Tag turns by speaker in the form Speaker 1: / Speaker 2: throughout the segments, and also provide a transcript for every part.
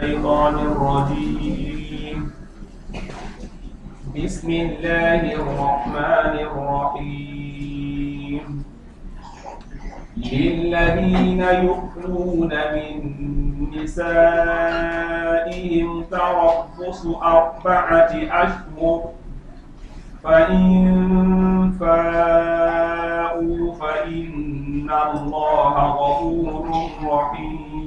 Speaker 1: الشيطان الرجيم بسم الله الرحمن الرحيم للذين يؤمنون من نسائهم تربص أربعة أشهر فإن فاءوا فإن الله غفور رحيم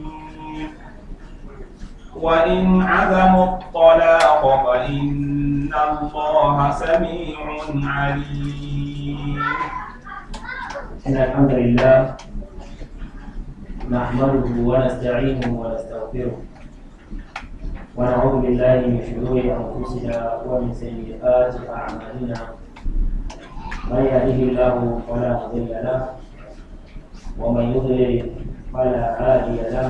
Speaker 1: وإن عزموا الطلاق فإن الله سميع عليم
Speaker 2: إن الحمد لله نحمده ونستعينه ونستغفره ونعوذ بالله من شرور أنفسنا ومن سيئات أعمالنا من يهده الله فلا مضل له ومن يضلل فلا هادي له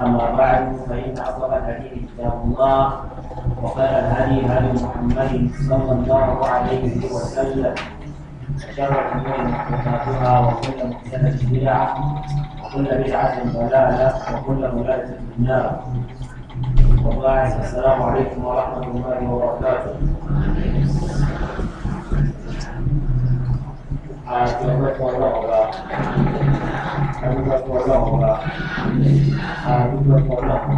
Speaker 2: أما بعد فإن أصدق الحديث كتاب الله وخير الهدي هدي محمد صلى الله عليه وسلم وشر الأمور محدثاتها وكل محدثة بدعة وكل بدعة ضلالة وكل ضلالة في النار وبعد السلام عليكم ورحمة
Speaker 1: الله وبركاته أعزائي آه، الله ẹgbẹ́ tó ọlọ́run ọba
Speaker 2: àdúgbò tó ọlọ́run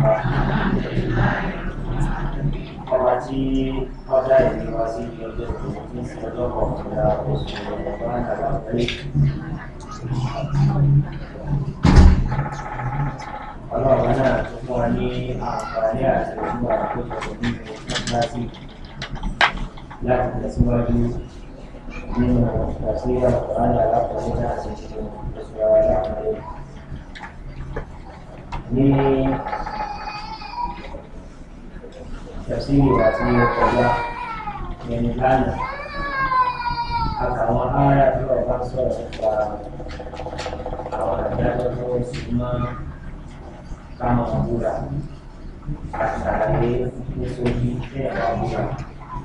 Speaker 2: ọba ọba tí منها Ini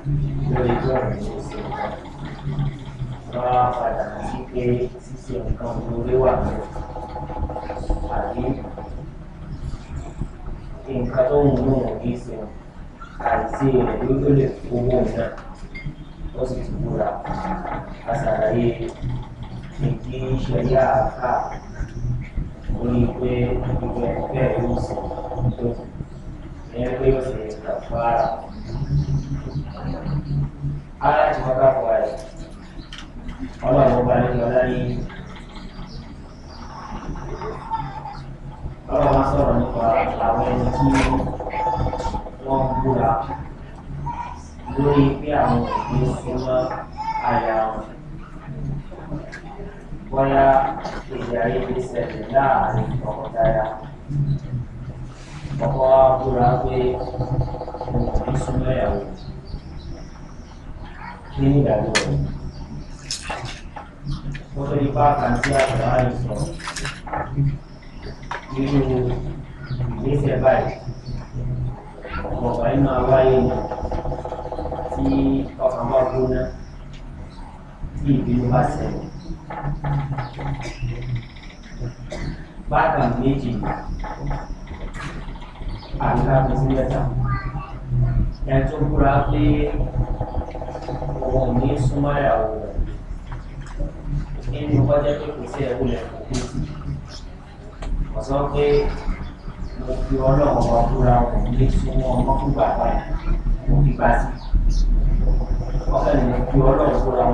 Speaker 2: lórí tó àwọn èèyàn ṣe nǹkan wọn á padà sí pé ṣíṣe nǹkan lórí wà lọ àbí nǹkan tó ń lò wọn kì í ṣe wọn àìsí rẹ̀ ló lè owó náà ó sì ti búra àṣàlàyé ìdí ìṣẹ̀lẹ̀ àká orí pé gbogbo ẹgbẹ́ yóò sì tó ẹgbẹ́ yóò sì kàfàrà ara ti wọ́n káfọ́ rẹ̀ ọlọ́run ọba ní ọlá ní ọlọ́run á sọ̀rọ̀ nípa àwọn ẹni tí wọ́n ń búra lórí pé àwọn òbí súnmọ́ àyà wọn bóyá èdè àìyedè ṣẹlẹ̀ láàrin tọkọtaya ọkọ wa búra pé òun kì súnmọ́ ìyàwó ní ìdájọ́ rẹ̀. Ó tó ipá kan tí àgbà ayò sọ nínú ìgbésẹ̀ báyìí. Ọ̀pọ̀ inú àwáyé ni tí ọkàn máa gbóná tí ìbínú bá ṣẹlẹ̀. Bákan méjì àgbà tó sí mẹ́ta ẹni tó búra pé òun ní súnmọ́ ìyàwó rẹ̀ nínú kọjá pé kò sí ẹ̀wù rẹ̀ kò kú sí wọ́n sọ pé mo fi ọlọ́run ọba búra òun ní súnmọ́ ọmọ fúgbà báyìí mo fi bá sí ọkàn ní mo fi ọlọ́run búra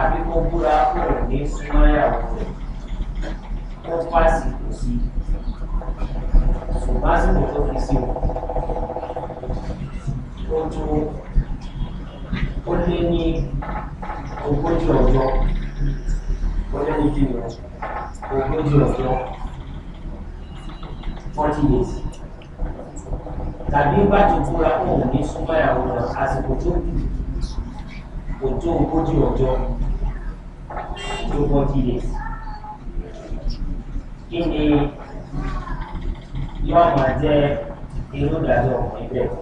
Speaker 2: àbí kó búra kò ní súnmọ́yàwó rẹ̀ kó fásitì sí ṣùgbọ́n àsìkò tó fi sí o tó ó lé ní ogójì ọjọ́ ó lé ní kí ogójì ọjọ́ forty days tàbí bá ti búra kò ní súnmọ́yàwó rẹ̀ àsìkò tó kù kò tó ogójì ọjọ́ tó forty days kí ni yóò máa jẹ́ irú ìdájọ́ ọkùnrin bẹ́ẹ̀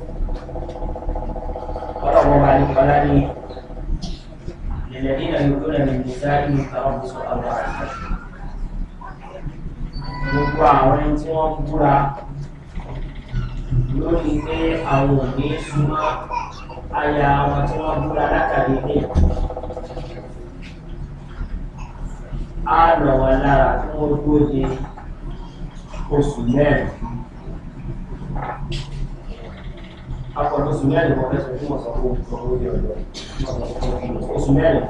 Speaker 2: ọlọ́wọ́ máa ní kọ́lá ní lẹ́lẹ́dínà yóò lọ́nà ní ìdájọ́ ìtàwọn ọmọ sọ̀rọ̀ àwọn àṣà gbogbo àwọn ẹni tí wọ́n búra lórí pé àwọn ò ní súnmọ́ àyà àwọn tí wọ́n búra látàrí ilé á lọ wọn lára tí wọ́n dúró de oṣù mẹ́rin akọni oṣù mẹ́rin wọ́n fẹ́ sọ fún ọ̀sán fún ọ̀sán lórí ọ̀dọ́ oṣù mẹ́rin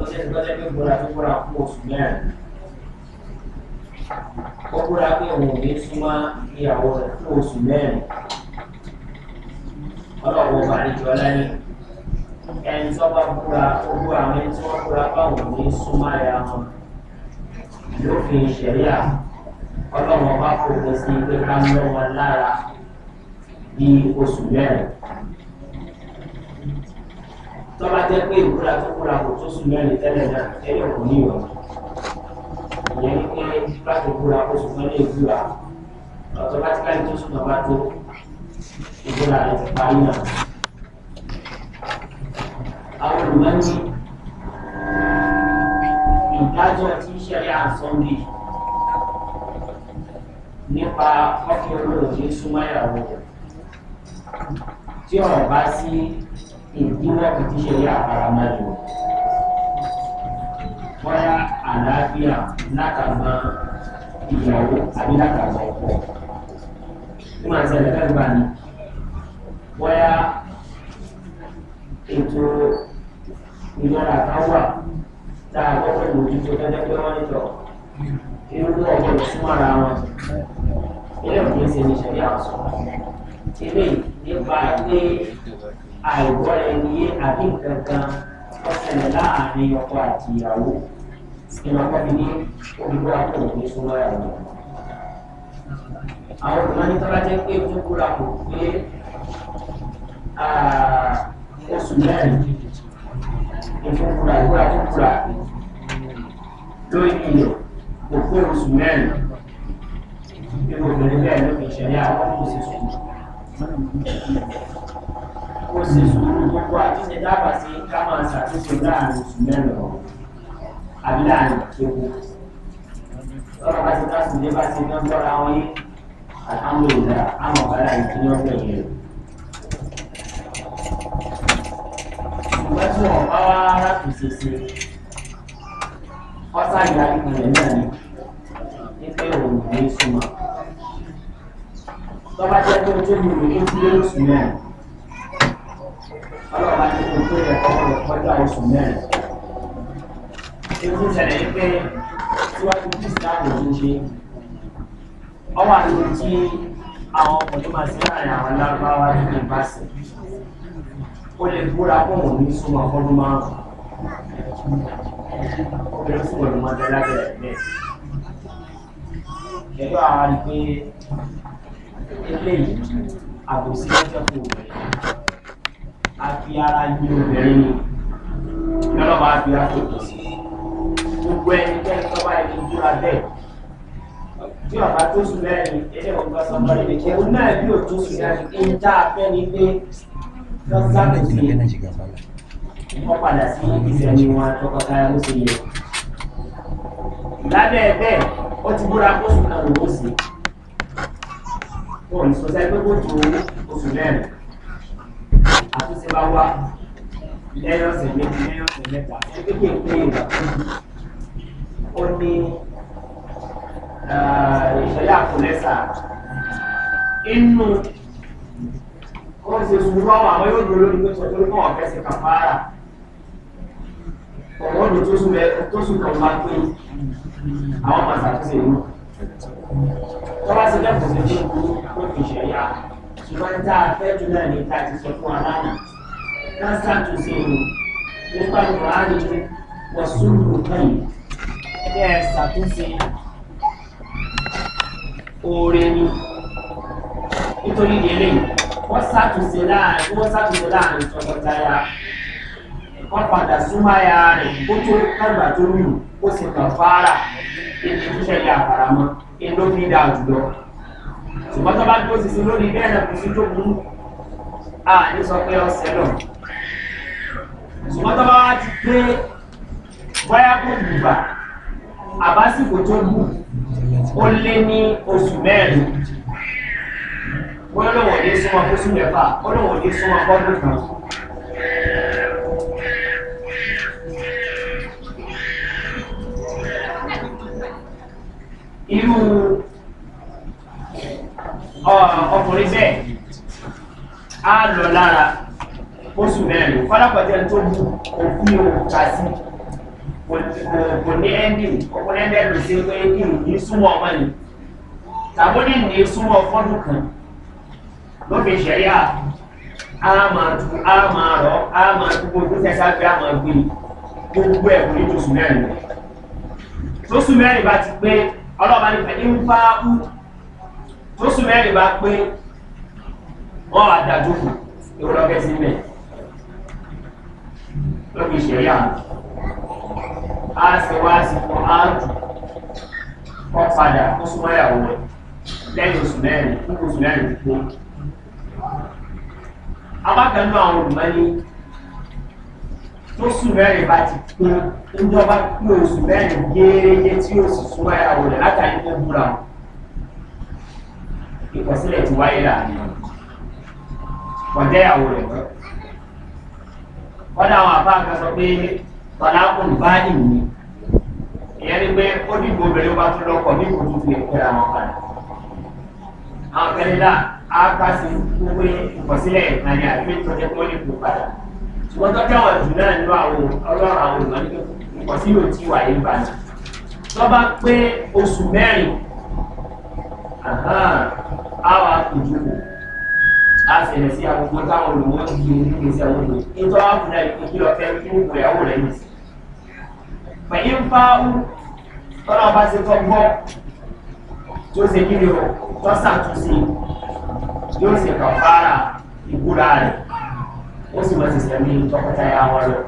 Speaker 2: ó ṣe ti tọ́jú pé búra tó búra fún oṣù ọlọ́wọ́ àlejò ọláyé ẹni tó bá búra owó àwọn ẹni tí wọ́n búra báwọn ní súnmọ́ ara wọn lófin ìṣẹ̀ríà ọlọ́wọ́ bá fòpin sí pé ká ń lọ́wọ́ lára bí oṣù mẹ́rin tó bá jẹ́ pé ìbúra tó búra kò tó sùn mẹ́rin tẹ́lẹ̀ náà ẹ̀yọ̀ kò ní ìwọ̀n ìyẹn ní pé láti búra oṣù kan ní ìbúra ọ̀tọ̀ láti láti tó sùn náà bá tó ìbúra rẹ̀ ti parí náà. Àwọn olùmọ̀jì ìdájọ́ tí ń ṣẹlẹ̀ àǹsọ́ndì nípa kọ́fí olóòjì súnmọ́ ìyàwó tí ọ̀rọ̀ bá sí ìdíwọ́ kìí ṣẹlẹ̀ àfaramájò. Bọ́lá àlàáfíà látàgbà ìyàwó àbí látàgbà ọ̀pọ̀. Ó máa ń ṣẹlẹ̀ bóyá ètò ìlera kan wà tá a gbọ́dọ̀ mójútó gẹ́gẹ́ bí wọ́n ń lọ irú ọ̀gbọ́n ìsúnmọ́ ara wọn ilé ìwé ṣe ní ṣẹ̀rí àwọn sọ̀rọ̀ ilé nípa pé àìgbọ́ ẹni yé àbí nǹkan kan ó ṣẹlẹ̀ láàrin ọkọ àti ìyàwó ìmọ̀ ọkọ mi ní olùkọ́ àtọ̀wò ní súnmọ́ ìyàwó. àwọn olùmọ̀ ní tọ́lá pé ojú kúra kò pé oṣù mẹ́rin ìfúnfúnra ìwúra fúnfúnra lórí iyọ̀ kò oṣù mẹ́rin irú obìnrin bẹ́ẹ̀ ló fi ṣẹ̀lẹ̀ àwọn kò sùn kò sì sùn gbogbo àtúnṣe dábàá sí ká máa ṣàtúnṣe láàrin oṣù mẹ́rin ọ̀hún àbí láàrin ìkéwu lọ́rọ̀ bá ti ká sì lé bá ti ná gbọ́ra wọn yé àtàwọn olùdá àwọn ọ̀gá láì fi ní ọ̀gbẹ̀yìn rẹ̀. ṣùgbọ́n tí wọ́n bá wá rákùsẹ̀ sí ọ́sà ìdarí kanlẹ̀ náà ni wípé òun ní súnmọ́ tọ́ba jẹ́ pé ojú mi ò ní kúlé oṣù mẹ́rin ọlọ́ọ̀bá ti kú pé ẹ̀kọ́ ọjọ́ oṣù mẹ́rin ètò ìṣẹ̀lẹ̀ yìí pé síwájú kí ìsìláàmù ló ń ṣe ọwọ́ àlejò tí àwọn ọkùnrin máa ṣe láàrin àwọn lárúbáwá nínú ìbáṣẹ̀ ó lè búra pọ̀ wọ́n ní súnmọ́ fọ́dún márùn-ún obìnrin sì gbọ́dọ̀ máa dẹ́lá bẹ̀rẹ̀ bẹ́ẹ̀. ẹ̀rọ ara rí pé eléyìí àbòsí lọ́jọ́ fún obìnrin a fi ara yí obìnrin ni lọ́lọ́ba á fi aṣọ ìtòsí gbogbo ẹni tẹ́lẹ̀ tó bá yẹ kó búra bẹ́ẹ̀ bí ọba tó sùn mẹ́rin ẹlẹ́wọ̀n gbọ́sọ̀ mọ́rin ní kí ó náà bí ò tó sùn mẹ́rin ń dá a ni pé yana shiga sallah wọ́n padà sí ìsẹ̀mí wọn tọkọtaya ló ṣe yẹ lábẹ́ ẹgbẹ́ ó ti búra kóṣù kan lòó sí wọn ní sọsẹ́ pé kó ju oṣù mẹ́rin àtúnṣe bá wá lẹ́yìn ọ̀sẹ̀ méjì lẹ́yìn ọ̀sẹ̀ mẹ́ta ẹgbẹ́ kí n pé ìgbà ó wọ́n ṣe sùúrù àwọn àwọn yóò dúró lórí pẹ̀sọ̀ tó kọ́ ọ̀fẹ́ sí kàfàrà ọ̀wọ́n ní tó sùn tó sùn kan bá pé àwọn màsàkóso ìlú tọ́lá sí lẹ́kọ̀ọ́ sí ní ìlú tó fi ṣẹ̀yà ṣùgbọ́n tá a fẹ́ jù náà ní ká ti sọ fún aláàna ká ṣàtúnṣe ìlú nípa ìlú àárín wọ̀sùlù kẹ́yìn ẹgbẹ́ ṣàtúnṣe oore ni nítorí ìdílé wọ́n ṣàtúnṣe láàrin wọ́n ṣàtúnṣe láàrin tọkọtaya wọ́n padà súnmọ́ aya rẹ̀ ó tó kọ́gbà tó lù ó sì kàn fara ètò ìṣẹ̀lẹ̀ àfàràmọ́ ètò fi dà jùlọ ṣùgbọ́n tó bá tó sì sí lórí bẹ́ẹ̀ náà kò sí tó burú a ní sọ pé ọ̀sẹ̀ lọ ṣùgbọ́n tó bá wá ti pé bóyá kò bùbà àbásìkò tó bù ó lé ní oṣù mẹ́rin wọ́n ah, lọ́wọ́ ní súnmọ́ fún sún mẹ́fà ó lọ́wọ́ ní súnmọ́ fọ́dún kan irú ọkùnrin bẹ́ẹ̀ á lọ lára oṣù mẹ́rin fọ́lápọ̀jẹ́ tó mú òfin òkúta sí kò ní ẹ́ndì ọkùnrin bẹ́ẹ̀ lọ sí pé ní ìsúnmọ́ ọmọ ni tàbí ní ìsúnmọ́ fọ́dún kan lófin ṣẹ̀yà á máa tu a máa rọ̀ á máa tu gbogbo tẹ̀sán pé á máa gbé gbogbo ẹ̀ kò ní tó sùn mẹ́rin tó sùn mẹ́rin bá ti pé ọlọ́ba nípa ń bá wú tó sùn mẹ́rin bá pé wọ́n wá dájú kù ewu lọ́kẹ́ sí mẹ́ lófin ṣẹ̀yà á sì wá sí fún áàtù kọ́ padà kó súnmọ́ ìyàwó rẹ̀ lẹ́yìn oṣù mẹ́rin kúkú oṣù mẹ́rin kúkú. abákanú àwọn olùmọ́ni tó sùn mẹ́rin ba ti pín ní ọba pín oṣù mẹ́rin gẹ́gẹ́ tí ó sì súnmọ́ ẹ̀rọ rẹ̀ látàrí tó búra ìkọsílẹ̀ ti wáyé láàrin wọ́n jẹ́ ìyàwó rẹ̀ wọ́n àwọn àbá kan sọ pé tọ́lákùn bá ìní ìyẹn ni pé ó dìbò obìnrin bá tún lọ́kọ̀ ní kòtò fún ìpẹ́ra wọn padà àwọn kẹ́lẹ́dà àpàṣẹ wípé ìkọsílẹ̀ ìpàdé àti ìtọ́jẹ́ kọ́ lè kó padà ṣùgbọ́n tó tẹ̀wọ̀n jù náà nínú àwọn ọlọ́run àwọn ìmọ̀lẹ́kẹ́ ìkọsílẹ̀ tí wà yín bá ní. tó bá pé oṣù mẹ́rin àwọn àpèjúwò a ṣẹlẹ̀ sí àkókò táwọn olùwọ́ ti di onígbè sí àwọn olùwọ́ nítorí àwọn fúnra ìpín kí lọ fẹ́ kí wọ́n wọ ìyàwó rẹ̀ yìí. pẹ̀lú fáwọn tọ́lá bá ṣe tọ́ gbọ́ tó ṣe kí ni o tọ́ ṣàtúnṣe yóò sì kàn fara ìbúra rẹ̀ ó sì mọ̀ sísẹ̀ ní tọkọtaya wọn lọ.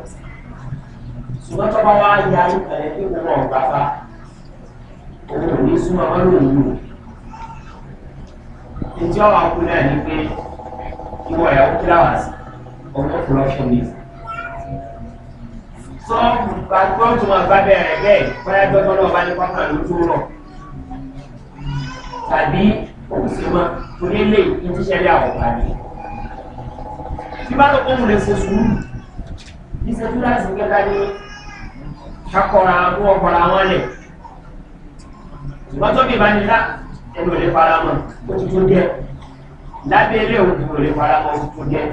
Speaker 2: ṣùgbọ́n tọ́ba wá ya ìkànnì pé wọ́n gbà fa òun ò ní súnmọ́ wọn lòun lò. ìjọ wa kú náà ni pé ìwọ ìyàwó kíláwàsì ọmọ fúlọ́ṣọ́ mi. sọ́ọ̀bù gbàgbọ́ tó máa bá bẹ̀rẹ̀ bẹ́ẹ̀ báyà gbọ́dọ̀ náà bá ní pápá lójú rọ̀ tàbí òun sì mọ́ torí lè ní tíṣẹ́ rí àwọn ọ̀pá ni. tí bá lọ kóhun lè ṣe sùúrù iṣẹ́ tó láti kẹta ní kakọra tó ọkọra wọn lẹ̀ ṣùgbọ́n tó bí ìbánilá ẹni ò lè fara mọ́ ó ti tó dẹ́ lábẹ́ ilé òun ò lè fara mọ́ ó ti tó dẹ́.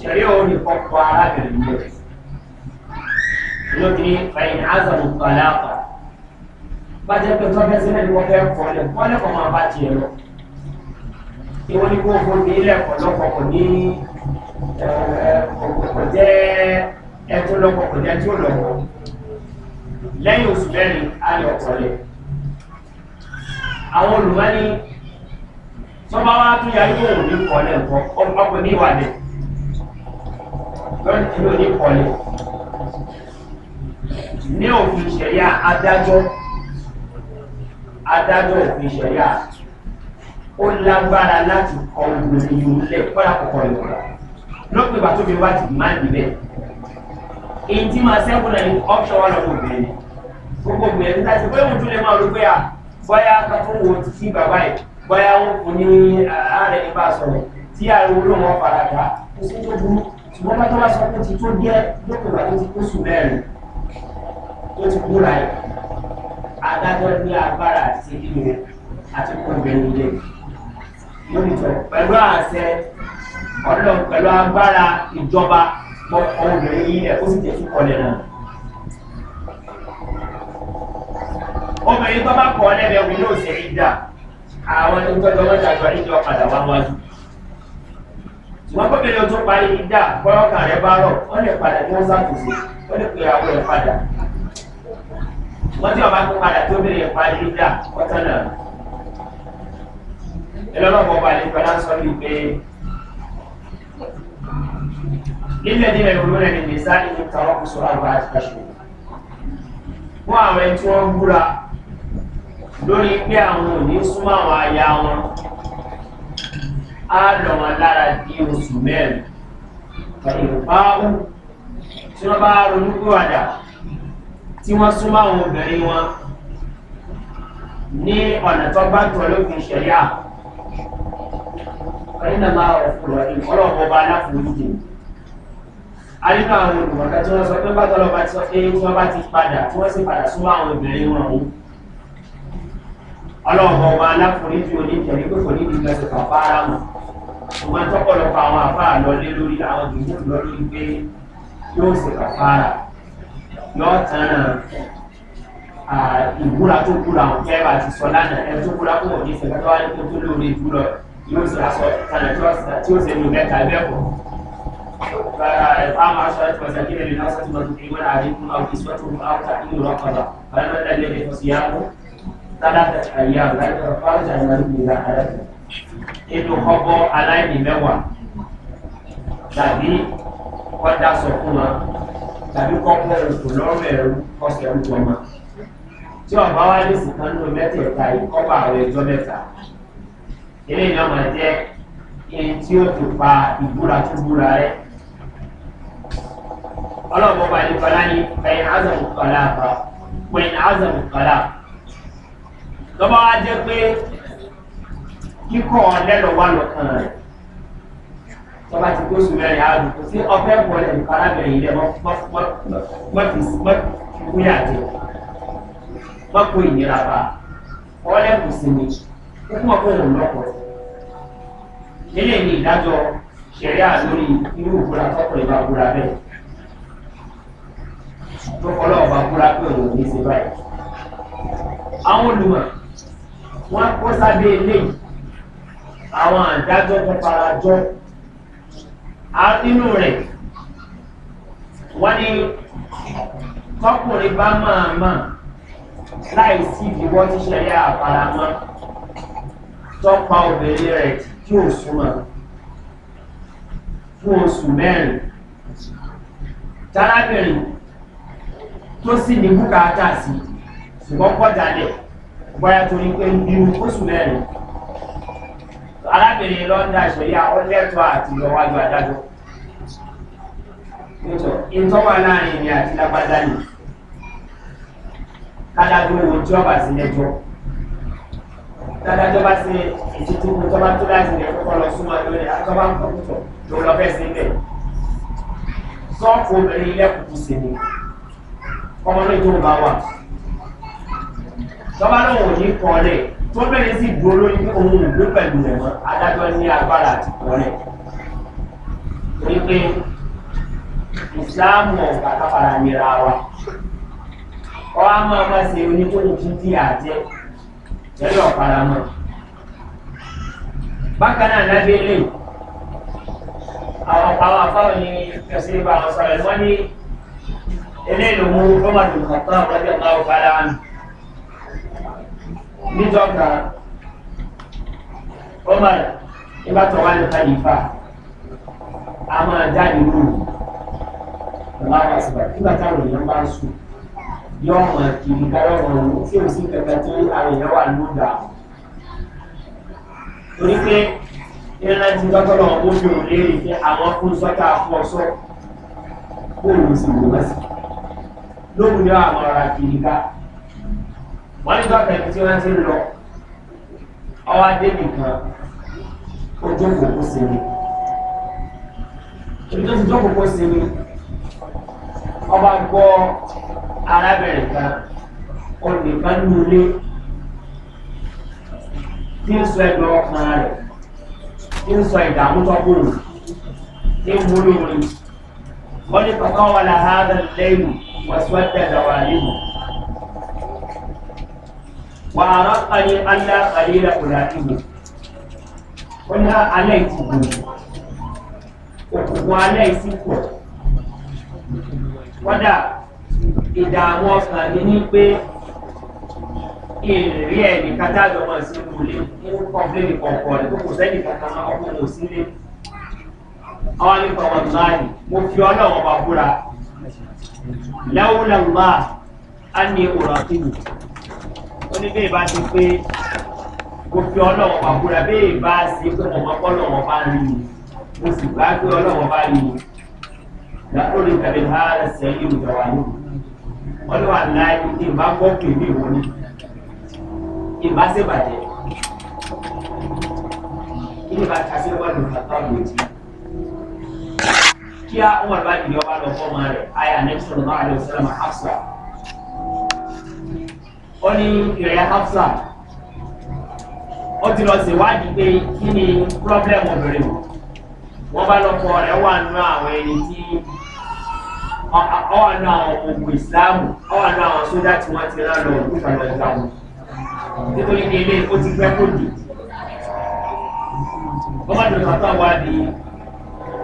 Speaker 2: ṣẹ̀rí òun ní kọ́kọ́ arábìnrin yẹn. Lókè ní Fàyín Azàmù Kọ́lápà bá jẹ́ pé tọ́jú sílẹ̀ ni wọ́n fẹ́ kọ́lẹ̀ kọ́lẹ̀ kọ́ máa bá tiẹ̀ lọ. ìwọ ni kó o fún mi lẹ́kọ̀ọ́ lọ́kọ̀ kò ní kò jẹ́ ẹtún lọ́kọ̀ kò jẹ́ tí ó lọ́kọ̀. lẹ́yìn oṣù mẹ́rin a lè kọ́lẹ̀. àwọn olùmọ́ni tọ́ba wa tún yarí kó òun ní kọ́lẹ̀ nǹkan ọkùnrin ní ìwàdí lọ́nà tí ó ní kọ́lẹ̀. ní òfin ìṣẹ̀yà adájọ́ adájọ́ òfin ṣẹ̀yà ó lágbára láti kọ obìnrin yìí lẹ̀ kọ́ra kọ̀kọ́ ìwọ̀n lọ́pọ̀ ìgbà tó fi wá ti má níbẹ̀ èyí tí máa sẹ́kù náà ní ọ́pṣọ́ wà lọ́dọ̀ obìnrin gbogbo obìnrin láti bóyá òun tún lè máa rò pé à bóyá ká tó wo sí bàbá yìí bóyá wọn kò ní ààrẹ ní bá sọ̀rọ̀ tí ààrẹ olóhùn ọ̀fàrà dá kó sí tó burú ṣùgbọ́n bá tó bá sọ pé ti tó jẹ́ lọ́pọ̀ tó ti kó sùn mẹ́rin tó ti kúrò láyé adájọ́ ní agbára àti kíni àti kóńbẹ́ni ilé lónìtọ̀ pẹ̀lú àṣẹ ọlọ́run pẹ̀lú agbára ìjọba gbọ́ ọmọbìnrin yìí ẹ̀ ó sì jẹ́ tún kọlẹ̀ náà. obìnrin tó bá kọ́ lẹ́bẹ̀ẹ́ obìnrin náà ṣe é dà àwọn ẹni tó jọmọ́ ìdájọ́ ìjọ padà wá wájú. ṣùgbọ́n gómìnà tó parí ìdá bọ́ọ̀kà rẹ̀ bá rọ̀ wọ́n lè padà ní wọ́n ṣàtúnṣe wọ́n lè pè àwọn ẹ̀ padà ṣùgbọ́n tí ọba tó padà tó bèrè ẹ̀kọ́ ayélujára wọ́tá náà ẹlọ́lọ́wọ́ ọba àlejò aláṣọ ní pé nílẹ̀ nílẹ̀ ìwúlò rẹ̀ nìyí sáré ní tàwọn kò sọ̀rọ̀ àgbà àti kàṣù fún àwọn ẹni tí wọ́n ń búra lórí pé àwọn ò ní súnmọ́ àwọn aya wọn á lọ wọn lára di oṣù mẹ́rin pẹ̀lú báwù tí wọ́n bá ronú pé wàdà tí wọ́n súnmọ́ àwọn obìnrin wọn ní ọ̀nà tó bá tọ́ lófin ṣẹ̀yà ọ̀nà máa ọ̀pọ̀lọ̀ ìfọ́lọ̀pọ̀ bá aláforíjì alíkà àwọn olùmọ̀ká tí wọ́n sọ pé bá tọ́lọ́pàá ti sọ pé tí wọ́n bá ti padà tí wọ́n sì padà súnmọ́ àwọn obìnrin wọn òun ọlọ́ọ̀bọ̀ bá aláforíjì oníjẹ̀rí pé kò ní ìgbà tó kà fara mọ̀
Speaker 1: ṣùgbọ́n tọ́pọ̀lọpọ̀ àwọn àfáà lọ lé lórí àwọn ìgbìmọ̀ lọ lórí pé yóò sì kà fara mọ̀
Speaker 2: yọ tán ìbúra tó kúra òun kẹ́ bá ti sọ lánàá ẹ tó kúra kó wọ́n ní fẹ́ tó wá ní kó tó lóore ìbúra yóò sì aṣọ tànà tí ó ṣe lù mẹ́ta bẹ́ẹ̀ kọ́. فأما عشرة مساكين للناس ثم تطعمون عليكم أو كسوتهم أو تحميل رقبة فلما الذي فصيامه ثلاثة أيام لا تفرج عن من إذا حدث إنه خبر على ميموا tàbí kọjá sọ fún tàbí kọ́kọ́ òkú lọ́rùn ẹ̀rú ọ̀sẹ̀ ń pọ̀ mọ́ tí ọba wa lè sì kan nínú mẹ́tẹ̀ẹ̀ta ìkọ́bà àwọn ẹjọ́ mẹ́ta ilé ìyá máa jẹ́ ẹni tí ó ti pa ìbúra tó búra rẹ̀ ọlọ́pàá bá ní kọlá ní fẹ̀yìn azọ̀mù kọlá àbá fẹ̀yìn azọ̀mù kọlá lọ́ba wa jẹ́ pé kíkọ́ ọ̀lẹ́lọ́wà lọ́kàn rẹ̀ tọ́ba ti gbóṣù mẹ́rin àádùn kò sí ọfẹ́ wọlé ìfarábìnrin rẹ̀ mọ́kúnyàjẹ́ mọ́kú ìnira bá ọlẹ́ kò sí mi ó fún ọkọ̀ òun lọ́pọ̀ nílé ní ìdájọ́ ṣẹ̀ríà lórí irú ìbúra tọ́kọ̀ ìbá búra bẹ́ẹ̀ tó fọlọ́ ọba búra pé òun ní ṣe báyìí àwọn olùmọ̀ wọn kó sábẹ́ eléyìí àwọn àdájọ́ tó fara jọ́ nínú rẹ̀ wọ́n ní tọkùnrin bá máa máa láì sí ìdíwọ́ tí ṣẹlẹ̀ àfaramọ́ tọ́pa obìnrin rẹ̀ tí ò súnmọ́ fún oṣù mẹ́rin tálábìnrin tó sì ní bùkátà sí ṣùgbọ́n kọjá lẹ̀ bọ́yá torí pé ń bí oṣù mẹ́rin arábìnrin lọ́ndà ìṣòyà ọlẹ́tọ̀ àti ìlọ́wájú adájọ́ ìtọ́wà láàrin ìrìn àti lágbádá ni kádájọ́ owó tí ọba sí lẹ́jọ́ kádájọ́ bá sí ìtìtì kú tọ́ba tó láti rẹ̀ kọ́kọ́ lọ súnmọ́ lórí àtọ́bá ń kọ́kútọ̀ tó lọ fẹ́ sí ilẹ̀ sọ́ọ̀kù obìnrin ilẹ̀ kùkù sí ni ọmọ náà tó ń bá wà tọ́ba náà ò ní kọ́ ọ́ lẹ́yìn tó bẹ̀rẹ̀ sí dúró lórí ohun ìgbé pẹ̀lú rẹ̀ mọ́ adájọ́ ní agbára àti kọ́rẹ̀ wípé ìsáàmù ọ̀gá kápára nira wa ọ́ á máa máa ṣe oníkóni títí àjẹ́ pẹ̀lú ọ̀pára mọ́ bákan náà lábẹ́ lè àwọn àwọn afáwọn ní kẹsìrì bá wọn sọ̀rọ̀ wọ́n ní eléyìí mú rọ́mọdù kọ̀ọ̀kan lọ́jọ́ náà ó bá dáhùn nítọ́ka ọmọ ìbátan wà ní kàlífà a máa jáde lóru ọmọ àwọn àṣìbà nígbà táwọn èèyàn bá ń sùn yọ ọmọ kiri káyọ̀ ọmọ òun tí ò sí kẹkẹ tí àwọn èèyàn wà lóda torí pé ìrìnà ti dọ́tọ́ lọ ó fi òun léèrè pé àwọn fún sọ́tà fún ọsọ́ bóòlù sì wò wá sí lóhùn ní àwọn ará kiri ká wọ́n nígbà kan tí wọ́n ti ń lọ ọwọ́ adébì kan ojú òkòkò sinmi ibi tó ti jó òkòkò sinmi ọba gbọ́ arábìnrin kan olùkọ́ nílé tí ń sọ ẹgbẹ́ ọkàn rẹ̀ tí ń sọ ìdààmú tọ́kùnrin tí ń múlò rí wọ́n ní kankan wà láhàá lẹ́yìn wọ́n sọ́jà dàwà nínú. وعرفني أن لا قليل ألائمه قلها عليكم òkùnkùn alẹ́ ìsìnkọ̀ kọ́dà ìdààmú ọkàn mi ní pé ìrírí ẹ̀mí kátàgbọ́ mọ̀ sí ìmúlé mú kọ́mpléènì kọ̀ọ̀kan rẹ̀ tó kò sẹ́ni kankan máa ọkùn mọ̀ sílé àwọn nípa wọn láàyè mo fi ọlọ́wọ́ bá búra lẹ́wọ́lẹ́wọ́ a ní òrọ̀ àti nìkan ó ní bẹ́ẹ̀ bá ti pé kò fi ọlọ́wọ́ pàkúrà bẹ́ẹ̀ bá ṣe pé mo mọ ọlọ́wọ́ bá rí mi mo sì gbá pé ọlọ́wọ́ bá rí mi lórí ìtàbí ha ṣe yí ìjọ wa ní ọlọ́wọ́ àláì ní ìbá gbọ́ pèmí ìwọ ni ìbá ṣèbàjẹ́ kí ni bá ta sí ọgbà lòkà tó àwọn ètí kí á wọn bá ìdí ọba lọ fọmọ rẹ àyà nẹ́bí sọ̀rọ̀ náà àdéhùn sọ́lá máa hàpsà ó ní ìrẹ́ hafsa ó ti lọ ṣèwádìí pé kí ni pírọ́blẹ́mù obìnrin o wọ́n bá lọ́kọ rẹ̀ wà nù àwọn ẹni tí ọwà nù àwọn ògùn ìsìláàmù ọwà nù àwọn sójà tí wọ́n ti rán lọ ògùn ìfàlọ́jà wọn nítorí ní ilé ó ti fẹ́ kó dì wọ́n bá dùn tàtà wá di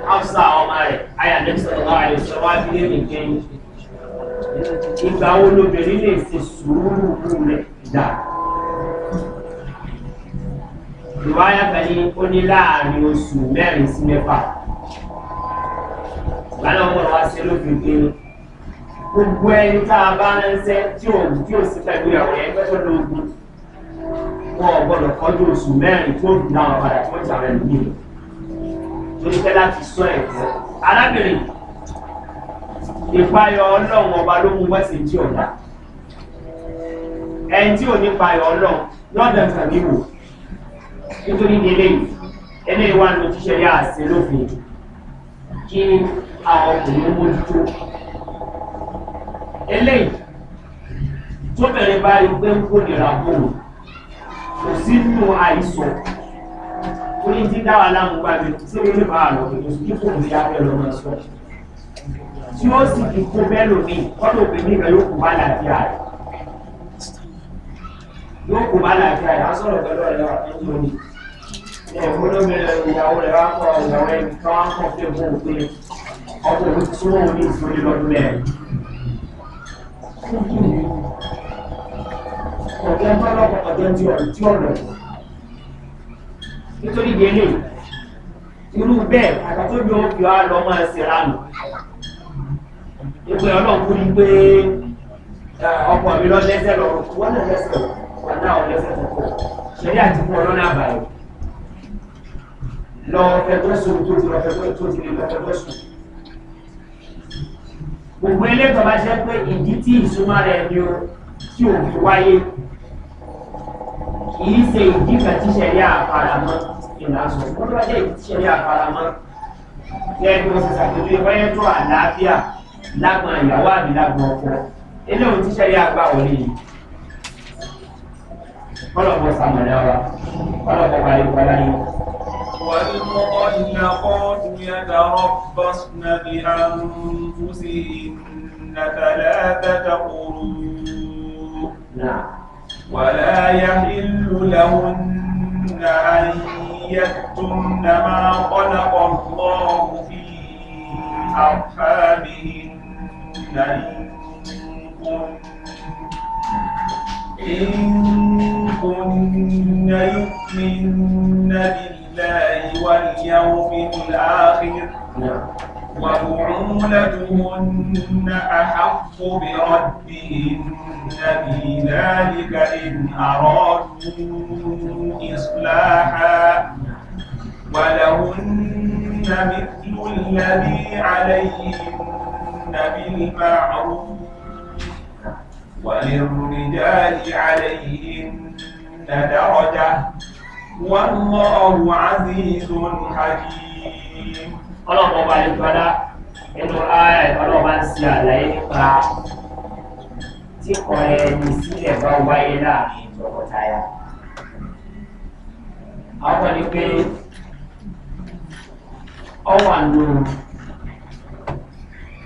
Speaker 2: hafsa ọmọ rẹ̀ ayà lẹ́sọ̀rọ̀ wá di lẹ́yìn kẹ́yìn ìgbà wo lóbìnrin lè fi sùúrù kú rẹ̀ dà ìwáyà kan ní ó ní láàrin oṣù mẹ́rin sí mẹ́fà lálẹ́ ọmọ wa ṣe lófin pé gbogbo ẹni tá a bá ránṣẹ́ tí ò tí ò sí pẹ̀lú ìyàwó yẹn pẹ́ tó lóògùn wọn ò gbọ́dọ̀ kọjú oṣù mẹ́rin tó dùn náà padà tí wọ́n jà rẹ̀ nìyí tó ń láti sọ ẹ̀kọ́ arábìnrin ìpayọ̀ ọlọ́run ọba ló mú wẹ́sì tí ò dá ẹni tí ò ní payọ̀ ọlọ́run lọ́dọ̀ tàbí wò nítorí ní eléyìí eléyìí wà ní òṣìṣẹ́ yá àṣẹ lófin kí àwọn ọkùnrin mójútó eléyìí tó bẹ̀rẹ̀ báyìí pé ń kó nira kúrò kò sí nínú àìsàn orí ti dá wa láàmú gbàgbé sí ilé bàá lọ kò sí kí kò ní abẹ́ lọ́mọ sọ́ọ̀tì tí ó sì fi kó mẹ́lòmí kọ́tò pé nígbà yóò kó bá làáfíà rẹ̀ yóò kó bá làáfíà rẹ̀ á sọ̀rọ̀ pẹ̀lú ọ̀rẹ́ wa tó ń lò ní ìmúlòmílẹ̀ ìyàwó rẹ̀ wá kọ́ ìyàwó ẹni kan wá kọ́ fún ìwọ òfin ọkọ̀ òfin tí wọ́n ní ìfúnni lọ́dún mẹ́rin. ọ̀gẹ́ tọ́lọ́pọ̀ ọ̀gẹ́ tí ọ̀rọ̀ tí ọ̀rọ̀ nítorí ìdílé irú bẹ́ẹ̀ àtàtúndì ó fi wá ìpè ọlọ́run kú ni pé ọkọ̀ mi lọ lẹ́sẹ̀ lọ́rùn wọ́n náà lẹ́sẹ̀ wọ́n náà lẹ́sẹ̀ kọ̀ọ̀kan ṣẹlẹ̀ àti fún ọlọ́run àbáyọ̀ lọ fẹgbẹ́ sùn tó ti lọ fẹgbẹ́ tó ti lọ fẹgbẹ́ sùn. gbogbo eléyìí bá jẹ́ pé ìdí tí ìsúnmọ́ rẹ̀ ni o tí ò fi wáyé kì í ṣe ìdí kan tí ṣẹlẹ̀ àfaramọ́ ìlàsọ̀ wọ́n bá jẹ́ ìdí tí ṣẹlẹ̀ àfaramọ́ lẹ́yìn tó ṣe ṣàkóso ìwáyé tó àlàáfíà lágbọn ìyàwó àbí lágbọn ọkọ eléyìí tíṣẹ́ yá gbà wọlé yìí kọ́lọ̀kọ́ sàmọ̀lẹ́ ọ̀rọ̀ kọ́lọ̀kọ́ parí kọ́lá yìí. والمطلقات يتربصن
Speaker 1: بأنفسهن ثلاثة قروء ولا يحل لهن أن يكتمن ما خلق الله في أرحامهن إن كن يؤمن بالله واليوم الآخر وبعولتهن أحق بردهن في ذلك إن أرادوا إصلاحا ولهن مثل الذي عليهن بالمعروف وللرجال عليهن درجة والله عزيز حكيم ọlọ́pọ̀ bá lè gbọ́dá nínú ara ìbọ́lọ́ bá ń ṣe àlàyé nípa
Speaker 2: tí kan ẹni sílẹ̀ bá wáyé láàrin tọkọtaya àwọn ni pé ọwà nù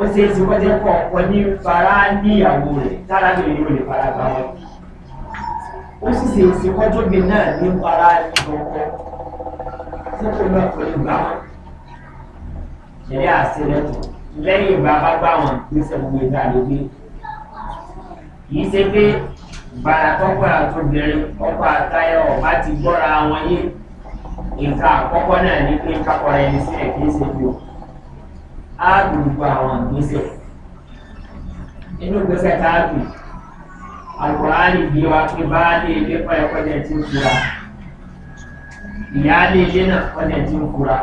Speaker 2: ó ṣe é ṣe wọ́n jẹ́ kọ́ ọ̀pọ̀ ní fara níyàwó rẹ̀ tára lè ní olè fara gbà wọn. ó sì ṣe é ṣe kọ́jọ́ mi náà ní fara ní ọkọ̀ tí kò náà kò ní gbà wọn. ìṣẹ̀lẹ̀ àṣẹ rẹ̀ tó lẹ́yìn ìgbà bá gbà wọn gbèsè gbogbo ìta ló gbé. kì í ṣe pé bàrà tọ́pọ̀ àtòbìnrin ọkọ̀ àtayọ ọba ti gbọ́ra wọn yé nǹkan àkọ́kọ́ náà ní pé kápọ̀ra ẹni sílẹ̀ kì í ṣe bí o á gbogbo àwọn ìgbésẹ̀ inú ìgbésẹ̀ tá a gbé alùpùpù gbé wa pé baálé ilé pẹ́ kọ́jà tí ń fura ìyáálé ilé náà kọ́jà tí ń fura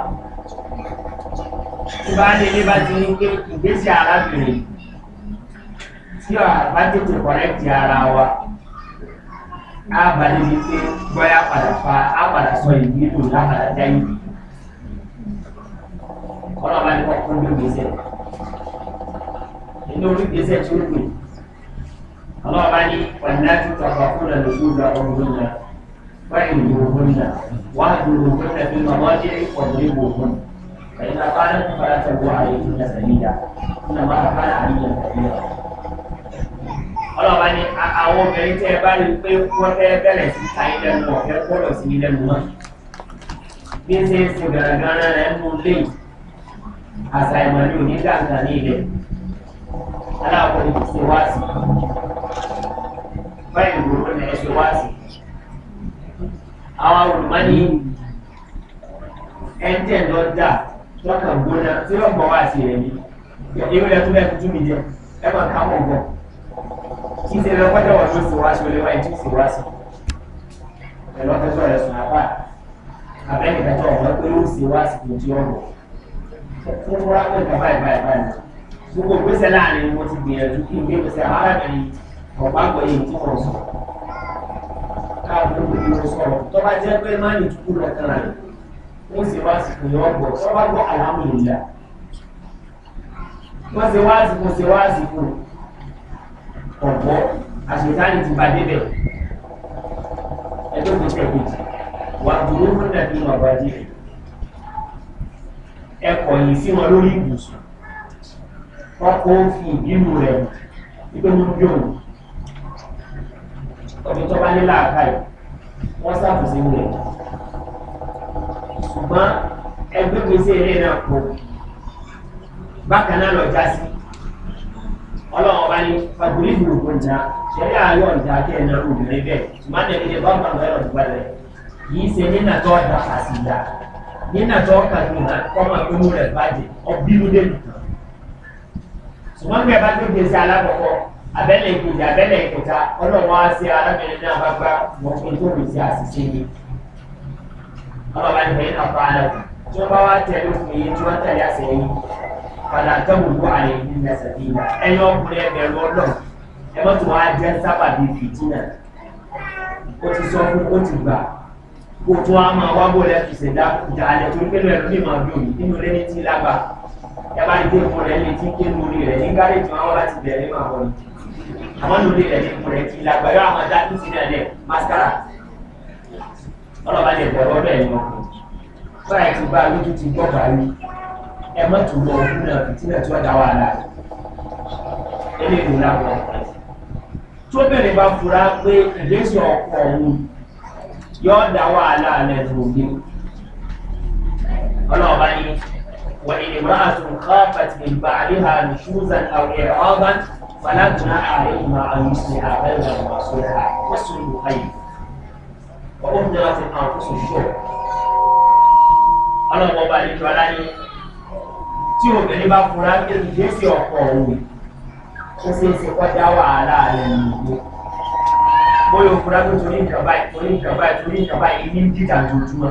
Speaker 2: tí baálé ilé bá ti ní pé ìgbésẹ̀ arábìnrin tí àbá tètè kọ̀rẹ́tì ara wa á balẹ̀ ní pé bọ́yá padà fa á padà sọ ìdílò lápàdà jáyé kọ́ra bá nípa ìkún ní ìgbésẹ̀ inú orí ìgbésẹ̀ tí ó pè ọlọ́wọ́ bá ní ọ̀nà tó tọ̀gbà fún ẹ̀lú tó gba ọgbọ̀n náà báyìí ní ogun náà wàá dúró ogun náà bí màmá jẹ́ ọ̀dọ́ ìbò ogun فإن أقالت فلا تبوا عليهن سبيلا إنما أقال عليهن سبيلا ọlọ́ba ni àwọn obìnrin tẹ́ ẹ bá rí pé wọ́n fẹ́ bẹ̀rẹ̀ sí ta ilẹ̀ nù ọ̀fẹ́ kọ́lọ̀ sí ilẹ̀ nù náà bí ń ṣe ń ṣe gàràgàrà rẹ̀ nù léyìí àṣà ìmọ̀ ní òní gàǹgà ní ilẹ̀ aláàbọ̀lẹ̀ kò ṣe wá sí báyìí ìwòrán ní ẹṣẹ wá sí àwọn olùmọ́ni ẹ̀ńtẹ̀ lọ dà lọ́kàn gbóná tí wọ́n gbọ́ wá sí rẹ̀ ní ìwé rẹ̀ tó bẹ́ẹ̀ tuntun mi jẹ ẹ máa ká wọn gbọ́ kí ṣe lọ kọjá wọn ló ṣe wá sí olè wáyé tí ó ṣe wá ọ̀gbọ́n pé ó ṣe wá sí kò tí fún wúrà pé nǹkan báyìí báyìí báyìí gbogbo ìgbésẹ̀ láàrin mo ti gbìyànjú kí n gbé ìgbésẹ̀ arábìnrin ọ̀pá pẹ̀lú èyí tí mo sọ káàbọ̀ èyí mo sọ̀rọ̀ tó bá jẹ́ pé má nìtú kúrò kankan rẹ̀ wọ́n sì wá sí kò yọ ọ̀gbọ̀ tó bá gbọ́ àlámù ìlà wọ́n ṣe wá sí kò ṣe wá sí kò ọ̀gbọ́ àṣetáni ti bá débẹ̀ ẹjọ́ kò tẹ̀ kejì wà dúró fún ìdàgbé ọ̀gbà díẹ̀. ẹkọ yìí sí wọn lórí ìbùsùn ọkọ òfin ìbínú rẹ̀ wípé ní bí òun ọdún tó bá ní láàká yìí wọ́n ṣàtúnṣe rẹ̀ ṣùgbọ́n ẹgbẹ́ gbèsè ilé náà kò bákan náà lọ já sí ọlọ́run ọba ní fagolí ìlú ògbóǹjà ṣẹlẹ̀ ayọ̀ náà bá nínà tó pàdé náà kọ́mọ owó rẹ̀ bàjẹ́ ọ̀bílúdé nìkan. ṣùgbọ́n bí ẹ bá gbé gbèsè alákọ̀ọ́kọ́ abẹ́lẹ̀ ìkòjà abẹ́lẹ̀ ìkòjà ọlọ́wọ́ á sí arábìnrin náà bá gbá mọ̀kún tó lè ṣe àṣìṣe ni. ọlọ́ba ní pẹ̀lú àpá aláwọ̀ tí wọ́n bá wá tẹ̀lé fún iye tí wọ́n tẹ̀lé àṣẹ yìí padà tẹ́wò ló àlẹ́ yìí ní ẹsẹ̀ bíi ẹni ọkùnrin ẹgbẹ̀rún ọlọ́run ẹ mọ́tò wá jẹ́ sábàbí fìtínà ó ti sọ fún ó ti gbà gbogbo a máa wá bọ̀ láti ṣẹ̀dá ìjà alẹ̀ tó ń pẹ̀lú ẹ̀rọ lè máa lòyìn nínú rẹ̀ ní tí lágbà yàrá ìdí ìmọ̀ rẹ̀ lè ti ké lórí rẹ̀ ní gáré tí wọ́n wá láti bẹ̀rẹ̀ máa wọ̀ ni àwọn lórí rẹ̀ ní ìmọ̀ rẹ̀ ti lágbà yóò àwọn dá tún sí ní alẹ̀ mascara ọlọ́ba lè bẹ̀rẹ̀ ọdọ̀ ẹ̀yìn ọkùnrin báyìí ti bá lójú ti gbọ́ parí ẹ má tún lọ òkú náà fìtínà tí wọ́n dá wàhálà eléyìí ló lágbà tó bẹ̀rẹ̀ bá yóò dá wàhálà alẹ́ fòmí ọlọ́ọ̀bá ni wọ́n ni ìmọ̀ àtún káfàtì ìgbà àríhà nìṣúzàn àwẹ̀ ọ̀gán falágbọ̀nà ààrẹ ìmọ̀ àwọn ìṣẹ̀ ààrẹ ìlànà àṣọ́ra wọ́sùn ìlú ayé ọ̀pọ̀ ní wọ́n ti kàn fún ṣòṣò ọlọ́ọ̀bá tí obìnrin bá fura kí ìgbésí ọkọ̀ òun ó ṣeé ṣe kọjá wàhálà alẹ́ nìyí bóyá òfurá tó torí nǹkan báyìí torí nǹkan báyìí torí nǹkan báyìí ní dídà lójúmọ́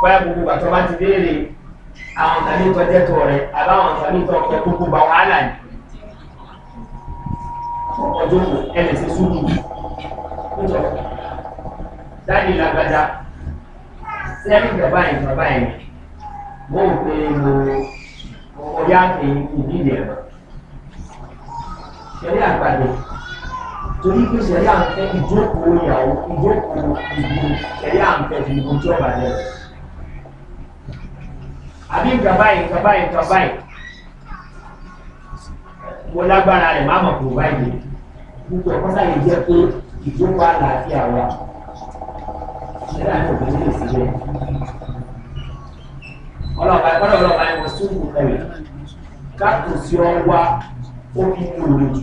Speaker 2: bóyá gbogbo ìgbà bá ti béèrè àwọn nǹkan ní tó rẹ̀ àbáwọn nǹkan ní tọ́jẹ́ gbogbo gba wàhálà ní ọjọ́ kò ẹnì sí súnmù kútọ̀ dáàdì lágbájá sẹ́yìn nǹkan báyìí nǹkan báyìí mo ò pe mo ọ̀yá àtẹ̀yìn ìdílé ẹ̀rọ ṣẹlẹ̀ àgbàdo torí pé sẹ̀rí à ń fẹ́ ìjókòó ìyàwó ìjókòó ìbò sẹ̀rí à ń fẹ́ ìbò tí ó bà jẹ́ àbí nǹkan báyìí nǹkan báyìí nǹkan báyìí mo lágbára rẹ̀ má mọ̀ kó báyìí gbogbo ẹ̀kọ́ sáyé jẹ́ pé ìjókòó àlàáfíà wa sẹ̀rí à ń fẹ́ ìbò sílẹ̀ ọlọ́ọ̀bá ọlọ́ọ̀bá ẹ̀ wọ́n sóògùn ẹ̀rẹ̀ sí ọ wá ó fi kúrò lójú.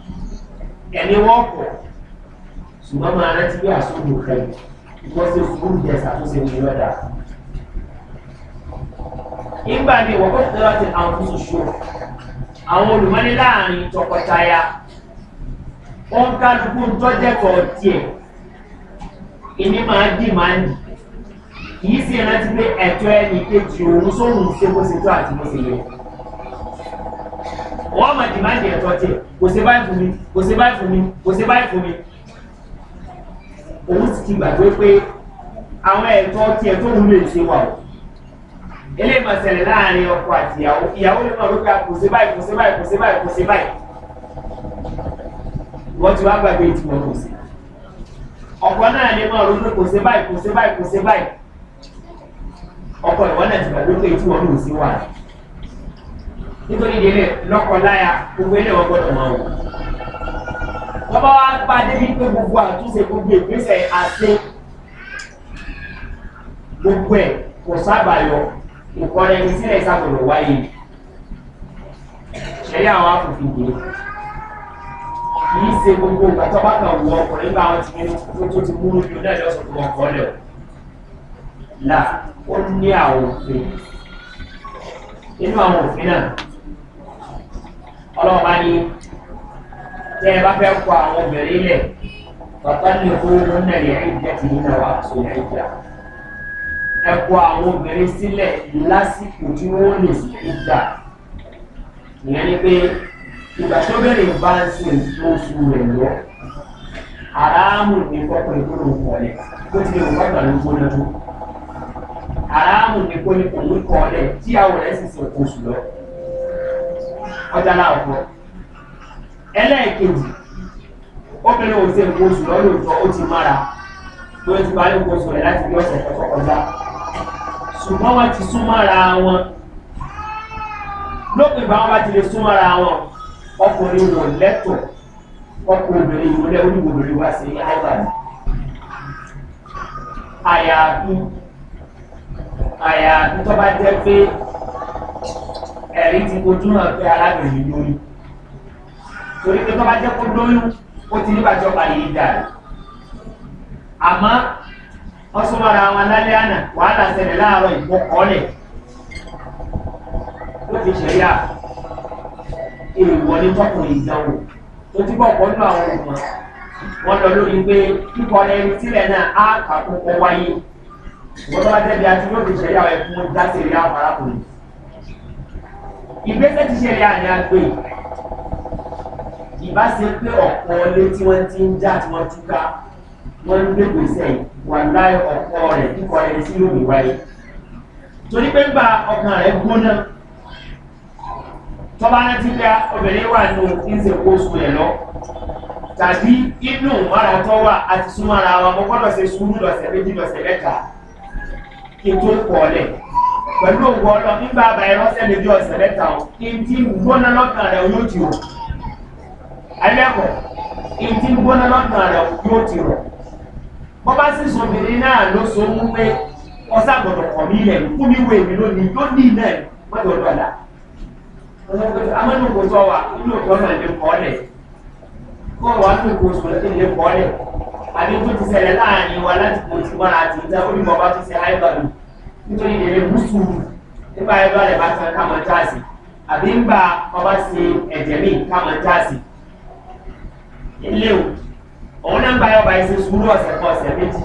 Speaker 2: ẹni wọ́n kọ̀ ṣùgbọ́n máa rántí pé àsọdùn kan wọ́n ṣe fúrú jẹ ṣàtúnṣe ní ìrọ̀dà. nígbà míì wọ́n kọ́ tẹ́lá ti àwọn fúnṣu ṣó àwọn olùmọ́ni láàrin tọkọtaya wọ́n ń kálukú ń tọ́jẹ́kọ̀ tiẹ̀ ìní máa dì máa ń dì kì í pé ẹ̀tọ́ ẹnì kejì òun sóhun ṣe bó ṣe tó àti bó ṣe yẹ wọ́n máa dìmáàdì ẹ̀tọ́ tiẹ̀ kò ṣe báyìí fún mi kò ṣe báyìí fún mi kò ṣe báyìí fún mi. òun sì ti gbàgbé pé àwọn ẹ̀tọ́ tiẹ̀ tó wúlò ìṣe wà o eléyìí máa ṣẹlẹ̀ láàrin ọkọ àti ìyàwó ìyàwó lè máa rúkà kò ṣe báyìí kò ṣe báyìí kò ṣe báyìí kò ṣe báyìí wọ́n ti wá gbàgbé ìtumọ̀ kò sí ọkọ náà lè máa ronú kò ṣe báyìí kò ṣe báyìí kò ṣe báyìí ọkọ ìwọ náà ti gbàgbé pé ìtumọ̀ kò sí wà rẹ̀ nítorí ìdílé lọ́kọ̀láyà gbogbo ilé wọn gbọ́dọ̀ máa wò. wọ́n bá wá gba débi pé gbogbo àtúnṣe gbogbo ìgbésẹ̀ àti gbogbo ẹ̀ kò sábàyọ ìkọ́ra ẹni sílẹ̀ sábàlọ̀ wáyé ṣẹlẹ̀ àwọn afòfin dé kì í ṣe gbogbo ìgbà tó bá kàn wọ ọkùnrin bá wọn ti mú tó ti mú lójú náà lọ́sọ̀ tó wọn kọ́ lẹ̀ là ó ní àwọn òfin inú àwọn òfin náà ọlọ́run bá ní tẹ́ ẹ bá fẹ́ kọ àwọn obìnrin lẹ̀ bàbá ní ìfowópamọ́ náà yẹ ẹ̀jẹ̀ ti yín náà wà tó yẹ ìjà ẹ kọ àwọn obìnrin sílẹ̀ lásìkò tí wọ́n lè sí ìjà ìyẹn ni pé ìgbà tó bẹ̀rẹ̀ bá ń sìn tó oṣù rẹ̀ lọ aráàmù ní kọ́kọ́ ìkóló kọ́lẹ̀ tó ti lè wọ́n gbà ló gbóná tó aráàmù ní kọ́lẹ̀ kọ́lẹ̀ tí àwọn ẹ̀sìn sọ̀tún oṣù lọ ọjà láàbọ̀ ẹlẹ́ẹ̀kejì obìnrin ò ṣe nǹkan oṣù lọ́lọ́ọ̀tọ́ ó ti mára ló ti parí nǹkan oṣù rẹ̀ láti bí ọ̀sẹ̀ kọ̀ọ̀kan kọjá ṣùgbọ́n wọ́n ti sún mára wọn lópin bá wọn bá ti lè sún mára wọn ọkùnrin wò lẹ́tọ̀ ọkùnrin obìnrin yìí lẹ́ oníwò wá sí àìbàdàn àyàfi àyàfi tó bá jẹ́ pé ẹ̀rí ti ojú náà pé arábìnrin lóyún torí pé tó bá jẹ́ kó lóyún ó ti nígbà tí ọba yìí dà rẹ̀ àmọ́ wọ́n sún mọ́ra wọn lálẹ́ àná wàhálà ṣẹlẹ̀ láàárọ̀ ìfọkọ́lẹ̀ ló fi ṣẹ̀yà èèwọ̀ ní tọkùnrin ìdánwò tó ti bọ̀ pọ̀ nínú àwọn ọmọ wọn lọ lórí pé kíkọ ẹni sílẹ̀ náà á kàkókò wáyé wọ́n tó bá jẹ́ bí a ti yóò fi ṣẹ̀yà ẹ̀kún dá sí ìyá àwọn arákùnrin ìgbésẹ̀ ti ṣẹlẹ̀ àní àgbè ìbá ṣe pé ọ̀pọ̀ ilé tí wọ́n ti ń já tí wọ́n túká wọ́n ń gbé gbèsè wà láì ọ̀pọ̀ rẹ̀ kíkọ ẹni sí lómi wáyé torí pé ń gba ọkàn rẹ̀ gbóná tọ́ba rántí pé obìnrin wà nù ń ṣe kó oṣù rẹ̀ lọ tàbí inú mara tó wà àti súnmọ́ra wọn mo gbọ́dọ̀ ṣe sùúrù lọ́sẹ̀ méjì lọ́sẹ̀ mẹ́ta kí n tó kọ́ ọ lẹ̀. pẹ̀lú òwò ọlọ nígbà àbáyé rọ́ṣẹ́ lójú ọ̀sẹ̀ mẹ́ta ọ̀ kí gbóná lọ́kàn rẹ̀ yóò ti rọ̀ alẹ́kọ̀ọ́ kí gbóná lọ́kàn rẹ̀ yóò ti rọ̀ bọ́ sì sọ obìnrin náà ló ọ̀sà gbọ̀dọ̀ mí lẹ̀ fún mi wo èmi nítorí èrè gúúsù nípa ẹgbẹ́ rẹ̀ bá tan kámọ jáàsì àbí ń gba ọba sí ẹ̀jẹ̀ míì kámọ jáàsì ilé o òun náà ń gba ọba ẹsẹ̀ sùúrù ọ̀sẹ̀ kan ọ̀sẹ̀ méjì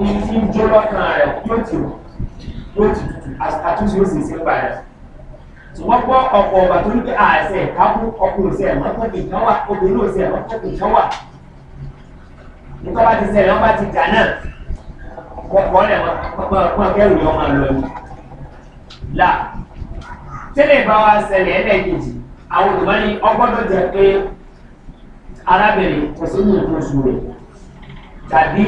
Speaker 2: ní ti ń jó lọ́kàn rẹ̀ yóò ti rò yóò ti tutù àtúnṣe ó sì ṣe ń gbà rẹ̀ ṣùgbọ́n gbọ́ ọ̀pọ̀ ọba tó ń gbé àṣẹ ìkákú ọkùnrin ṣe ẹ̀mọ́ tó kì í kán obìnrin ò ṣe kì í kán kọ̀ọ̀kan lẹ̀ kọ̀ọ̀kan kẹ́rù yọ máa lọ ni. là tẹ́lẹ̀ bá wa ṣẹlẹ̀ ẹlẹ́ẹ̀kejì àwọn olùmọ̀ ní ọgbọ́dọ̀ jẹ pé arábìnrin kò sí ní ìkóṣù rẹ̀ tàbí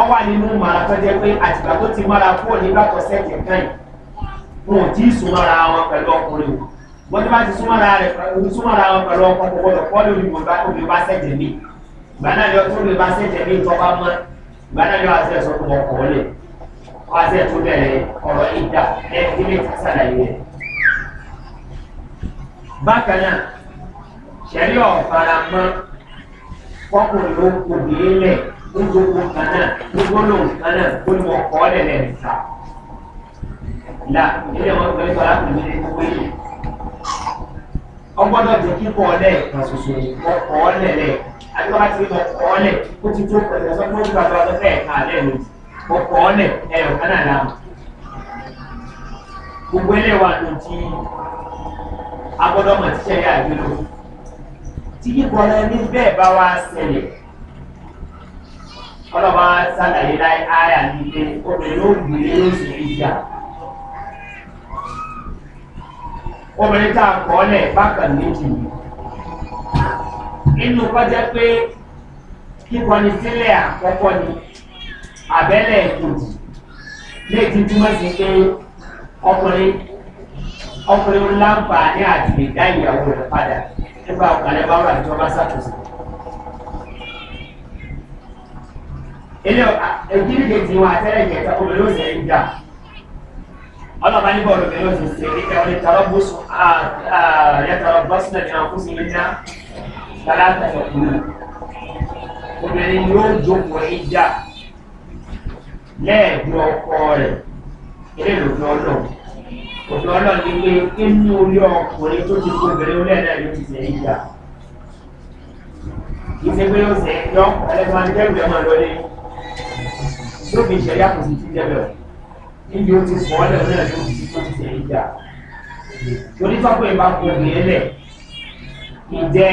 Speaker 2: ọwà nínú màá tó jẹ́ pé àtìgbà ti mọ́ra kúrò nígbà tó sẹ́ẹ̀tì kan yìí wọn ò tí wọn pẹ̀lú ọkùnrin o wọ́n ti bá ti súnmọ́ra rẹ̀ súnmọ́ra wọn pẹ̀lú ọkùnrin kò gbọ́dọ̀ pọ́ọ́lù olùmọ̀ bá sẹ́ẹ̀tì mi gbana yɔ tó lè ba se tɛ mi tɔgba ma gbana yɔ ase sɔ kɔmɔ kɔɔle ase tó bɛrɛ ɔrɔ ida ɛ kele kasa la yi rɛ bákan náà sɛri ɔfara ma kɔkùnrin ló obìnrin lɛ nígbòkò kan náà nígbòlò kan náà ó ní wọn kọ́ ọ́lẹ̀ lẹ́nu ta la ilé wọn pẹ̀lú sọ́ra kò ní ní gbogbo yìí ọgbọ́dọ̀ ti kíkọ́ ọ́lẹ̀ kan ṣoṣo kọ́ ọ́lẹ̀ lẹ́nu àdúgbò ti lọ kọ́ ọ́ lẹ̀ kó ti tó pẹ̀lú ọ̀sán tó ń gba ọ̀sán tó fẹ́ẹ̀ ká lẹ́nu kó kọ́ ọ́ lẹ̀ ẹ̀rọ kánà dáhùn. gbogbo ẹlẹ́wà ló ti agbọ́dọ́mọ̀ tíṣẹ́ yà gbé lọ. tí yíkọ lẹ ní bẹ́ẹ̀ bá wá ṣẹlẹ̀ ọlọ́ba sàlàyé láì áyà ní pé obìnrin ló gbé ló sì rí ìjà. obìnrin tá a kọ́ ọ́ nínú kọjá pé kíkọni sílẹ̀ àkọ́kọ́ ni àbẹ́lẹ̀ èkejì léèkì túmọ̀ sí pé ọkùnrin ọkùnrin ń láǹfààní àti dá ìyàwó rẹ̀ padà nígbà ọ̀kàlẹ̀ bá wà níjọba ṣàkóso. ilé ìdílé wọn àtẹ́lẹ̀ obìnrin ó sì ń jà ọlọ́ba níbọ̀ ó sì ṣe ààrẹ náà ní àwọn ní tàlátà ẹ̀kùnà obìnrin yóò jókòó ìjà lẹ́ẹ̀dùn ọkọ rẹ̀ eléyìí òfin ọlọ́ọ̀ òfin ọlọ́ọ̀ ni pé inú orí ọkùnrin tó ti kó obìnrin olóòdà ló ti sẹ̀ ìjà kì í ṣe pé ó sẹ̀ yọ ẹlẹ́gbọ́n adébẹ̀rù ẹ̀ máa lọlé lóbi ìṣẹ̀lẹ̀ àkùsì ti dẹ́bẹ̀rù níbi ó ti sọ̀ ọ́lẹ̀ olóòdà ló ti sẹ̀ ìjà torí tọ́pọ̀ ìbá kò gbé ẹlẹ̀ ìjẹ́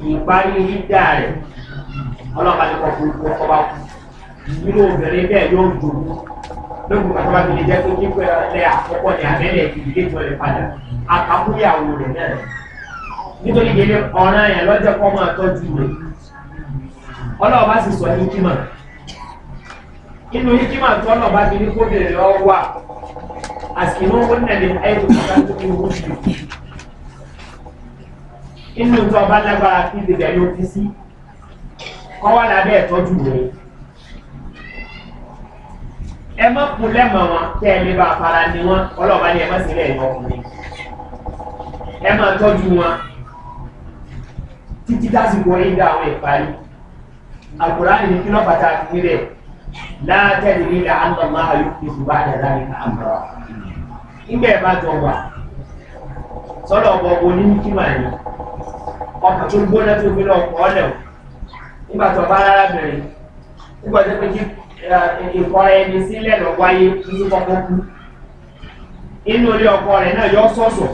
Speaker 2: ìparí yídà rẹ̀ ọlọ́pàá ti kọ gbogbo ọba kú nínú obìnrin bẹ́ẹ̀ yóò dùn lóògùn kàtàkà tó lè jẹ́ pé kíkọ́ ẹ̀ ìdílé tó lè padà àkàkúyàwó rẹ̀ náà nítorí ìdílé ọ̀ràn yẹn lọ́jọ́ kọ́ na tọ́jú rẹ̀ sì sọ ní inú tó fi ní kó bèrè tó inú tó ọba lágbára ibi bẹ̀rẹ̀ ló fi sí kọ́ wá lábẹ́ ìtọ́jú rẹ̀ ẹ má kun lẹ́mọ̀ wọn kẹ́ ẹ lè bá a fara ni wọn ọlọ́ọ̀bá ni ẹ má sílẹ̀ ìwọ ọkùnrin ẹ má tọ́jú wọn títí dásìkò ìdá àwọn ìparí àkùrá ni kí lọ́ọ́ pàtàkì nílẹ̀ látẹ̀lé ní ìlà àńtọ̀ máa yọ ìṣùgbọ́n àdàdà ní àmọ́ ìgbẹ́ ẹ̀ bá jọ wà sọ́dọ̀ ọ̀pọ̀ onímìkìmà ni ọkọ̀ tó gbóná tó gbé lọ́pọ̀ ọ̀lẹ̀ nígbà bá rárá bẹ̀rẹ̀ pé kí ìkọ́ ẹni sílẹ̀ lọ wáyé nínú kọ́kọ́ kú inú ilé ọkọ rẹ̀ náà yọ sọ̀sọ̀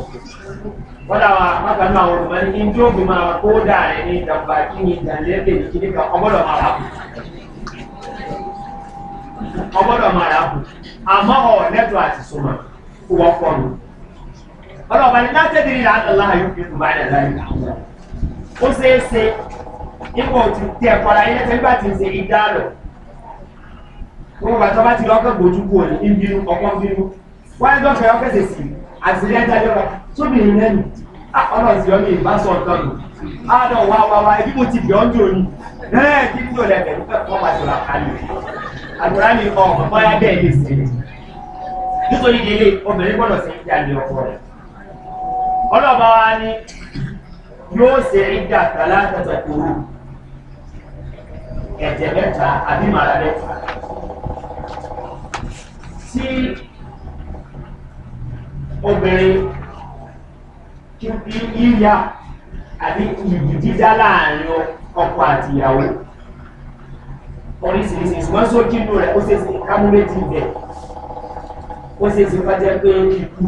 Speaker 2: wọ́n wà pàtàkì àwọn olùmọ̀ ní tí ó fi máa kó dà rẹ̀ ní ìjàmbá kí ni ìjàndẹ́gbẹ̀ ní kan ọgbọ́dọ̀ máa rà kù ọgbọ́dọ̀ máa rà kù àmọ́ ọ̀ lẹ́tọ̀ àti sọmọ kó wọ́n kọ́ ọlọ́ọ̀bá ni látẹ̀dìrì rà lọ́la yóò fi tùbá rẹ̀ láyé àwọn ó ṣeé ṣe ipò tí tẹ̀ kọ́ra ilé tẹ́ nígbà tí ń ṣe ìdá lọ gbogbo àtọ́ bá ti lọ ọkọ̀ gbòjú kú òní ìbínú ọkọ̀ bínú wọ́n ẹjọ́ fẹ́ ọkọ̀ ṣe sí àtìlẹ́yìn dájọ́ lọ sóbìnrin lẹ́nu ah, ọlọ́run sì ọmọ ìbá sọ ọ̀tọ̀ nù àádọ́ wa wa wa ẹbí mo ti bẹ̀ ọ́njọ́ ni ẹ́ẹ̀ kí ní òlẹ̀ bẹ̀rù fẹ́ kọ́ pàṣẹ wà kálí àdúrà ni ọmọ bọ́yá bẹ́ẹ̀ lè ṣe nítorí délé obìnrin gbọ́dọ̀ sí ìyá ni ọkọ rẹ̀ ọlọ́ba wa ni yóò ṣe ìdá tàlátàtà kúrú ẹ̀jẹ̀ mẹ́ta àbí màrà mẹ́ta tí obìnrin yíya àbí ìyí dídá láàrin ọkọ̀ àti ìyàwó oríṣiríṣi ìṣùgbọ́n sókè inú rẹ̀ ó ṣe é ṣe kámúrétì bẹ̀ ó ṣe é ṣe fẹ́ pé ikú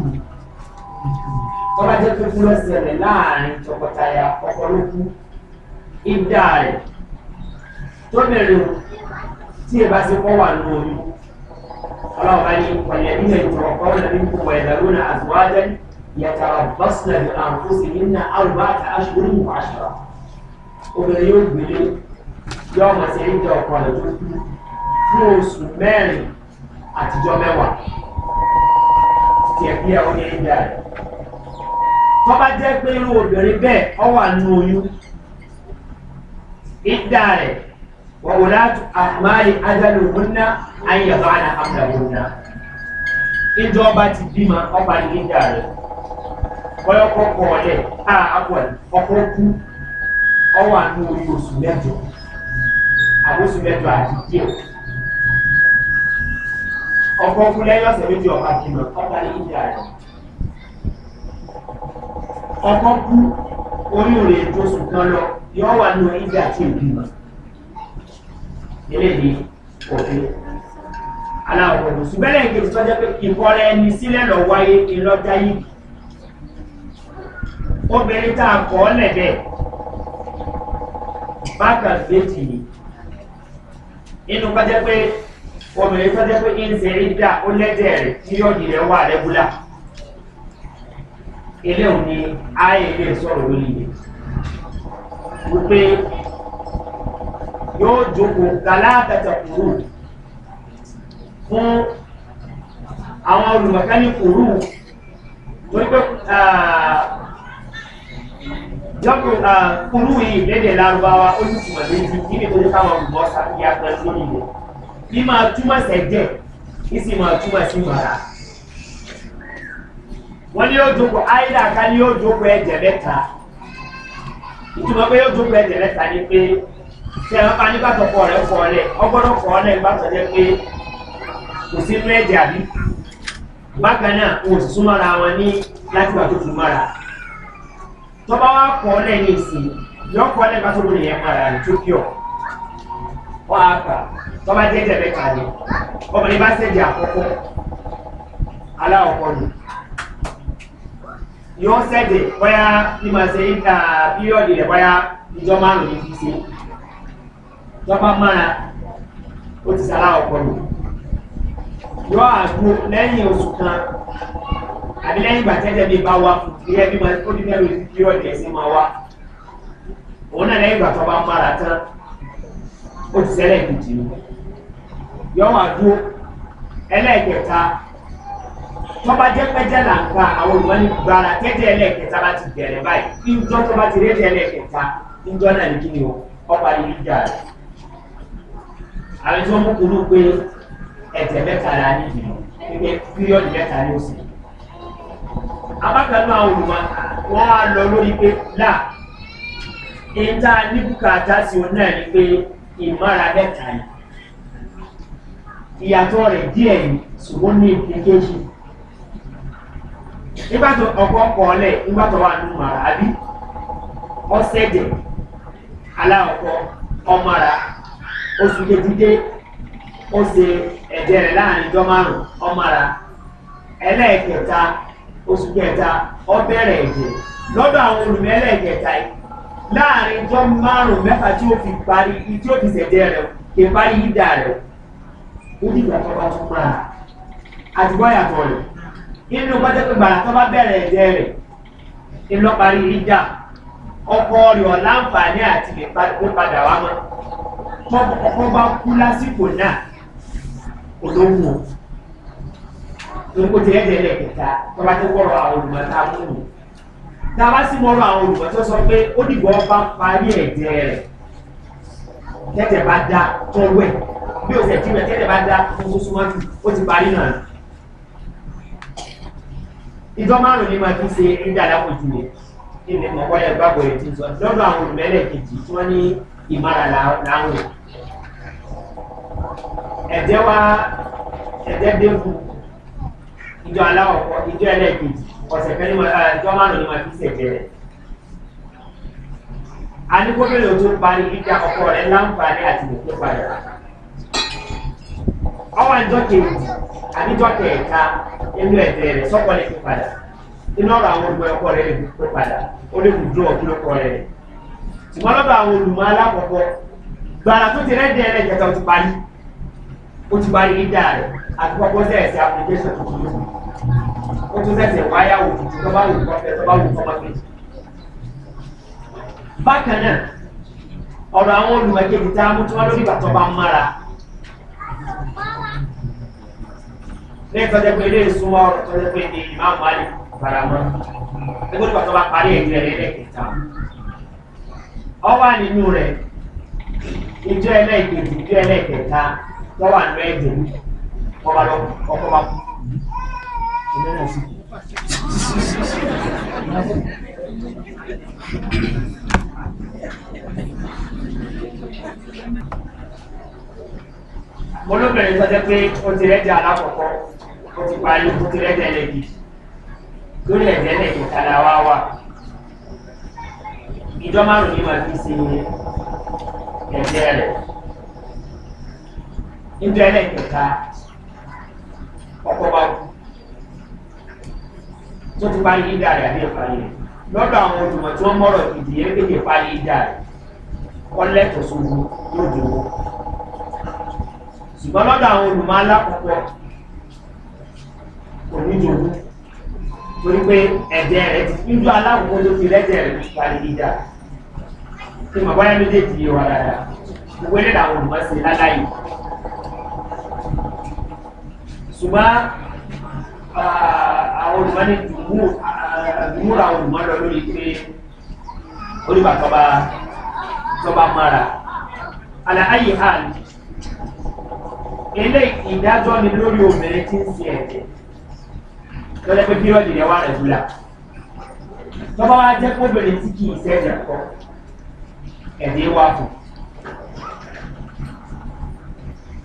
Speaker 2: tọ́lá jẹ́ pé kú lọ́sẹ̀ rẹ̀ láàrin tọkọtaya ọkọ ló kú ìdá rẹ̀ tó bẹ̀rẹ̀ o tí ẹ bá ṣe kọ́ wà ní oyún ọlọ́run bá ní ìpàlẹ̀ nílẹ̀ ìtọ̀kọ́ lẹ́bí kò wà ìdàrú náà àtúwájẹ́ yàtàrà bọ́sùlẹ̀ ní àǹfóṣì nínú àrùbá àti aṣọ́rí mú aṣọ́ra obìnrin yóò gbélé yóò mọ̀ sí ìjọ ọ̀pọ̀ rẹ̀ tó kú fún oṣù mẹ́rin àtijọ́ mẹ́wàá tí bí ẹ ó ní ìdá rẹ̀. tó bá jẹ́ pé irú obìnrin bẹ́ẹ̀ ọ wà nù oyún ìdá rẹ̀ wà wò látò àmàlì ajálù húnná ayẹ̀bá àná àmàlà húnná ìjọ ọba ti bímọ ọba ní ìdá rẹ̀ ọlọ́kọ̀ kọ̀ ọ̀lẹ̀ á àpọ̀ ọkọ̀ kú ọ wà nù oyún oṣù mẹ́jọ àbóṣù mẹ́jọ àti díẹ̀ ọkọ kú oyún rẹ̀ tó sùn kan lọ yọ wà nù ìdí àti ìbímọ eléyìí òfin aláwọ̀ ọ̀dọ̀ ṣùgbọ́n lẹ́yìn kejì tó jẹ́ pé ìkọrẹ ẹni sílẹ̀ lọ wáyé ìlọ́jà yìí obìnrin tá a kọ́ lẹ̀dẹ̀ bákan méjì ni inú kọjá pé obìnrin tó jẹ́ pé ń ṣe ìdá ó lẹ́dẹ̀ rẹ̀ tí yóò dìrẹ̀ wà rẹ́gúlà eléyìí ni ayẹyẹ sọ̀rọ̀ lórí yìí wípé yóò jókòó galátàtà kúrú fún àwọn olùmọ̀ká ní kúrú torí pé kúrú yìí lédè lárúbáwá ó ní túmọ̀ méjì kí ni torí káwọn olùmọ̀ sàkíyà pẹ̀lú lórí yìí bí máa túmọ̀ sẹ́jẹ̀ kí sì máa túmọ̀ sí màrà wọ́n ní yóò jókòó áyídà ká ní yóò jókòó ẹ̀jẹ̀ mẹ́ta ìtumọ̀ pé yóò jókòó ẹ̀jẹ̀ mẹ́ta ni pé tí ẹ̀rọ bá ní bàtọ̀ kọ̀ rẹ̀ kọ̀ lẹ̀ ọgbọ́dọ̀ kọ̀ lẹ̀ bàtọ̀ jẹ́ pé kò sí inú ẹ̀jẹ̀ àbí bákan náà kò sì súnmọ́ ara wọn ní láti gbà tó tún mọ́ra tọ́ba wa kọ̀ lẹ̀ ní ìsìn yọ kọ̀ lẹ̀ bàtọ̀ lórí yẹn mọ́ra rẹ̀ tó pure wọ́n á kà tọ́ba yóò sẹ́dẹ̀ bọ́yá ní máa ṣe ìta píríọ̀dì rẹ̀ bọ́yá ìjọ márùn ní fi ṣe ìjọba mára ó ti sára ọ̀pọ̀lù yóò àgbo lẹ́yìn oṣù kan àbí lẹ́yìn ìgbà tẹ́jẹ́ bí bá wá fún ilé ẹbí máa ó ní mẹ́rin ní píríọ̀dì ẹ̀sìn máa wá òun náà lẹ́yìn ìgbà tó bá mára tán ó ti sẹ́lẹ̀ kejì yóò àgbo ẹlẹ́ẹ̀kẹta tọ́ba jẹ́ pẹ́jẹ́ là ń pa àwọn olùmọ́ni gbára tẹ́jẹ́ ẹlẹ́ẹ̀kẹta bá ti bẹ̀rẹ̀ báyìí ńjọ́ tó bá ti rẹ́jẹ́ ẹlẹ́ẹ̀kẹta ńjọ́ náà ní kíni o ọ̀pá níbi jà rẹ̀. àwọn tí wọ́n mú kúrú pé ẹ̀jẹ̀ mẹ́ta la ní ìdìbò pé píríọ̀dù mẹ́ta ní òsì. abákanú àwọn olùmọ wọn á lọ lórí pé là ń tá a ní bùkátà sí òun náà ni pé ìmọ̀ra mẹ́ta yìí ìyàtọ̀ rẹ̀ díẹ̀ yìí ṣùgbọ́n ní implication nígbà tó ọkọ̀ kọ̀ọ̀lẹ̀ nígbà wà nù màrà àbí ọ̀sẹ̀dẹ̀ aláwọ̀kọ̀ ọmọra oṣù kejìdé ó ṣe ẹ̀jẹ̀ láàrin ìjọ márùn ọmọra oṣù kẹta àwọn yìí láàrin ìjọ márùn-ún tí ó fi parí tí ó fi ṣẹ̀jẹ̀ parí yídà ó inú pàtẹ́ pé gbàrà tó bá bẹ̀rẹ̀ ẹ̀jẹ̀ rẹ̀ ńlọ́parí ìjà ọkọ rẹ̀ ọ̀láǹfààní àti ìpadà wá mọ́ ọkọ bá kú lásìkò náà olóhùn o lóko tí ẹ̀jẹ̀ lẹ̀ kẹta tó bá tó kọ̀rọ̀ àwọn olùmọ̀ta múnú tá a bá sì mọ́rọ̀ àwọn olùmọ̀tọ́ sọ pé ó dìbò ọba parí ẹ̀jẹ̀ rẹ̀ tẹ́tẹ̀ bá dá tọ́wẹ̀ bí òsè tí rẹ̀ tẹ́tẹ̀ bá dá tó súnmọ́ ó ti parí náà ìjọ márùn ní máa fi ṣe ìdá alákòjú rẹ̀ ilẹ̀ mọ̀kọ́lẹ̀ gbàgbọ́ rẹ̀ ti sọ lọ́dọ̀ àwọn olùmẹ́lẹ̀ kejì tí wọ́n ní ìmára láwọn ẹ̀jẹ̀ wá ẹ̀jẹ̀ dẹ́kun ìjọ aláwọ̀ kọ ìjọ ẹlẹ́kejì ọ̀sẹ̀ kan ìjọ márùn ní máa fi ṣẹ̀jẹ̀ rẹ̀ a ní gómìnà tó parí ìdá ọkọ rẹ̀ láǹfààní àti ìpínpadà ọwọ́ àjọ kejì àbíjọ kẹta inú ẹ̀jẹ̀ rẹ̀ sọ́kọ̀ lè fi padà inú ọ̀rọ̀ àwọn ọgbọ̀n ọkọ̀ rẹ̀ lè fi padà ó lè kù dúró ọ̀gbìn ọkọ̀ rẹ̀ ṣùgbọ́n lọ́dọ̀ àwọn olùmọ̀ alákọ̀ọ́kọ́ gbàrà tó ti rẹ́jẹ̀ rẹ̀ kẹta ó ti parí ó ti parí dídá rẹ̀ àti kọ́kọ́ sẹ̀sẹ̀ application tuntun ó tún sẹ̀sẹ̀ wáyà wò tuntun tó bá wù kọ́fẹ́ tó bá wù kọ́mọ́ kejì. bákan náà ọ̀rọ̀ àwọn olùmọ̀ kejì tá a mú tí wọ́n lórí ìbàtọ́ bá ń mára ní ìtọ́jẹ́ pé ilé ìsúnwá ọ̀rọ̀ tọ́jẹ́ pé ní ìmáàmù alì faramọ́ ẹgbẹ́ nígbà tó bá parí ẹ̀jẹ̀ rẹ̀ lẹ́ẹ̀kẹta ọwọ́ nínú rẹ̀ ìjọ ẹlẹ́ẹ̀kejì ìjọ ẹlẹ́ẹ̀kẹta tọ́wà nù ẹ̀jẹ̀ ọba lọ ọkọ̀ wa kú mo lóbìnrin tọ́jẹ́ pé ó ti rẹ́jà alákọ̀ọ́kọ́ ó ti parí ó ti rẹ́tẹ̀lẹ̀ gidi lórí ẹ̀tẹ́lẹ̀ ìtara wa wà ìjọ márùn-ún ní máa fi ṣe ẹ̀jẹ̀ rẹ̀ níjọ ẹlẹ́kẹta ọkọ̀ wa tó ti parí yídà rẹ̀ àbí ìparí rẹ̀ lọ́dọ̀ àwọn olùmọ̀ tí wọ́n mọ̀rọ̀ ìdí yẹn pé ìparí yídà rẹ̀ wọ́n lẹ́tọ̀ọ́ sógun lójoojú ṣùgbọ́n lọ́dọ̀ àwọn olùmọ̀ alákọ̀ọ́kọ́ kò ní jogún torí pé ẹ̀jẹ̀ rẹ̀ ti níjú aláwọ̀ tó fi lẹ́jẹ̀ rẹ̀ parí ìjà kí mọ̀ báyá méjèèjì yé wa dáadáa gbogbo ilé làwọn olùmọ̀ sí láláyé ṣùgbọ́n àwọn olùmọ̀ ní dùmú àwọn olùmọ̀ lọ lórí pé orípa tọba tọba mara àlàáyé hàn ilé ìdájọ́ ni lórí obìnrin tí ń sin ẹ̀jẹ̀ lọ́jọ́ pé pírọ́ọ̀dì rẹ̀ wà rẹ̀gúlà tọ́ba wa jẹ́ pé obìnrin tí kì í sẹ́jà kọ́ ẹ̀dẹ́ wà fún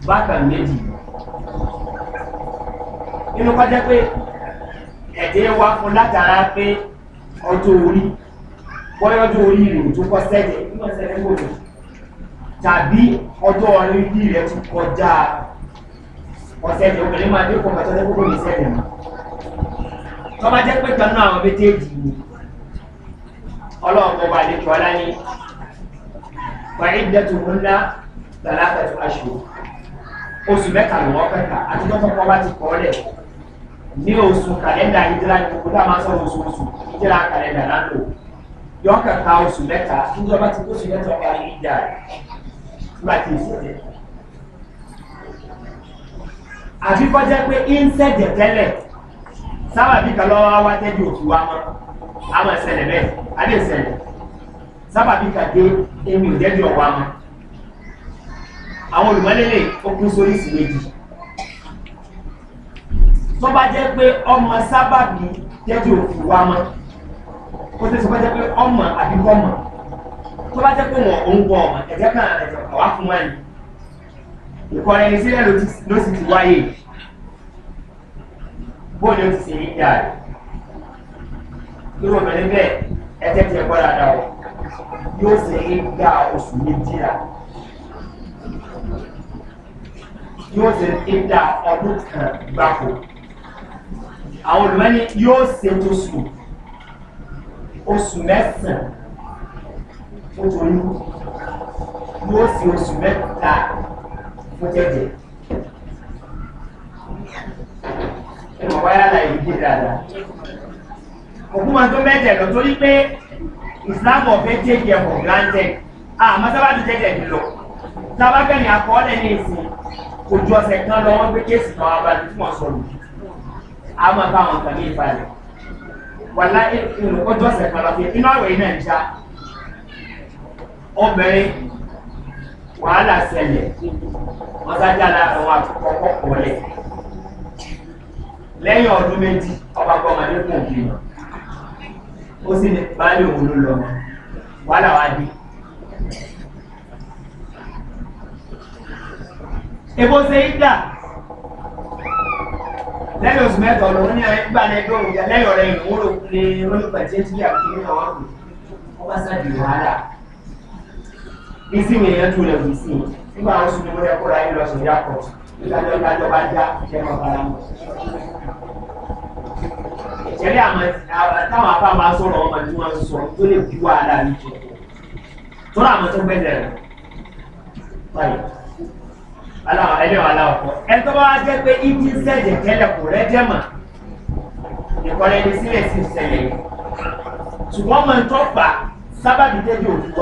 Speaker 2: bákan méjì nínú kọjá pé ẹ̀dẹ́ wà fún látara pé ọjọ́ orí bọ́yọ́ ọjọ́ orí rẹ̀ tó kọ́ sẹ́jẹ̀ nígbà sẹ́jẹ̀ gbòdò tàbí ọjọ́ orí rẹ̀ tó kọjá ọ̀sẹ̀jẹ̀ obìnrin máa dé kọ́ ọ̀sẹ̀jẹ̀ gbòdò ní sẹ́jẹ̀ mọ́ tó bá jẹ́ pé kan náà àwọn méjèèjì ni ọlọ́run kọba àlejò ọlá ní wàhídẹ́tù ńlá lálátẹ̀tù aṣọ oṣù mẹ́ta lọ́wọ́ pẹ̀ka àti tọ́tọ́ kọ́ bá ti kọ́ lẹ̀ ní oṣù kàlẹ́ndà ìdíra ní gbogbo táwọn sọ oṣù oṣù ìdíra kàlẹ́ndà lánàá yọ oṣù mẹ́ta níjọba ti oṣù mẹ́ta ọba ní ìjà rẹ̀ nígbà tí ìṣẹ̀lẹ̀ àbí kọjá pé ń tẹ́lẹ̀ sábàbí kan lọ́wọ́ wá tẹ́jú òkú wa mọ́ àwọn ìṣẹ̀lẹ̀ bẹ́ẹ̀ adé ìṣẹ̀lẹ̀ sábàbí kan dé ewu ìjẹ́jú ọ̀wá mọ́ àwọn olùmọ́lélẹ̀ ó kún sórí ìsìn méjì tó bá jẹ́ pé ọmọ sábàbí tẹ́jú òkú wa mọ́ ó ti sọ pé jẹ́ pé ọmọ àbí bọ́mọ tó bá jẹ́ pé wọn ò ń bọ ọmọ ẹ̀jẹ̀ kan ẹ̀jẹ̀ kọ̀ wá fún wọn ni ìkọrin sílẹ̀ ló sì ti wáyé yìí bóyá o ti ṣe yí dáa rẹ̀ irú obìnrin bẹ́ẹ̀ ẹ tẹ́tí ẹ gbọ́dọ̀ dáa o yóò ṣe yí dáa oṣù méjìlá yóò ṣe yí dáa ọdún kan gbáko àwọn olùmọ́ni yóò ṣe tó sùn oṣù mẹ́sàn-án fún torí yóò ṣe oṣù mẹ́ta fún jẹ́jẹ́ ẹ̀wọ̀n wáyà láì yí dáadáa. òkú máa tó mẹ́tẹ̀ lọ torí pé ìsìláàmù ọ̀fẹ́ take care for granted ah, àmọ́ sábà ti tẹ̀tẹ̀ mi lọ sábà kẹ́ni àkọọ́lẹ̀ ní ìsìn ojú ọ̀sẹ̀ kan lọ wọ́n gbé kéèsì kan abalẹ̀ tí wọ́n sọ̀rọ̀ àmọ́ táwọn kan ní ìbalẹ̀ wàlá ojú ọ̀sẹ̀ kan lọ fi iná àwẹ̀ iná ìjà obìnrin wàhálà sẹlẹ̀ wọ́n sájà lára àwọn àkọ́kọ́ kọ́lẹ̀ lẹ́yìn ọdún méjì ọba gbọ́mọdé kò gbé ó sì ní báyìí òun ló lọ wàhálà wá dé. èbó ṣe ń dà lẹ́yìn oṣù mẹ́ta ọ̀dọ̀ ní ẹ̀rẹ́ gbà ní ẹgbẹ́ òun lẹ́yìn ọ̀rẹ́ ìmúrò ní olùpẹ̀ tí ó ti yà kí ní ọ̀rọ̀ ọba sáàdì wàhálà bí sí mi èèyàn tún lẹ̀ wù sí i nígbà àwọn oṣù tó mọ́ ẹ̀kọ́ ra ẹ̀ lọ yà kọ̀ọ̀tù ìdájọ́ ìdájọ́ bá já ìjẹ́mọ̀ bára mọ̀.
Speaker 1: ìṣẹ̀lẹ̀ táwọn
Speaker 2: afá máa sọ̀rọ̀ ọmọ tí wọ́n sọ tó lè bí wàhálà ní jù tọ́lá àwọn tó gbẹ̀dẹ̀ rẹ̀ báyìí aláwọ̀ ẹlẹ́wọ̀ aláwọ̀ kọ́ ẹ tó bá wá jẹ́ pé ibi sẹ́jẹ̀ tẹ́lẹ̀ kò rẹ́ jẹ́ mà ìkọ́lẹ̀ ní sílẹ̀ sí ìṣẹ̀lẹ̀ yìí ṣùgbọ́n mọ̀ tó fà sábàbí tẹ́jú òkú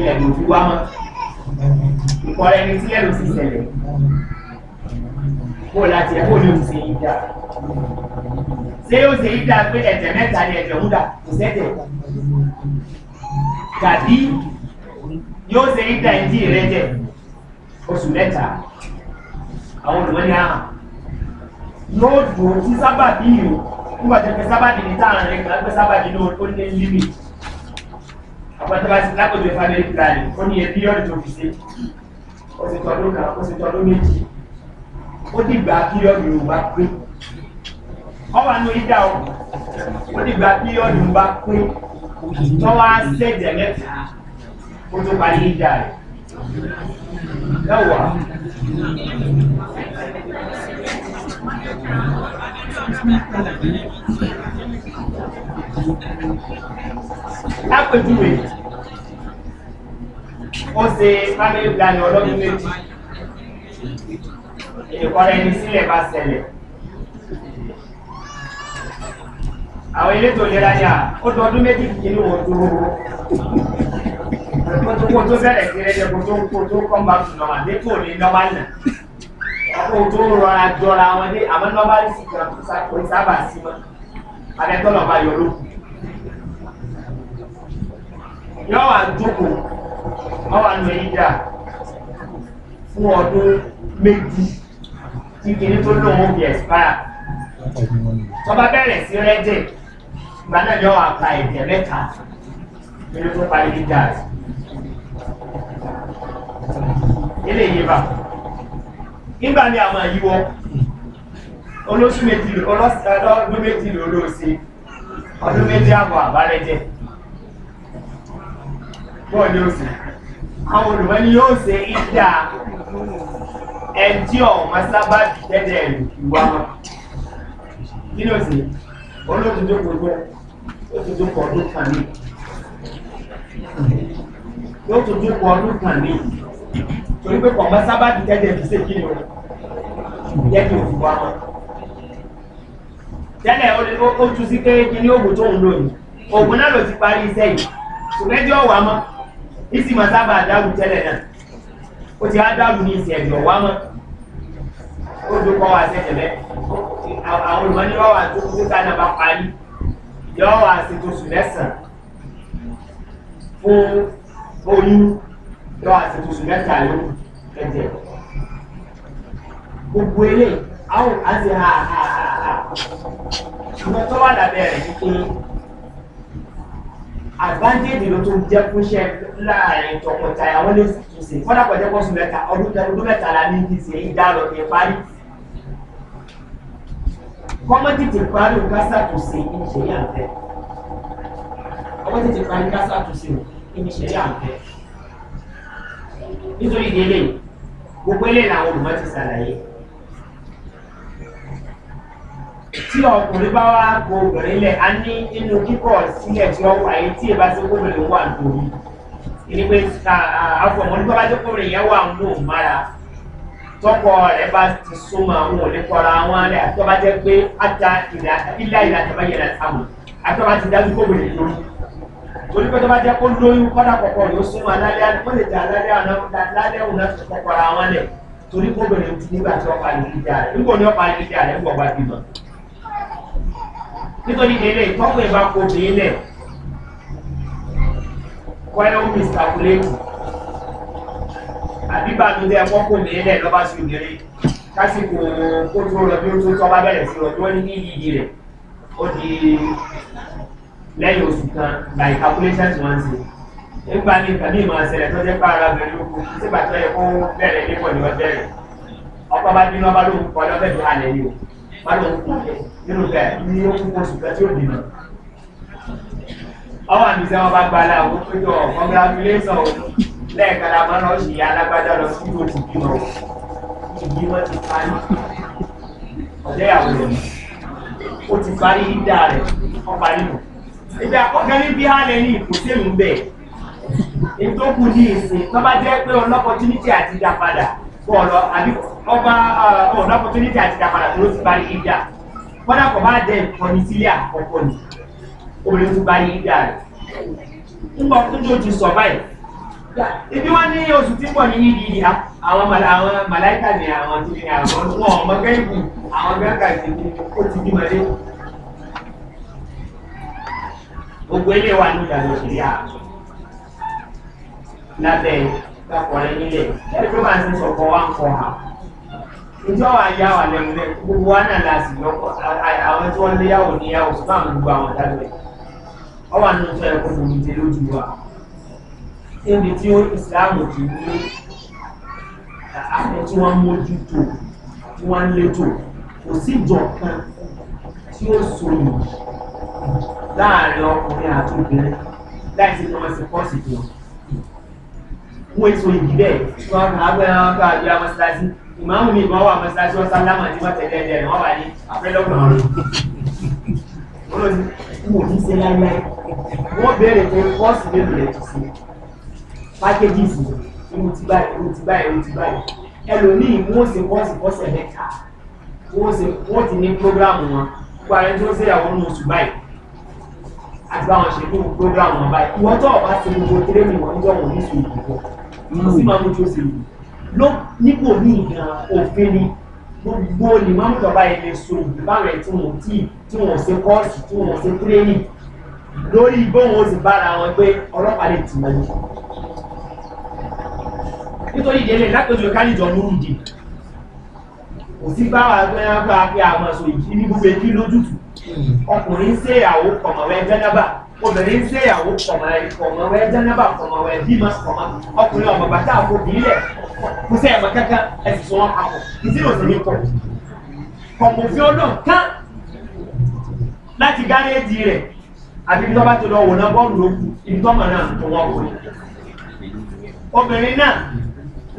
Speaker 2: ilẹ̀ ló fi wá mọ́ ìkọ̀rọ̀ ẹni tí ẹ̀rù sì ṣẹlẹ̀ kó láti ẹ̀kọ́ ní òun ṣe yí dà ṣé ó ṣe yí dà pé ẹ̀jẹ̀ mẹ́ta ni ẹ̀jẹ̀ ń dà kò sẹ́jẹ̀ tàbí yóò ṣe yí dà ẹ̀jì rẹ̀ jẹ̀ oṣù mẹ́ta àwọn olùwọ́n ní àhàn yóò dùn sí sábàbí yìí nígbà tó ń pẹ́ sábàbí ní táàrin rẹ̀ kí wọ́n pẹ́ sábàbí ní ó ní límìtì ọ̀pọ̀lọpọ̀ lápòjù family planning ó ní ẹbí ọ̀rẹ́ tó fi ṣe ó ti tọdún kan ó ti tọdún méjì ó dìgbà píríọ̀dù yorùbá pé ọwà ní ìdá o ó dìgbà píríọ̀dù yorùbá pé tọ́wọ́ á ṣẹ̀jẹ̀ mẹ́ta ó tó parí ìdá rẹ̀ lẹ́wàá.
Speaker 1: Thank you lápèjúwe
Speaker 2: ó ṣe family planning ọlọ́dún méjì ìkọ́ra ẹni sílẹ̀ bá ṣẹlẹ̀ àwọn elétò ìlera ni à ó tó ọdún méjì kìíní wo dúró kó tó kó tó bẹ̀rẹ̀ sí rẹ̀ kó tó kó tó kọ́ bá tún nọ́mà dé kò ní nọ́mà nà kó tó rọra jọra wọn dé àmọ́ nọ́mà sì kàn kó sábà sí mọ́ abẹ́tọ́ nọ́mà yọ lókun yọ́ wà jókòó wọ́n wà lọ ìdá fún ọdún méjì tí kìíní tó lóun fi expire tọba bẹ̀rẹ̀ sí rẹ́dẹ̀ ìgbà náà yọ́ wà pa ẹ̀jẹ̀ mẹ́ta nínú tó parí ìdá rẹ̀ ilé ìyíba nígbà ní àwọn àyíwọ́ olóṣù méjì olóṣù méjì olóòsì ọdún méjì àbọ̀ àbárẹ́jẹ́ bọ́ọ̀ ni ó sì àwọn olùmọ̀ ni yóò ṣe ìdá ẹjí ọ̀mọ sábà tẹ́tẹ̀ ẹ̀rù ìwà wọn kí ló ṣe olóòtútù gbogbo olóòtútù kọ ọdún kan ní olóòtútù kọ ọdún kan ní torí pé kọ̀ọ̀mọ sábà tẹ́tẹ̀ ẹ̀rù kí ni o jẹ́ kí o fi wá wọn tẹ́lẹ̀ ó tún sí pé kí ni oògùn tó ń lò yìí oògùn náà ló ti parí iṣẹ́ yìí ṣùgbẹ́jọ́ wà mọ́ ìsì máa sábà dárú tẹ́lẹ̀ náà ó ti á dárú ní ìsì ẹ̀jọ̀ wá mọ́ ó dún kọ́ wa sẹ́jẹ̀ bẹ́ẹ̀ àwọn olùmọ̀ ní wọ́n wà tó kú síta náà bá parí yọ wà sí tó sùn mẹ́sàn-án fún oyún yọ wà sí tó sùn mẹ́ta ló ẹ̀jẹ̀ gbogbo eléyìí àwọn àti ha ha ha ha ṣùgbọ́n tó wà lábẹ́ rẹ̀ ní pé advantage ló tó jẹ́ fún iṣẹ́ láàrin tọkọtaya wọ́n lè ṣàtúnṣe fọ́nà pẹ̀lú ẹ̀kọ́ sùn mẹ́ta ọdún mẹ́ta la ní kí n ṣe ìdá lọ kí n parí kọ́mọ́tì ti parí ká ṣàtúnṣe ìṣe yà ń tẹ́ kọ́mọ́tì ti parí ká ṣàtúnṣe ìṣe yà ń tẹ́ nítorí ìdílé gbogbo eléyìí làwọn olùmọ̀ ti ṣàlàyé tí ọkùnrin bá wá kó obìnrin lẹ̀ á ní inú kíkọ̀ sílẹ̀ tí wọ́n wáyé tí èbá ṣe kóbìnrin wà lórí ìní pé àfọ̀mọ́ nípa bá jẹ́ kóbìnrin yẹn wà ń lò mára tọkọ rẹ̀ bá ti súnmọ́ àwọn oníkọ́ra wọn lẹ̀ àti ọba jẹ́ pé ata ìlà ìlà tàbá yẹn láti àmọ̀ àti ọba ti dájú kóbìnrin lórí torí pé tọba jẹ́ kó lóyún kọ́dà kọ̀kọ́ yóò súnmọ́ alálẹ́ àná wọ́n lè jẹ́ alálẹ́ àná alálẹ́ òun náà ti kọ́kọ́ra wọn lẹ̀ torí kóbìnrin nígbà tí ọ̀pá ìlú ìjà rẹ̀ nígbà tí ọ̀pá ìlú ìjà rẹ̀ ń bọ̀ wá bímọ nítorí eré ìtọ́wò ìbá kò dé ilẹ̀ kọ́yọ́ miscalculate àbíbàdúndé ẹ̀kọ́ kò dé ilẹ̀ lọ́ba sí obìnrin kásìkò kó tó rọbí ó tó tọ́ bá bẹ̀rẹ̀ sí rọbí wọ́n ní ní yíyí rẹ̀ ó di lẹ́yìn oṣù kan by calculations wọ́n ṣe nígbà ní nǹkan bíi máa ṣẹlẹ̀ tó jẹ́ pé ara bẹ̀rẹ̀ ló kú sígbà tó yẹ kó bẹ̀rẹ̀ nípò ní wọ́n bẹ̀rẹ̀ ọkọ̀ bá bínú ọba lóhùn kọ́ lọ́fẹ̀ẹ́ báyọ̀ kú nínú ká ní okùn oṣù kan tí ò dìnnà. ọwọ́ àmì sẹ́wọ́n bá gba aláwọ̀ pé yọ congratulation o lẹ́ẹ̀kan la máa ń lọ ṣe alágbádá lọ sí ìlú òkùnkùn lọ ìgbìmọ̀ ti parí ọ̀dẹ́ àwòrán ó ti parí dídá rẹ̀ wọ́n parí nù. ìgbà ọ̀gá ní bí hálẹ̀ ní ìkùnsẹ́nu bẹ́ẹ̀ ètò kù ní ìsìn tó bá jẹ́ pé ọlọ́pọ̀ tí àti dá bọ́ọ̀lọ́ àbí ọba ọ̀dọ́ opportunity àti ìdàpadà tó ló ti bá ní india kọ́dà kọ́ bá jẹ́ ìkọ́ni sílé àkọ́kọ́ ni obìnrin tó bá ní india rẹ̀ nígbà tó tó ti sọ báyìí ibi wọn ní oṣù tí pọ̀ ní yíyí àwọn màláìkà ní àwọn tó ní àwọn wọn ọmọ gẹ́gùn àwọn gẹ́gà ti ní ó ti bímọ lé gbogbo ilé wa ní ìdàgbàsókè yá lábẹ́ lakọ̀rẹ́ nílẹ̀ ẹni pé màá ti sọ̀kọ̀ wá ń kọ̀ ha ìjọ wa yá wa lẹ́nu lẹ́ gbogbo wa náà la sì lọ́kọ̀ àwọn tí wọ́n léyàwó níyàwó ṣùgbọ́n àwọn gbogbo àwọn dábẹ́ ọ wà nínú tó yẹ kó bomi dé lójú wa níbi tí ó ìsìláàmù ti ní àwọn tí wọ́n mójútó tí wọ́n létò kò sí ìjọ kan tí ó sòrò láàrin ọkùnrin àti obìnrin láì sí kí wọ́n ti pọ́ọ̀sì fún wọn wọ́n èso ìdí bẹ́ẹ̀ wọ́n àgbẹ̀ wọn kọ́ àjọ amọ̀síláṣí ìmáàmù mi ìbọn wà amọ̀síláṣí wọn sálámà tí wọ́n tẹ̀lé ẹ̀jẹ̀ wọn wà ní afẹ́lọ́gbọ̀n rẹ̀ wọ́n wò ní ṣe láíláí wọ́n bẹ̀rẹ̀ pé fọ́ọ̀sì lè lè tù sí pákéjìsì ìwò ti báyìí ìwò ti báyìí ìwò ti báyìí ẹlòmíì wọ́n ṣe fọ́ọ̀sì fọ́ọ̀sẹ̀ mẹ́ta wọ́n ti ní prógráàmù wọn gbogbo ààrẹ tó ń ṣèyàwó ní oṣù báyìí àti báwọn ṣe fún prógráàmù wọn báyìí ìwọ́n tó ọ̀bá ti gbogbo tírẹ́mì wọn jọ̀wọ́ ní sùn
Speaker 1: ìdìbò sí máa mójú sí
Speaker 2: ló nípò ní ìgbà òfin ni gbogbo ni máa ń tọ́ba ẹni so ìbá rẹ̀ tí wọ́n tí tí wọ́n ṣe kọ́ọ̀sì tí wọ́n ṣe tírénì lórí bóun ó sì bára wọn pé ọlọ́pàá lè tì wọ́n nítorí ìdílé lápẹjọ kálíjọ múrùdì kò sí báwa pé wọ́n bá pé àwọn ẹ̀sọ́ ìdí ní gbogbo ẹbí lójútùú ọkùnrin ń ṣe ìyàwó kọ̀mọ̀wé jẹ́nẹ́bà obìnrin ń fẹ́yàwó kọ̀mọ̀wẹ́ jẹ́nẹ́bà kọ̀mọ̀wẹ́ bímọ kọ̀mọ̀ ọkùnrin ọmọ bàtà àpò bìílẹ̀ kò sẹ́yà mọ̀ kankan ẹ̀sìn sọ wọn papọ̀ ìdí ló sì ní kọ̀ kọ̀mọ̀ fi ọdún kán láti gáréèjì rẹ̀ àbí ibi tó bá ti lọ wò náà bọ́ọ̀lù ló kù ibi tó mọ̀ náà tó wọ́n wò obìnrin náà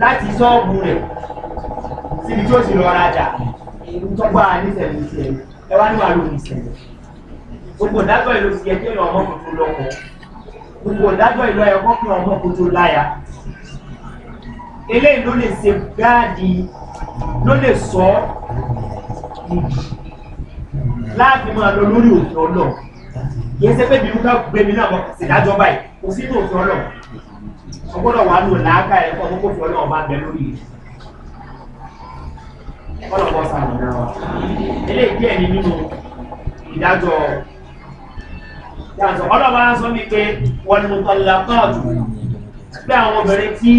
Speaker 2: láti sọ́ọ̀bù rẹ̀ síbi tí ó sì lọ rajà ìlú tó gbára nísẹ̀lẹ̀ ìṣẹ̀lẹ̀ ẹ wá ní wàá gbogbo ìdájọ́ ìlú ti yẹ kí èèyàn ọmọ kò tó lọ́kọ̀ gbogbo ìdájọ́ ìlú ẹ̀kọ́ kí ọmọ kò tó láyà eléyìí ló lè ṣe gáàdì ló lè sọ láti máa lọ lórí òfin ọlọ́ yìí ṣe pé bíi wúkà gbẹmí náà kò sì dájọ́ báyìí kò sí ní òfin ọlọ́ ọgbọ́dọ̀ wà lò láàkà ẹ̀kọ́ tó kò fi ọlọ́ ọba bẹ lórí yìí ọlọ́pọ̀ sàmì náà eléyìí díẹ̀ ni nínú ìdájọ́ ọlọ́wọ́ á sọ wípé wọ́n ni mo tọ́lá kọ́ọ̀tù pé àwọn obìnrin tí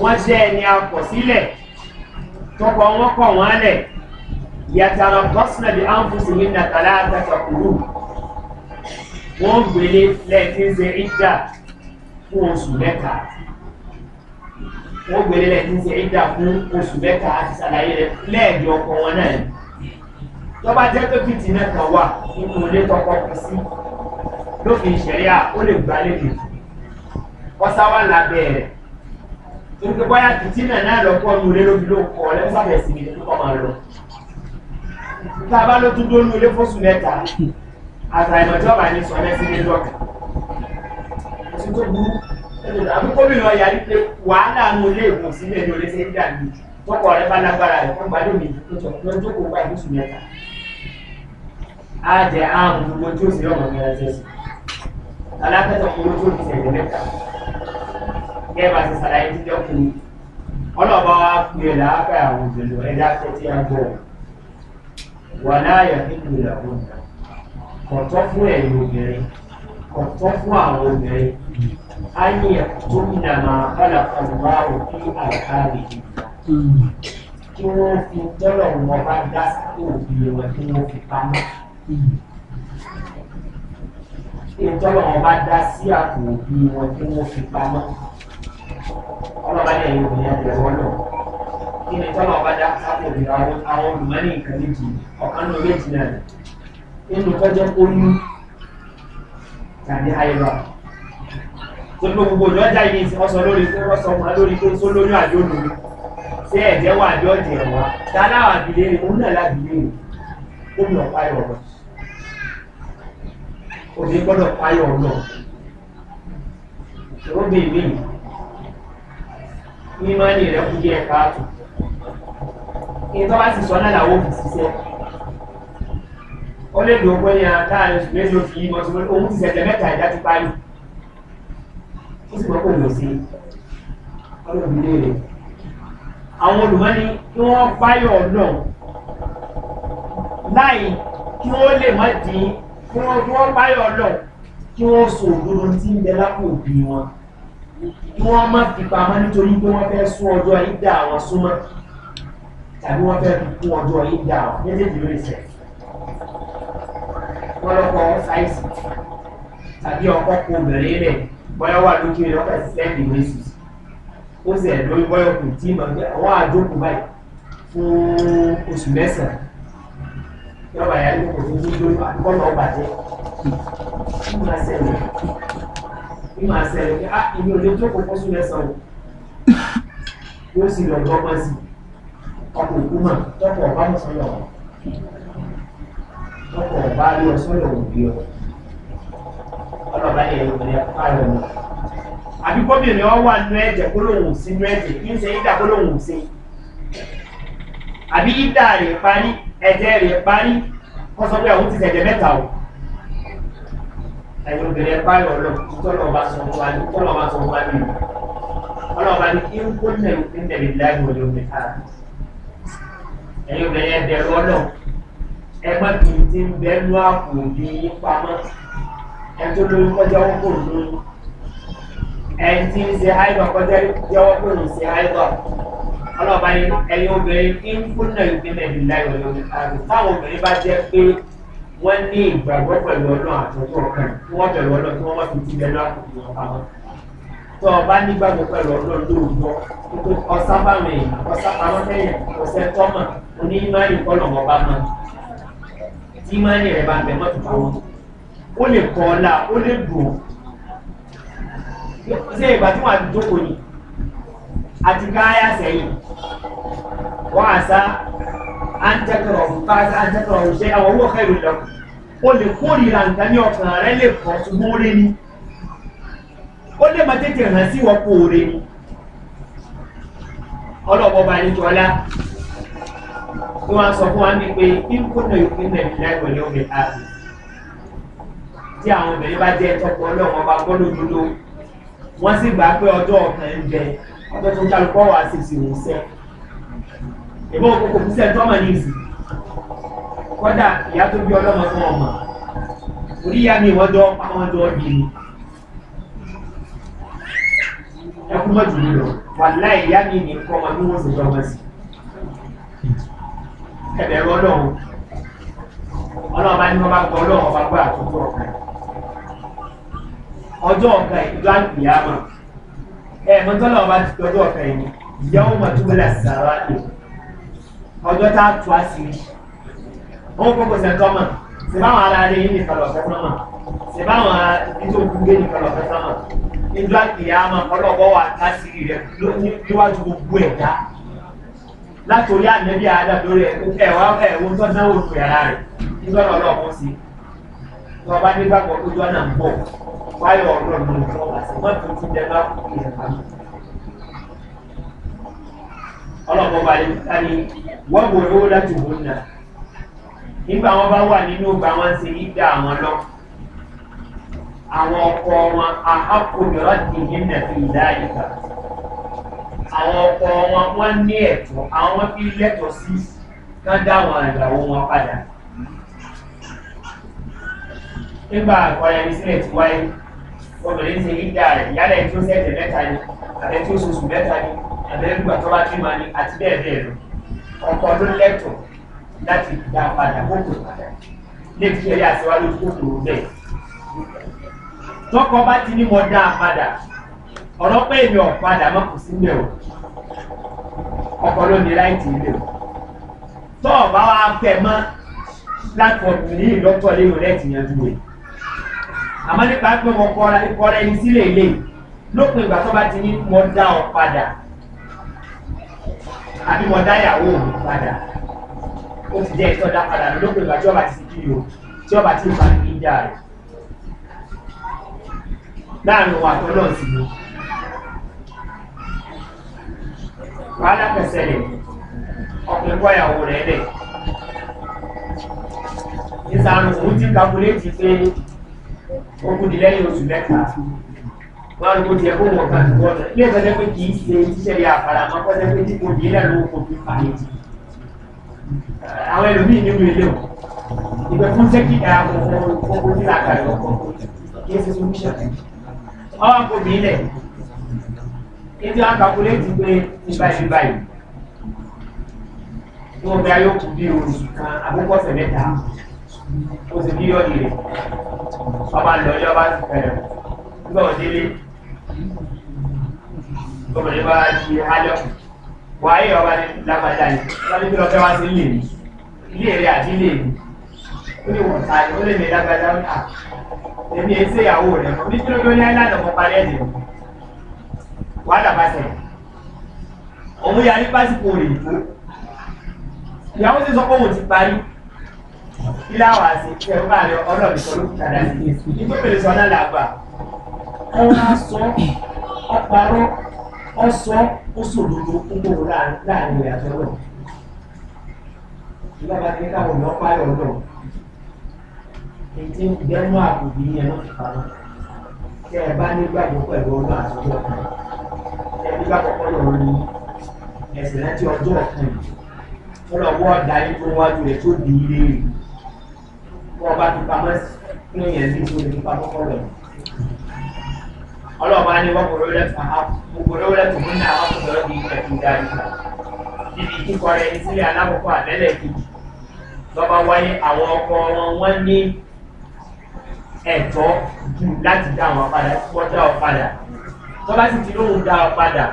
Speaker 2: wọ́n jẹ́ ẹni akọ̀ sílẹ̀ tọ́pọ̀ wọn kọ̀ wọ́n lẹ̀ yàtàrà gọ́sìnà bí áńfùsì ní nàtàlá àtàkà kúrú wọ́n gbélé lẹ́ẹ̀kí ṣe ìdá fún oṣù mẹ́ta wọ́n gbélé lẹ́ẹ̀kí ṣe ìdá fún oṣù mẹ́ta àti ṣàlàyé rẹ̀ lẹ́ẹ̀dì ọkọ̀ wọn náà tọ́ba wà nínú ilé tọkọ kù lófin ìṣẹ̀ríà ó lè gba lébi ọ̀sáwá lábẹ́ rẹ̀ torí pé bóyá kìtìnà náà lọ pọ̀ nù lé lóbi ló kọ́ lẹ́sàbẹ̀ sí mi ló kọ́ máa lọ. tá a bá ló tún dónú ilé fóṣù mẹ́ta àtà ìmọ̀jọba ní sọ lẹ́sìn ní lọ́kà. oṣù tó burú àbí gómìnà yarí pé wàhálà nu ilé ìwòsàn sílẹ̀ ní olóṣè ń dà mí tọkọ rẹ bá lágbára rẹ fún gbàdúrà mi tó jọ lọ́jọ́ kó wáyé fóṣù mẹ́ta. á jẹ àrùn gbogbo tí ó sì rọ̀ mọ́ mi ثلاثة قنوت سيدنك كيف سسلاي تجوكني ọlọ́ọ̀bá wa fi ẹ̀ láàpẹ́ àwọn òṣèlú ẹja tẹ́ tí a gbọ́ wà láàyè nínú ìlàwó ìgbà kọ̀tọ́ fún ẹ̀yìn obìnrin kọ̀tọ́ fún àwọn obìnrin á ní ẹ̀kọ́ tó ní nà máa ìtọ́lọ̀ wọn bá dá sí àpò òbí wọn tí wọ́n fi pamọ́ ọlọ́ba ní ẹ̀yìn òbí ẹ̀jẹ̀ wọn náà kí ni tọ́lọ̀ wọn bá dá sápò òbí àwọn àwọn olùmọ́ni nǹkan méjì ọ̀kan náà méjì náà nínú tọ́jọ́ oyún tàbí àyẹ̀wò gbogbo gbogbo lọ́jà yìí ti ọsọ lórí pé wọ́n sọ ọmọ lórí pé tó lóyún àjọ lòun ṣé ẹ̀jẹ̀ wà àjọ ọ̀jẹ̀ wà tá a òun náà lábìlẹ̀ òun náà páyọ̀ òbí gbọ́dọ̀ páyọ̀ náà ìrúbìn mi ní máa ní rẹ̀ kú díẹ̀ káàtó ìyẹn tó bá sì sọ náà làwọn òfin ṣiṣẹ́ ó lè dùn pé ní àtàrin oṣù méjì oṣù yìí mọ́tò òun ti ṣẹ̀ṣẹ̀ mẹ́ta ìdá ti parí ó sì mọ́ kò lò sí ọlọ́run ní èrè àwọn olùmọ́ni kí wọ́n páyọ̀ náà láì kí wọ́n lè má dín kí wọ́n kí wọ́n báyọ̀ lọ kí wọ́n so òdodo tí ń bẹ lápò òbí wọn kí wọ́n má fi pamọ́ nítorí pé wọ́n fẹ́ sún ọjọ́ ìdá àwọn súnmọ́ tàbí wọ́n fẹ́ fi kún ọjọ́ ìdá àwọn méjèèjì lórí ìṣẹ̀ wọ́n lọ́kọ̀ ṣáìsì tàbí ọkọ̀ kó obìnrin rẹ̀ bọ́yá wà lókè rẹ̀ ọkọ̀ sẹ́ẹ̀dì wẹ́sì ó sì ẹ̀ lórí bọ́yọ̀ kò tí ì yọba yà ní kò ní yíyó àkọ́tọ̀ bàjẹ́ kí máa ṣẹlẹ̀ kí máa ṣẹlẹ̀ kí á ìmí òde tó kọ́kọ́ sún lẹ́sàn o yóò sì lọ gbọ́ pọ́n sí ọkọ̀ òkú mà tọkọ̀ ọba mọ̀ sọ́yọ̀ ọ̀ tọkọ̀ ọba lé ọ sọ́yọ̀ òbí ọ ọlọ́ba yẹn ló ní ayọ̀ mọ́ àbí kọ́bìnrin ọ wà nú ẹ̀jẹ̀ kó lóun sí nú ẹ̀jẹ̀ kí ń ṣe ìdá kó lóun sí àbí ìdá rẹ̀ parí ẹ̀jẹ̀ rẹ̀ parí wọ́n sọ pé àwọn ti ṣẹ̀jẹ̀ mẹ́ta o ẹ̀jẹ̀ obìnrin ẹ̀ parí ọ̀lọ́ tọ́lọ̀ ọba sọ fún wa ní tọ́lọ̀ ọba sọ fún wa ní ọlọ́ọ̀ba ní kí ń kó nẹ̀ ń tẹ̀lé láì wọlé omi ká ẹ̀yin obìnrin ẹ̀ bẹ̀rù ọlọ́ ẹ má kì í ti ń bẹ́ẹ̀ lú àpò bí pamọ́ ẹ tó lórí kọjá ó kò ní ẹ ti ń ṣe àìbọ̀ kọjá jẹ́wọ́ pé ń ṣe àìbọ̀ ọlọ́ba ẹ̀yin obìnrin ń kúnnà ìpínlẹ̀ ìlà ìwọ̀n àti táwọn obìnrin bá jẹ́ pé wọ́n ní ìgbàgbọ́ pẹ̀lú ọlọ́run àtọ́jú ọ̀kan tí wọ́n pẹ̀lú ọlọ́run tí wọ́n wọ́n fi ti bẹ́ẹ̀ lákòókò wọn pamọ́. tó o bá nígbàgbọ́ pẹ̀lú ọlọ́run lóòótọ́ kókó ọ̀sábàmì ọ̀sápamọ́ tẹ̀yìn ọ̀sẹ̀ tọ́mọ̀ oní imáyì kọ́lọ̀mọ́ bá mọ́ tí imáyì rẹ̀ bá bẹ̀ mọ́tò pamọ́. ó lè kọ́ ọ́ la ó lè dùn ó ṣe ìgbà tí àti káyà sẹ́yìn wọ́n àṣà àǹtẹ̀kọ̀rọ̀ káṣà àǹtẹ̀kọ̀rọ̀ ṣe àwọn owó kẹrù lọ o lè kórìíra nǹkan ní ọkàn rẹ lè pọ̀ ṣùgbọ́n ó rẹ ni ó lè má tètè hàn sí ìwọ́pọ̀ rẹ ni ọlọ́pọ̀ bá ní jọlá ó máa sọ fún wa ní pé ìkúnà ìpínlẹ̀ ìpínlẹ̀ pẹ̀lú omi ààbò tí àwọn obìnrin bá jẹ́ tọkọ ọlọ́wọ́n bá gbọ́dọ̀ dúró wọ́n sì gbà pé ọjọ́ ọ̀kan ń jẹ wọ́n fẹ́ tó kálukọ́ wà á sì sì wọ́n sẹ́ ìbọn òkòkò fún sẹ́ tọ́mọ ní ìsìn kọ́dà ìyá tó bí ọlọ́mọ fún ọmọ orí ìyá mi wọ́n jọ àwọn jọ bí i ẹkú mọ́jú mi lọ wà láì ìyá mi ní kọ́ ọmọ bí wọ́n sì jọ wọ́n sí ẹ̀bẹ̀ rọ lọ́wọ́ ọlọ́run bá ní wọ́n bá gbọ́ ọlọ́run ọba gbọ́ àtúntò ọ̀kan ọjọ́ ọ̀kan ìlú àgbìyàmọ̀ ẹ mọ tọ́lá ọba ti tọ́jú ọ̀fẹ́ yìí ìyàwó mọ̀ tó bẹ̀rẹ̀ sàrà ẹ̀ ọjọ́ tá a tù á sí i wọ́n kókò sẹ́ tọ́mọ̀ ṣe báwọn ará rẹ̀ yìí nìkan lọ́fẹ́ sọ́mọ̀ ṣe báwọn ìjọ òkúgbé nìkan lọ́fẹ́ sọ́mọ̀ níjọ́ àkìyà àmọ́ ọlọ́kọ́ wa tá sí i rẹ̀ níwájú gbogbo ẹ̀dá látòrí ànẹ́bí àádá lórí ẹ̀wọ́ ẹ̀wọ́ tó náwó fún yàrá rẹ̀ nígbà náà ọlọ́kọ́ sí i tọ́ páyọ̀ ọ̀dọ́ ìlú ìfọ̀ mọ́tò ti jẹ bá kú ìyẹ̀fà. ọlọ́pọ̀ bá yẹ ká ní wọ́n bò lówó láti wò nà nígbà wọn bá wà nínú ìgbà wọn ṣe ìgbà àwọn lọ àwọn ọkọ wọn àhákòyọ̀rọ̀ ti yín nà fi ìdá ìgbà àwọn ọkọ wọn wọn ní ẹ̀tọ́ àwọn fi lẹ́tọ̀ sí kán dá àwọn ìyàwó wọn padà nígbà àkọyẹ̀mí sílẹ̀ ti wáyé obìnrin ti rí dà rẹ̀ yálẹ̀ tí ó sẹ̀tẹ̀ mẹ́ta ni àbẹ́ tí ó sọ̀sù mẹ́ta ni àbẹ́ gbà tó bá tí ma ni àti bẹ́ẹ̀ bẹ́ẹ̀ lọ ọkọ̀ ló lẹ́tọ̀ láti dá padà kókò padà lè fi ẹ̀rí àṣewálé kókò bẹ́ẹ̀. tọkọ bá ti ní mo dá a padà ọ̀rọ̀ pé èmi ò padà má kò sí mẹ́ o ọkọ̀ ló ní láì tì í lè o tọ́ọ̀ bá wa pẹ̀ mọ́ láti ọ̀gbìn ní ìlọ́tọ̀ lé àmọ́ nípa pé mo kọra ìkọra ẹni sílé ilé lópin ìgbà tó bá ti ní mo dá ọ padà àbí mo dá ìyàwó mi padà ó ti jẹ́ ìtọ́jà padà lópin ìgbà tí ọba ti sì kí o tí ọba ti fà ní ìjà rẹ̀ láàrin òun àtọ́ náà sì ni wàhálà kẹsẹ̀lẹ̀ ọkùnrin kọ́ ìyàwó rẹ̀ lẹ̀ ìsàrùn òun ti kàkúlé pé wọ́n kú di lẹ́yìn oṣù mẹ́ta wọ́n á lóko tiẹ̀ kó wọ́n kan tó wọ́n ilé ìfẹ́ pé kì í ṣe iṣẹ́ yà àpàrà máa kọ́ pé tí mo dì í lẹ́nu oko fi fà yé àwọn ẹlòmíì nínú ilé o ìgbẹ́ fún sẹ́kì ẹ̀ ọkọ̀ ní làkàrẹ̀ ọkọ̀ kì í ṣe solution ọwọ́ kò bí ilẹ̀ ètò àkàkùlẹ́tì pé ìgbà ìgbà yìí wọ́n bẹ ayọ́kù bí oṣù kan àkókò ọ̀sẹ̀ ó ti bí yọ̀ọ̀dì rẹ̀ ọba lọ yọ bá gbọ̀ délé obìnrin bá di ájọ́ wáyé ọba ní lápàdá yìí lọ́dún tí lọ́fẹ́ wá sí ilé mi ilé rẹ̀ àti ilé mi ó lè wọ̀n ta ó lè mẹ́ta gbàdá à èmi ẹ̀ ń ṣèyàwó rẹ̀ mọ́ nítorí ó ní àìlànà mọ́ parí ẹ̀jẹ̀ wà dàbàtẹ̀ òun yà ní pásítọ̀ rẹ̀ ìyàwó ti sọ pé òun ti parí kíláwà sí ẹ̀rọ bá rẹ ọlọ́ọ̀dì sọ ló kúta dáa
Speaker 1: ní pépèlè
Speaker 2: sọ náà làgbà. ẹ wá sọ ọparọ ọsọ oṣòdodo kúkúrú láàrin ìrìn àjọ náà ìlànà tí káwọn ọmọ páyọ náà èyí tí ń gbẹmú àbùdí yẹn ló fi pamọ́ tí ẹ bá nígbàgbọ́ pẹ̀lú ọdún àtúntò ọkàn ẹbí bá kọ́kọ́ lọ rí ẹsẹ̀ láti ọjọ́ ọ̀kan yìí ó lọ wọ́ ọ̀dà yìí tó wájú rẹ̀ tó di ilé kọ́ ọba ti pamọ́ sínú yẹn bí ìwé nípa kọ́kọ́ rẹ̀. ọlọ́ọ̀bá ni wọ́n kọ̀rọ̀ lẹ́fọ̀n àkókò lẹ́fọ̀n fún náà wọ́n kọ̀rọ̀ di ìfẹ́ tó dáa nípa. níbi kíkọ rẹ̀ ní sílẹ̀ alákọ̀ọ́kọ́ àtẹ́lẹ̀ kejì lọ́ba wáyé àwọn ọkọ wọn wọ́n ní ẹ̀tọ́ jù láti dá wọn padà wọ́n dá wọn padà tọ́lá sì ti lóhùn dá wọn padà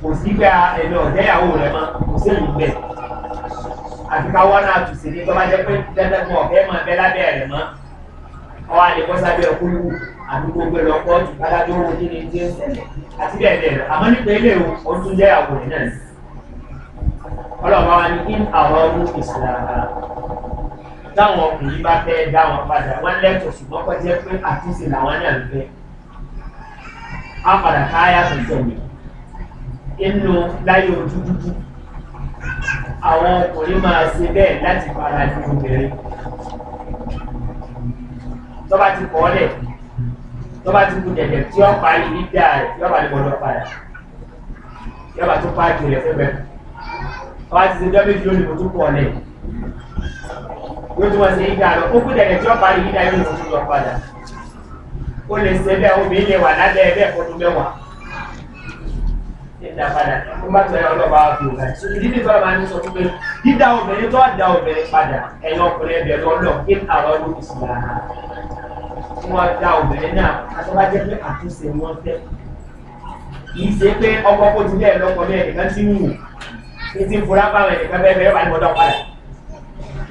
Speaker 2: kò sí pé ẹ̀lọ́ ọ̀dẹ́yàwó rẹ̀ mọ́ kò sí ìlú bẹ́ẹ̀ àfi ká wọ́n náà tù sí ní tó bá jẹ́ pé dandan fún ọ̀fẹ́ mọ̀ bẹ́ lábẹ́ rẹ̀ mọ́ ọwọ́ àdìpọ́ sábẹ́ ọkùnrin wù àbí gbogbo ẹ̀rọ kọ́ọ̀tù kájájọ́ owó kí ni tí ń sẹ̀lẹ̀ àti bẹ́ẹ̀ bẹ́ẹ̀ lọ àmọ́ nípa ilé o ó tún jẹ́ àwọ̀ rẹ̀ náà ọlọ́ọ̀bá wa ní in àwọn ọdún ìsìlára táwọn ọkùnrin bá fẹ́ dá wọn padà wọ́n lẹ́tọ̀ ṣùgbọ́n kọ́ jẹ́ pé àtúnṣe làwọn náà ń fẹ́ á padà káyà tuntun mi àwọn ọkùnrin máa ṣe bẹ́ẹ̀ láti fara ní obìnrin tọ́ba ti kọ́ lẹ̀ tọ́ba ti kú dẹ̀dẹ̀ tí ó parí nígbà yọba ní gbọdọ̀ padà yọba tó páàkì rẹ̀ fẹ́ bẹ́ẹ̀ tọ́ba ti ṣe jọ́ méjì lónìí mo tún kọ́ lẹ̀ yóò tún wọ́n ṣe ìgbà lọ ó kú dẹ̀dẹ̀ tí ó parí nígbà yóò ní mo padà ó lè ṣe bẹ́ẹ̀ obìnrin lè wà lábẹ́ ẹ bẹ́ẹ̀ fọdún mẹ́wàá ẹ̀dá padà nígbà tí ọlọ́ba á fi òkà ìṣòro dídí bá máa ń sọ fún pé dídá obìnrin tó àdá obìnrin padà ẹ̀yìn ọkùnrin ẹ̀bẹ̀ lọ́lọ́ kí àwọn ọdún ti sùn lára wọn dá obìnrin náà àtọ́bájẹ́ pé àtúnṣe wọn tẹ́ kì í ṣe pé ọkọ̀ kó ti bẹ́ẹ̀ lọ́kọ̀ bẹ́ẹ̀ nìkan ti wù ní ti fura báwọn ẹ̀nìkan bẹ́ẹ̀ bẹ́ẹ̀ bá ní ọdọ́ padà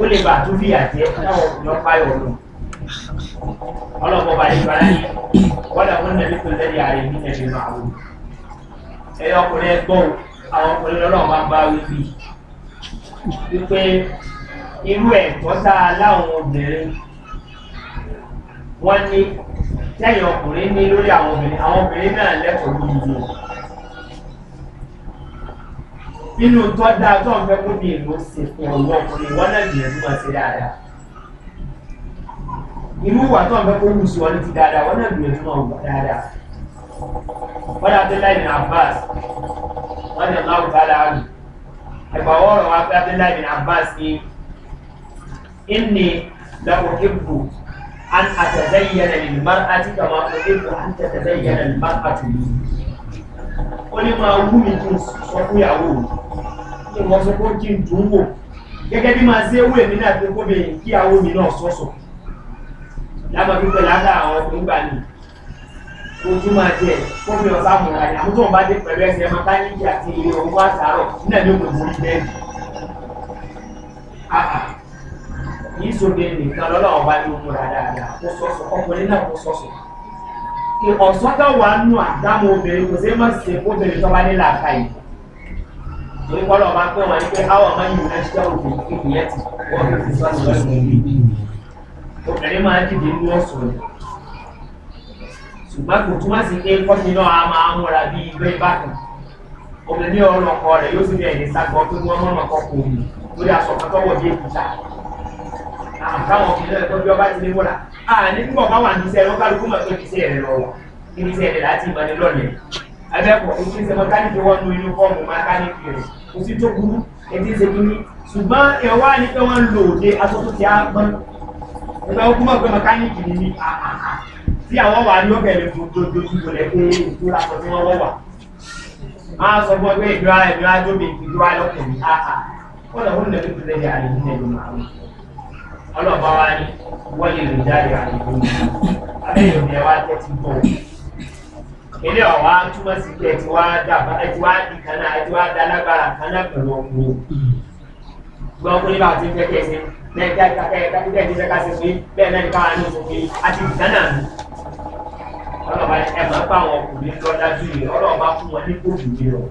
Speaker 2: ó lè bà tó bí àjẹ́ ìgbàlá yìí wọ́n dà nàbí tó lẹ́yìn ààrẹ ní ẹ̀mí màálù ẹ̀yọ ọkùnrin ẹgbọ́n àwọn ọkùnrin lọ́nà máa bá wípé wípé irú ẹ̀kọ́ tá a láwọn obìnrin wọ́n ní lẹ́yìn ọkùnrin ní lórí àwọn obìnrin àwọn obìnrin náà lẹ́kọ̀ọ́ lójú nínú tó dáa tó ń fẹ́ kó ní ìlú sí fún ọwọ́ ọkùnrin wọ́n náà gbìyànjú máa ṣe dáadáa irú wà tó ń fẹ́ kó wù sí wọn ní ti dáadáa wọ́n náà gbìyànjú máa wù dáadáa wọ́n dá abdullahi bin abbas wọ́n ní ọ̀nà àwùjọ aláàbì ẹ̀gbà ọ̀rọ̀ wa pé abdullahi bin abbas ní inni lọ́wọ́ ibù an àtẹ̀zẹ́yẹnà lè mar àti kàmá ibù an tẹ̀zẹ́yẹnà lè mar àti lè ó ní máa wú mi kí n sọ fún ìyàwó mi wọ́n sọ fún kí n dùn wò gẹ́gẹ́ bí máa ṣe owó èmi náà pé kó bẹ̀rẹ̀ kíyàwó mi náà sọ́sọ̀ lábàá pípẹ́ ládàá àwọn ọkùnrin gbà nìyí ojú máa jẹ fún mi ọ̀sán àmúra ẹ̀ àmútọ́ ọ̀bá dé pẹ̀lú ẹsẹ̀ mẹkáníìkì àti ilé owó àtàrọ̀ nílẹ̀ ní òkùnkùn orí bẹ́ẹ̀ ni. yìí sóde nìkan lọ́la ọba ní ogun rà dáadáa kó sọ́sọ́ ọkùnrin náà kó sọ́sọ́. ọ̀sán tó wà nù àdámọ̀ obìnrin kò sí máa ṣe obìnrin tó bá nílà ká yìí. torí kọ́ lọ́ọ́ máa pẹ́ wọn ní pé áwọ̀ máa yìí náà ṣiṣẹ́ òkè kékeré ti wọ́n fi sọ́sọ́ ṣùgbọ́n kò túmọ̀ sí pé kọ́sí náà a máa múra bí ìgbẹ́ ìbátan obìnrin ní ọkọ rẹ̀ yóò sì bẹ̀rẹ̀ ní sagbọ́ pé wọ́n mọ̀mọ́ kọ́ kò mí lórí aṣọ kan tọ́wọ́ bí èkúta àtàwọn òbí náà tọ́jú ọba ti lé wọ́lá à ní púpọ̀ bá wà níṣẹ́ ẹ̀rọ kálukú mọ̀ pé kìí ẹ̀rẹ̀ lọ́wọ́ kí ní ẹ̀rẹ̀ láti ìmọ̀lẹ́ lọ́lẹ̀ abẹ́pọ̀ kò sí ṣe mọ́tánìkì wọ́n nu yunifọ́ọ̀mù mọ́tánìkì rẹ̀ kò sí tó burú etí ṣe kí ní ṣùgbọ́n ẹ̀wá ni pé wọ́n lò dé aṣọ tó ti á gbọ́n ẹgbẹ́ ó kú mọ̀ pé mọ́tánìkì ni ní àhàhà tí àwọn wà ní ọ̀kẹ́ lẹ́kùn dojúdojúdò lẹ́kùn ìtura sọ tí wọ́n wọ́ wà. máa sọ fún ọ pé ìdúrà ìdúrà jómi ìdúrà lọ́kẹ̀ mi áhà wọ́n lọ fún lẹ́kùn tẹ̀lé àlè nílẹ̀ ló máa wí. ọlọ́ọ̀bá wa ní wọ́n lè rìn jáde àlè tó ní abẹ́yẹ̀ òní ẹ̀ wá tẹ́tí bọ̀. ilé ọ̀wá túmọ̀ sí pé ẹ̀tí wá dàbá ẹ̀tí wá di kaná ẹ̀tí wá dalágbára kaná pẹ̀lú ọkùnrin. gbọ́n lẹ́ẹ̀dá ìtàkẹ́ ẹ̀ẹ́dẹ́gbẹ́ ti fẹ́ ká ṣe fún bẹ́ẹ̀ náà ní káwọn ní òfin fún àti ìdáná mi. ọlọ́ba ẹ máa bá àwọn ọkùnrin lọ dájú rẹ̀ ọlọ́ba fún wọn ní
Speaker 1: kóòdù mi rọ̀.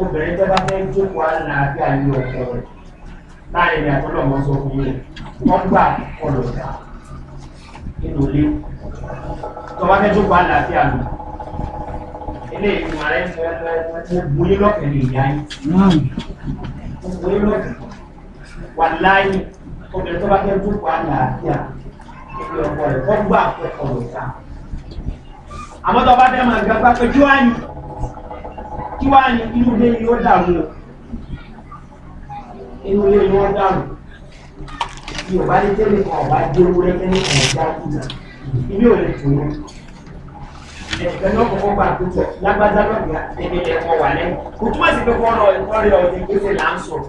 Speaker 2: obìnrin tó bá fẹ́ jókòó àlàáfíà ní ọ̀pọ̀ rẹ̀ láàrin ní àtọ́lọ́mọ sọ fún yẹn wọ́n gbà ọ̀rọ̀ dà nínú ilé. tó bá fẹ́ jókòó àlàáfíà lọ ilé ìgbìmọ̀ rẹ̀ ń fẹ́ lọ́ọ́ wà láyé obìnrin tó bá fẹ́ dúpọ̀ àlàáfíà ìpè ọkọ rẹ̀ kọ́ gbà ọkọ̀ rẹ̀ ká. àmọ́ tó bá fẹ́ máa gbà pé kí wàá ní kí wàá ní inú ilé yìí ó dàrú o inú ilé yìí ó dàrú mi ò bá lè tẹ́lẹ̀ kan ọ̀bá dé owó rẹ́kẹ́ ní ọ̀dá kùnà ilé ò lè tò ó ẹ̀fẹ́ náà kọ́kọ́ gbà tó lágbájá lọ́gbà ẹ̀mí lẹ́kọ̀ọ́ wà lẹ́yìn kò túmọ̀ sí pé kọ́ ọ̀rọ̀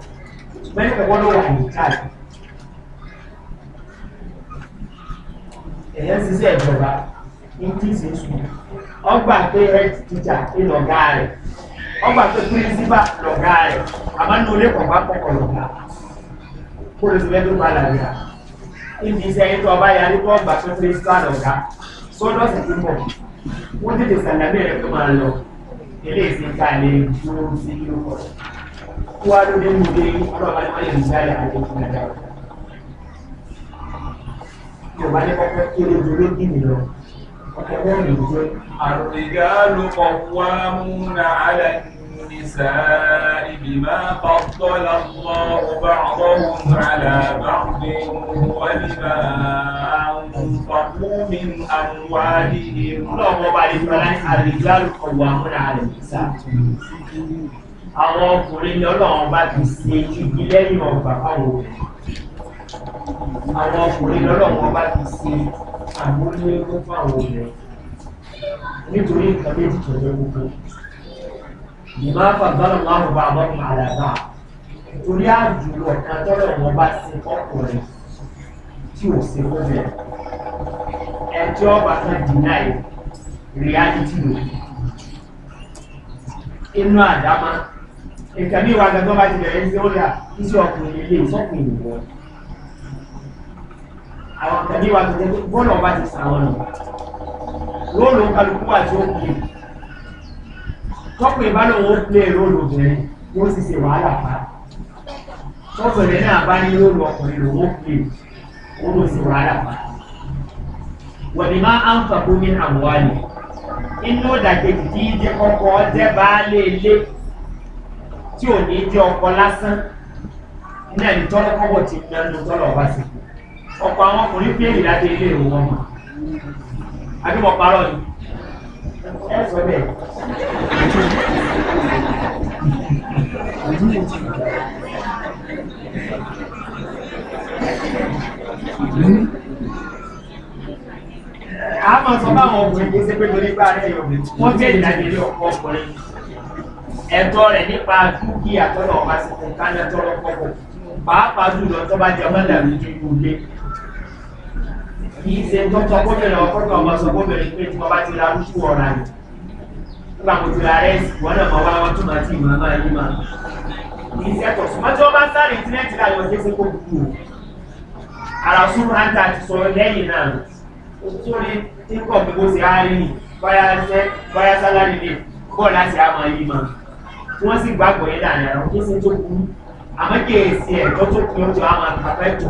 Speaker 2: ṣùgbọ́n nípa wọ́n ló wà ní káàdì ẹ̀yẹ́ ṣiṣẹ́ ìjọba ní tí ṣe sùn ọgbà pé head teacher ń lọ̀gá rẹ̀ ọgbà pé principal lọ̀gá rẹ̀ àmọ́ ní olè kọ̀ọ̀kan kọ̀ọ̀kan lọ̀gá kó lè ṣe lẹ́gbẹ̀ẹ́ padà rí a níbi iṣẹ́ yín tó ọba yarí kó ọgbà pé principal lọ̀gá sọ́dọ̀sì ti mọ̀ wọ́n kowa da dai mu dai ana ba da misali a cikin na da ko ba ne ka ka
Speaker 1: kire dole gini lo الرجال قوامون على النساء بما فضل الله بعضهم على بعض وبما أنفقوا من أموالهم. الله الرجال قوامون
Speaker 2: على النساء àwọn ọkùnrin ni ọlọ́run bá ti ṣe igi lẹ́yìn ọgbà fáwọn obìnrin àwọn ọkùnrin lọ́lọ́run bá ti ṣe àmúlẹ́gbẹ́ fáwọn obìnrin
Speaker 1: nítorí nǹkan méjì
Speaker 2: tó lé gbogbo ìmọ̀ àfàgbọ́nà márùn-ún bá àwọn àlàbà torí àjùlọ kan tọ́lọ̀ wọn bá ṣe ọkùnrin tí ò ṣe fúnbẹ̀ ẹjọ́ ọba kan deny reality lò inú àdámá ìkànnì ìwà àgbàgbọ́ bá ti bẹ̀rẹ̀ ṣe ó yà iṣẹ́ ọkùnrin ilé ìsọ́kùnrin ìwọ àwọn ìkànnì ìwà tó jẹ́ bọ́ọ̀lù ọba ti sàwọn nù róòlù kálukú àti òkùnrin tọ́kùnrin bá lòun ó lé róòlù obìnrin ó sì ṣe wàhálà pa tọ́kùnrin náà bá ní róòlù ọkùnrin lòun ó pè ó lò sí wàhálà pa wọ̀dì máa ń fàkó ní àwọn inú ìdàkejì tí jẹ́ kọ́kọ́ jẹ́ baálé tí ò ní jẹ́ ọkọ̀ lásán náà ní tọ́lọ́ kọ́wọ́ ti gbẹ́ ló tọ́lọ̀ ọba sí ọkọ̀ àwọn ọkùnrin pé ìdájọ ilé ìwò wọn mọ̀ àbíkọ̀ parọ́ ni ẹ sọ bẹ́ẹ̀. a máa sọ fáwọn ọkùnrin kí ṣe pé torí bá a rẹ̀ yọ̀ wọ́n jẹ́ ìdájọ ilé ọkọ̀ ọkùnrin ẹ̀tọ́ rẹ̀ nípa dúkìá tọ́lọ̀ ọba sí fún káná tọ́lọ̀ pọ̀pọ̀ pàápàá jùlọ tó bá jẹ mọ́lá mi ju ikú lé kì í ṣe tó tọ́ gómìnà ọkọ̀tọ̀ ọmọ sọ gómìnà pé tí wọ́n bá ti ra lúkú ọ̀rá rẹ̀ nígbà mo ti ra rẹ́ẹ̀sì wọ́n náà mọ̀ wá wọn tó máa ti ìmọ̀ máa yí máa kì í ṣe tọ̀ ṣùgbọ́n tí wọ́n bá sáré íńtínẹ́ẹ̀tì láyọ̀ ṣe ṣe kó kú o ara súnmọ́ta ti sọ lẹ́yìn náà sórí tí kò gbogbo ṣe á rí báyà sálárì lè bọ́ọ̀ láti á máa yí máa tí wọ́n sì gbàgbọ́ yẹn láàrin àwọn kí n ṣe tó burú àmọ́ kí èsì ẹ̀tọ́ tó kún ojú àwọn àpapẹ́ tó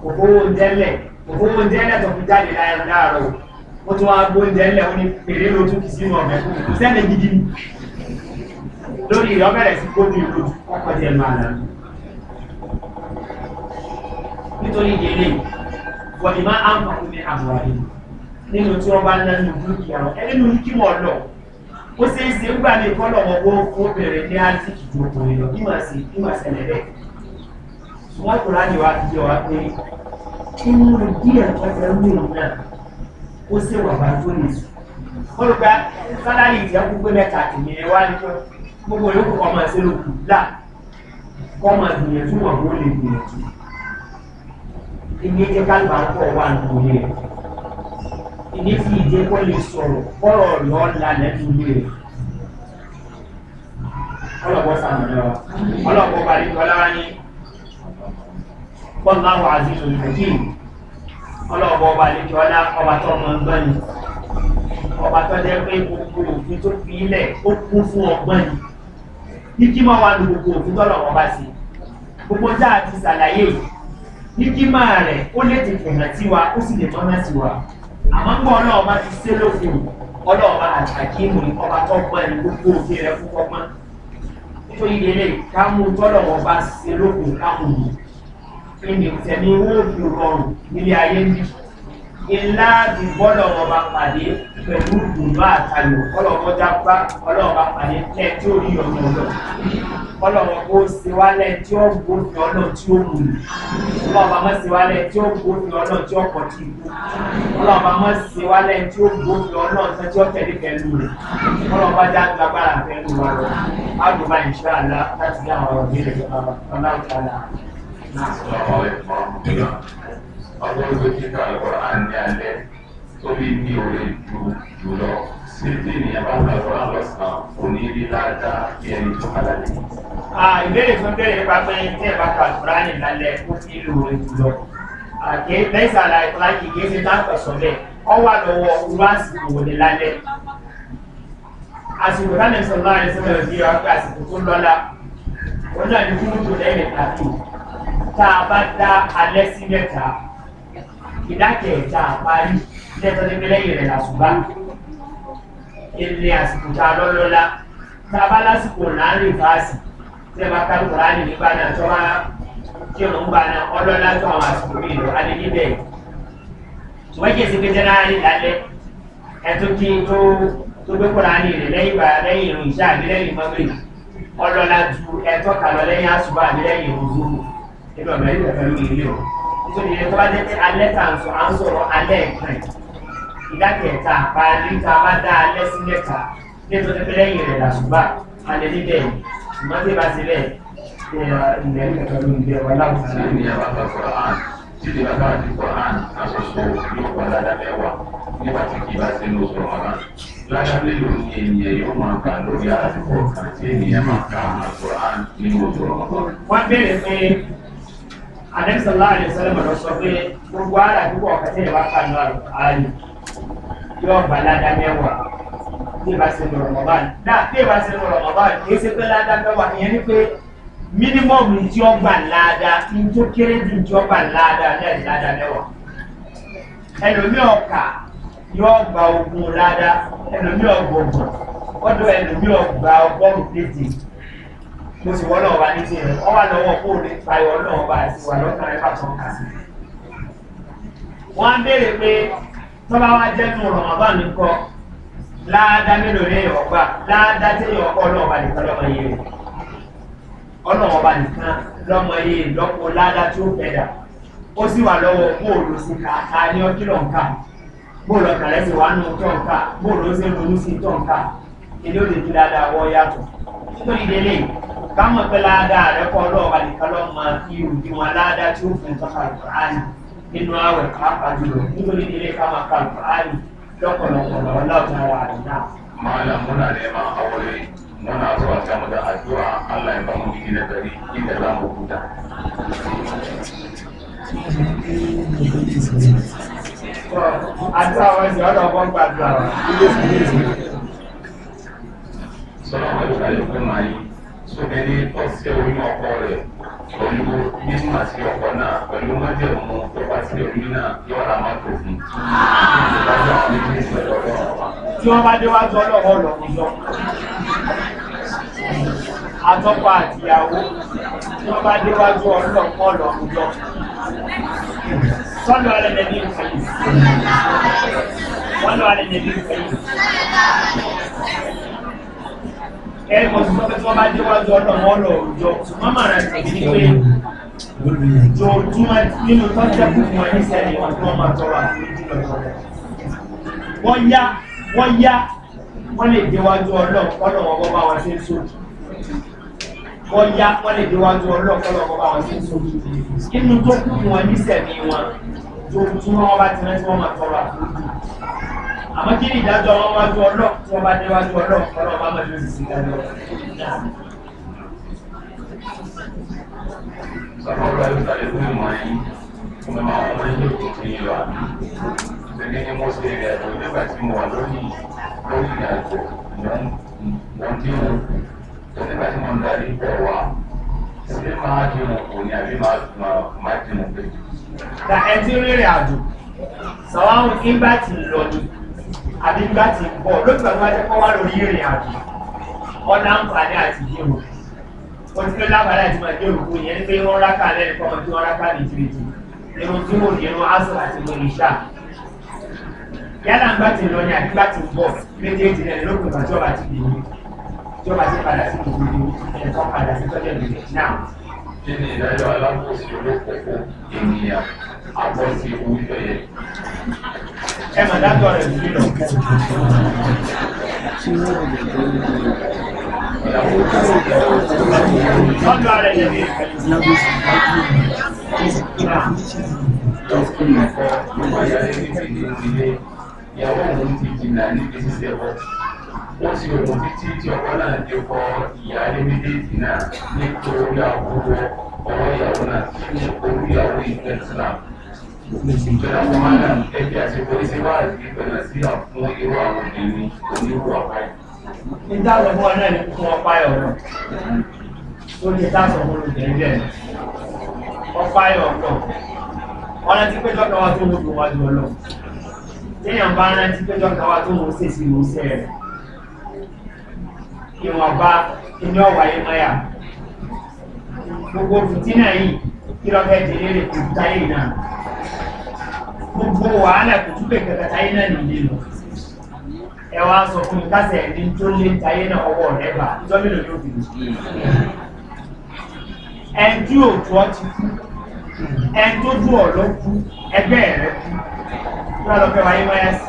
Speaker 2: kò kówó oúnjẹ lẹ̀ kò kówó oúnjẹ lẹ̀ tó fi jáde láàárọ̀ ó tún wá gbó oúnjẹ lẹ̀ ó ní pèrè lójú kì sínú ọ̀bẹ kò sẹ́ni gidi lórí ìyọ́ bẹ̀rẹ̀ sí gbójú ìlú ọkọ̀ jẹ́ máa lọ nítorí ìdílé wọ̀nyí máa ń fọkùn ní àbúrò nínú tí wọ́n bá ń lẹ́nu dúkìá ẹni ó ṣe é ṣe ń gbà ní kọ́lọ̀ ọwọ́ fún bẹ̀rẹ̀ ní àtìkì tó kò èrò ìmọ̀ sí ìmọ̀ sẹlẹ̀ rẹ̀ wọ́n tó rájọ wá fi wá pé inú díẹ̀ ọ̀sẹ̀ ń lò náà ó ṣe wà bá tó lè sùn olùgbà sálárì ìjẹ́ gbogbo mẹ́ta tìyẹn wá ní gbogbo yòókù kọ́ máa ṣe lókù là kọ́ máa gbìyànjú wọn kó lè gbìyànjú ìyẹn jẹ́ kálùbà pọ̀ wà nù ìdí tí ìdí kó lè sọ̀rọ̀ kọ́rọ̀ lọ́ lálẹ́ tó lé rẹ̀ ọlọ́pọ̀ sàmìlẹ̀ wa ọlọ́pọ̀ parí ọlára ní pọ́nláwọ̀ àzíṣò ìfẹ̀kíì ọlọ́pọ̀ ọba àlejò ọlá ọba tó ọmọ ọgbọ́n ni ọba tó jẹ́ pé gbogbo òfin tó fi ilẹ̀ ó kún fún ọgbọ́n ni ní kí máa wà ní gbogbo òfin tó lọ́wọ́ bá sí gbogbo tá a ti ṣàlàyé yìí ní kí máa rẹ̀ ó lè tètè hàn sí wa ó sì lè mọ́ná sí wa àmọ́ ń gbọ́ ọlọ́run bá ti sé lófin ọlọ́run bá àjàkímù ní ọba tó pọ̀ ẹni gbogbo òfin rẹ fún ọgbọ́n nítorí délé kámú tọ́lọ̀ wọn bá sé lófin kámú yìí kí ni tẹ̀mí wọ́n fi rọrùn nílé ayé ń bíi ilá ti bọ́lọ̀ ọba pàdé pẹ̀lú ìdùnnú àtàlù ọlọ́wọ́ dápá ọlọ́wọ́ pàdé tẹ́ tí ó rí ọ̀nà ọ̀nà ọlọ́wọ́ kó ṣe wálẹ̀ tí
Speaker 1: ó gbófin ọ̀nà tí ó mú mi
Speaker 2: ọlọ́wọ́ má ṣe wálẹ̀ tí ó gbófin ọ̀nà tí ó kọ̀ tí ikú ọlọ́wọ́ má ṣe wálẹ̀ tí ó gbófin ọ̀nà tí ó tẹ̀lé pẹ̀lú rẹ̀
Speaker 1: ọlọ́wọ́ já gbàgbára
Speaker 2: pẹ̀lú wa lọ àdùnmá ìṣáàlá láti dá àwọn
Speaker 1: ọ̀rọ̀ ọjọ́ tó kíkà lọ́kọ̀ọ́ à ń ní alẹ́ tó bí ní òwe ju jùlọ síbi ènìyàn bá gbà fún
Speaker 2: àlọ́sàn kò ní rí dáadáa bí ẹni tó padà dé. ìbéèrè tó bẹ̀rẹ̀ nípa pé tí ẹ bá ka kúránì lálẹ́ ó fi lò ó jùlọ àti lẹ́sà láìpẹ́lájì kì í ṣe láǹkọ̀sọ̀ bẹ́ẹ̀ ọ wà lọ́wọ́ irú àsìkò wòlé lálẹ́ àsìkò tánà sọ̀rọ̀ láàrin sọ̀rọ̀ bí wàá pé àsìkò tó lọ́la wọn náà ní kúrú tó lẹ́yìn tá a bá dá alẹ́ sí mẹ́ta ìdákẹ̀ẹ́ta àparí lẹ́tọ́ ní pẹ́lẹ́yìn rẹ̀ làṣùgbà ilé àsìkò tá a lọ́lọ́lá tá a bá lásìkò láàrin fáàsì tí ẹ bá ká lùkọ́ láàrin nígbà náà tó máa kí òun gbà náà ọlọ́lá tó àwọn àsìkò mi lọ adé níbẹ̀ ṣùgbọ́n kí èsì pé jẹ́ náà rìn lálẹ́ ẹ tó kí n tó tó gbé kó láàrin rẹ̀ lẹ́yìn ìgbà lẹ́yìn ìrìn ìṣá àbí lẹ́yìn mọ́gbìn ọlọ́lá ju ẹ tọ́ka lẹ́yìn àṣùgbọ́n àbí lẹ́yìn òru nínú ọ̀mẹ́rin ìfẹ́ lórí ilé o nítorí ìyẹn tó bá jẹ́ pé alẹ́ tà ń sọ à ń sọ̀rọ̀ alẹ́ ẹ̀kan ìdákẹ̀ẹ́ta àpáálí tá a bá dá alẹ́ sí mẹ́ta nítorí tó tẹ́ lẹ́yìn rẹ̀ làṣùgbà alẹ́ níbẹ̀ ṣùgbọ́n tí ì bá ti bẹ̀ ilẹ̀ ìkẹ̀kẹ́
Speaker 1: ló ń bẹ wà láwùjọ. ṣé ìyàwó àgbàkọ̀rọ̀ àn tí ìdí bàbá àti kọ̀ọ̀án àṣọṣọ yóò wà ládàá mẹ́wàá nígbà tí kì í bá sínú oṣù ọ̀rọ̀ lágbàlẹ́ ló
Speaker 2: ní ènìyàn yóò máa kà lórí àsìkò kan tí ènìyàn máa ka àkùrán nínú oṣù ọ̀rọ̀. wọ́n béèrè pé anẹ́sọ̀lá àdẹ́sọ̀lẹ́mọ̀ lọ sọ pé gbogbo ara púpọ̀ kẹtẹ́ ìwà kanú àlù yóò gbà ládá mẹ́wàá bí ìbá ṣe lọ rọ̀mọ̀ báyìí náà bí ìbá ṣe lọ rọ̀mọ̀ báyìí kì í ṣe pé ládá mẹ́wàá ìyẹn ni pé mínímọ̀mù tí ó gbà ládá tó kéré jù tí ó gbà ládá lẹ́yìn ládá mẹ́wàá ẹlòmíì ọ̀kà yóò gba ogun ládá ẹlòmíì ọ̀gbọ̀gbọ̀ ọdọ ẹlòmíì ọ̀gbà ọgọ́rùn-ún mo sì wọ́n náà wá ní tiẹ̀ wọ́n wà lọ́wọ́ fóònù ìpayọ̀ náà bá ti wà lọ́tà ẹ̀fà tó ń kà sí. wọ́n á béèrè pé tọ́ba wa jẹ́ nu rọ̀mọ́bà mi kọ́ láàdá mélòó ní èèyàn gbà láàdá tí èèyàn kọ́ ọlọ́ọ̀bà nìkan lọ́mọ yé rẹ̀ ọlọ́ọ̀bà nìkan lọ́mọ yé lọ́pọ̀ láàdá tí ó fẹ̀dà ó sì wà lọ́wọ́ bóòlù sí kàkà ní ọkìlọ̀ nǹka bóòlù ọ̀kàlẹ́ sì wà nù tọ̀ǹka bóòlù ó sì ronú sí tọ̀ǹka ilé òde kí dáadáa wọ́ yàtọ̀ nítorí délé káwọn pẹ́ ládàá rẹ kọ́ lọ́ọ̀bà nìkan Di máa fi òdi wọn ládàá tí ó fún ìtọ́ka ìkùránì nínú àwẹ̀ pàápàá jùlọ nítorí ilé káwọn ka ìkùránì lọ́pọ̀lọpọ̀ lọ́wọ́ láwùjọ wa àdúrà. malam muna neman aure
Speaker 1: muna zuwa ta da addu'a Allah ya ba mu gidi na gari inda za mu huta. Àdúrà wọn ni ọ̀dọ̀ wọn gbàdúrà. Sọlá wọn yóò yóò fẹ́ máa yí sóbẹ́ ní ọ̀sẹ̀ oyún ọkọ rẹ̀ pẹ̀lú mímọ̀ sí ọkọ náà pẹ̀lú májẹ̀mú tó bá sí oyún náà tu. ra mọ́tò fún un. tí
Speaker 2: wọ́n bá déwájú ọlọ́wọ́ lọ́kùn lọ atọ́pọ̀ àtìyàwó tí wọ́n bá déwájú ọlọ́pọ̀ ọlọ́run lọ. Sọ́dọ̀ alẹ́ nẹ̀bí ìfẹ̀yìn. Sọ́dọ̀ alẹ́ nẹ̀bí ìfẹ̀yìn ẹ mọ̀ sí sọ́kẹ́ tí wọ́n bá dé wájú ọ̀dọ̀ wọn lọ òòjọ́ ṣùgbọ́n màrà tèmi ni pé jò túmọ̀ nínú tó jẹ́kù fún wọn níṣẹ́ ni wọ́n tí wọ́n máa tọrọ àforíjì lọ́dọ̀ wọ́n yá wọ́n yá wọ́n lè dé wájú ọ̀dọ̀ ọ̀dọ̀ wọn bọ́ bá wọn ṣe ń sóòtù wọ́n yá wọ́n lè tó kú wọn bá ti rántí wọn máa tọrọ àforíjì àmọ́ kí ni ìdájọ́ wọn wájú ọlọ́ tí wọ́n bá déwájú ọlọ́ ọlọ́ bá mọ̀ lórí sí ìdájọ́ Gẹ́gẹ́ ni
Speaker 1: mo ṣe rẹ̀ tó nígbà tí mo wà lórí lórí ìrìnàjò lọ́n dínú tó nígbà tí mo ń darí bẹ̀ wá ṣé máa dínú kò ní àbí máa dínú pé.
Speaker 2: Ẹ ti rìnrìn àjò, sọ̀wọ́n ń àbí gbà tí ń bọ̀ lótìgbà tó bá jẹ́ kọ́ wá lórí ìrìn àjò ọ̀nà àǹfààní àti ìdíwò ó ti ló lábàárà àti máa dérò kú yẹn pé wọ́n rákà lẹ́nu kọ́ ọdún wọn rákà ní ìtìrìtì irun tí mo nírun aṣọ àti mo nìṣà yálà ń gbà tí ń lọ ní àbí gbà tí ń bọ̀ méjèèjì lẹ́nu lópin ìgbà tí ọba ti dè mí tí ti padà sí ìdíwò ẹ̀tọ́ padà sí tọ́jú ìdíwò náà kí
Speaker 3: ni ìdájọ́ alákòóso olókòókò ènìyàn
Speaker 2: àbọ̀sí oúnjẹ yẹn. ẹ mà dájọ́ rẹ̀ sí lọ. Lọ́dọ̀ rẹ̀ yẹn ni.
Speaker 1: Ìyàwó òun ti jìnnà níbi ṣíṣe ọ̀sẹ̀ ó sì rò títí tí ọkọ náà dé kọ ìyáálé méjèèjì náà nítorí àbúrò ọwọ́ ìyàwó náà tí orí ìyàwó ìgbẹ́ islam. ìjọba fún wa náà ẹbí àti polisi wà nígbà náà sí àfún
Speaker 2: irú àwọn ènìyàn onírú àpáyé. nígbà tó fún wa náà ní kókó wọn náà ó lè dáàbò wọn lò tẹ̀lé ẹ̀ wọ́n páyọ̀ ọ̀pọ̀ ọ̀nà tí péjọ́ kan wá tó ń lò wájú ọlọ́run téèyàn bá rántí péjọ́ kan wá tó ń lò sí ìsinmi iṣẹ́ rẹ̀ ìwọ̀nba iná wáyé máyà gbogbo fìtínà yìí kí lọ́fẹ́ tẹ̀lé rẹ̀ kò táyé náà gbogbo wàhálà kò túbẹ̀ kẹta táyé náà nìyí lọ ẹ wá sọ fún mi kásẹ̀ ẹni tó lé táyé náà ọwọ́ rẹ̀ bá ìjọ́ mélòó ló fi ẹni tí ọ ti kú ẹni tó ọ ló kú ẹgbẹ́ rẹ kú kí lọ́fẹ́ wáyé máyà sí.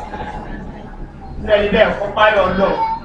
Speaker 2: Ní ẹni bẹ́ẹ̀ fún páyọ̀ ọlọ́ọ̀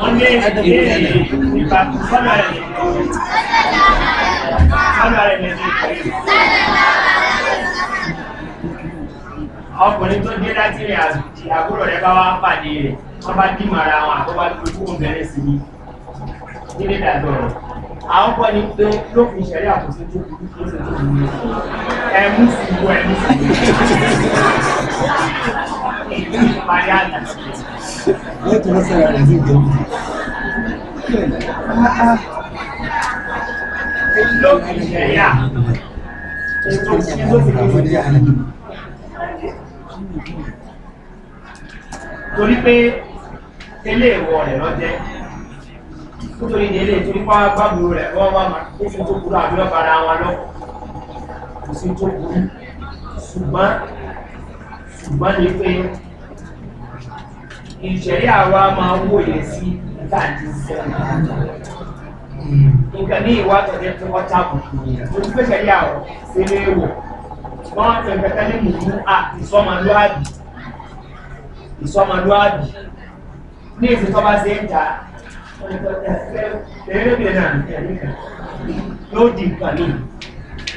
Speaker 2: wọ́n ní ìbéèrè ìbàdàn sábà rẹ̀ sábà rẹ̀ ní ọkùnrin tó dé láti rìn àbúrò rẹ̀ bá wá pàdé rẹ̀ wọ́n bá dìmọ̀ ara wọn àbúrò bá dúró kó bẹ̀rẹ̀ sí ní nílé ìdájọ́ rẹ̀ àwọn kọ́ ni pé lófin ìṣẹ̀lẹ̀ àkóso tó kù tó ṣe tó kù ẹ̀mú sí ìwọ ẹ̀mú sí ìwọ
Speaker 1: láti wọ́n sára rẹ̀ sí ìjọba.
Speaker 2: torí pé ìwọ rẹ̀ lọ jẹ́ nítorí ilé torí pa gbàgbúrò rẹ̀ wọ́n wá máa kó fi tó burú àbí ọba ara wọn kò sí tó burú ṣùgbọ́n ṣùgbọ́n ni pé ìṣẹ̀rí àwa máa wò yẹn sí káàdì sẹ́wọ̀n nǹkan ní ìwà tọ̀jẹ́ tó wọ́n tábù tó ti pèsè yà ọ́ sí ilé wò wọ́n ti ń kẹ́kẹ́ ní mùtú à ìsọmọlúàbì ìsọmọlúàbì ní ìsìn tó bá ṣe ń ta ẹ̀rẹ́bìnrin náà ló di nǹkan ní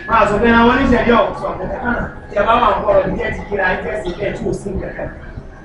Speaker 2: máa sọ pé àwọn oníṣẹ̀lẹ̀ ọ̀sán kẹta náà tẹ bá wà ń kọ̀rọ̀ ní ẹ̀ ti kíra ẹ̀ tẹ̀sí ẹ̀ tí ò sí nǹkan kan.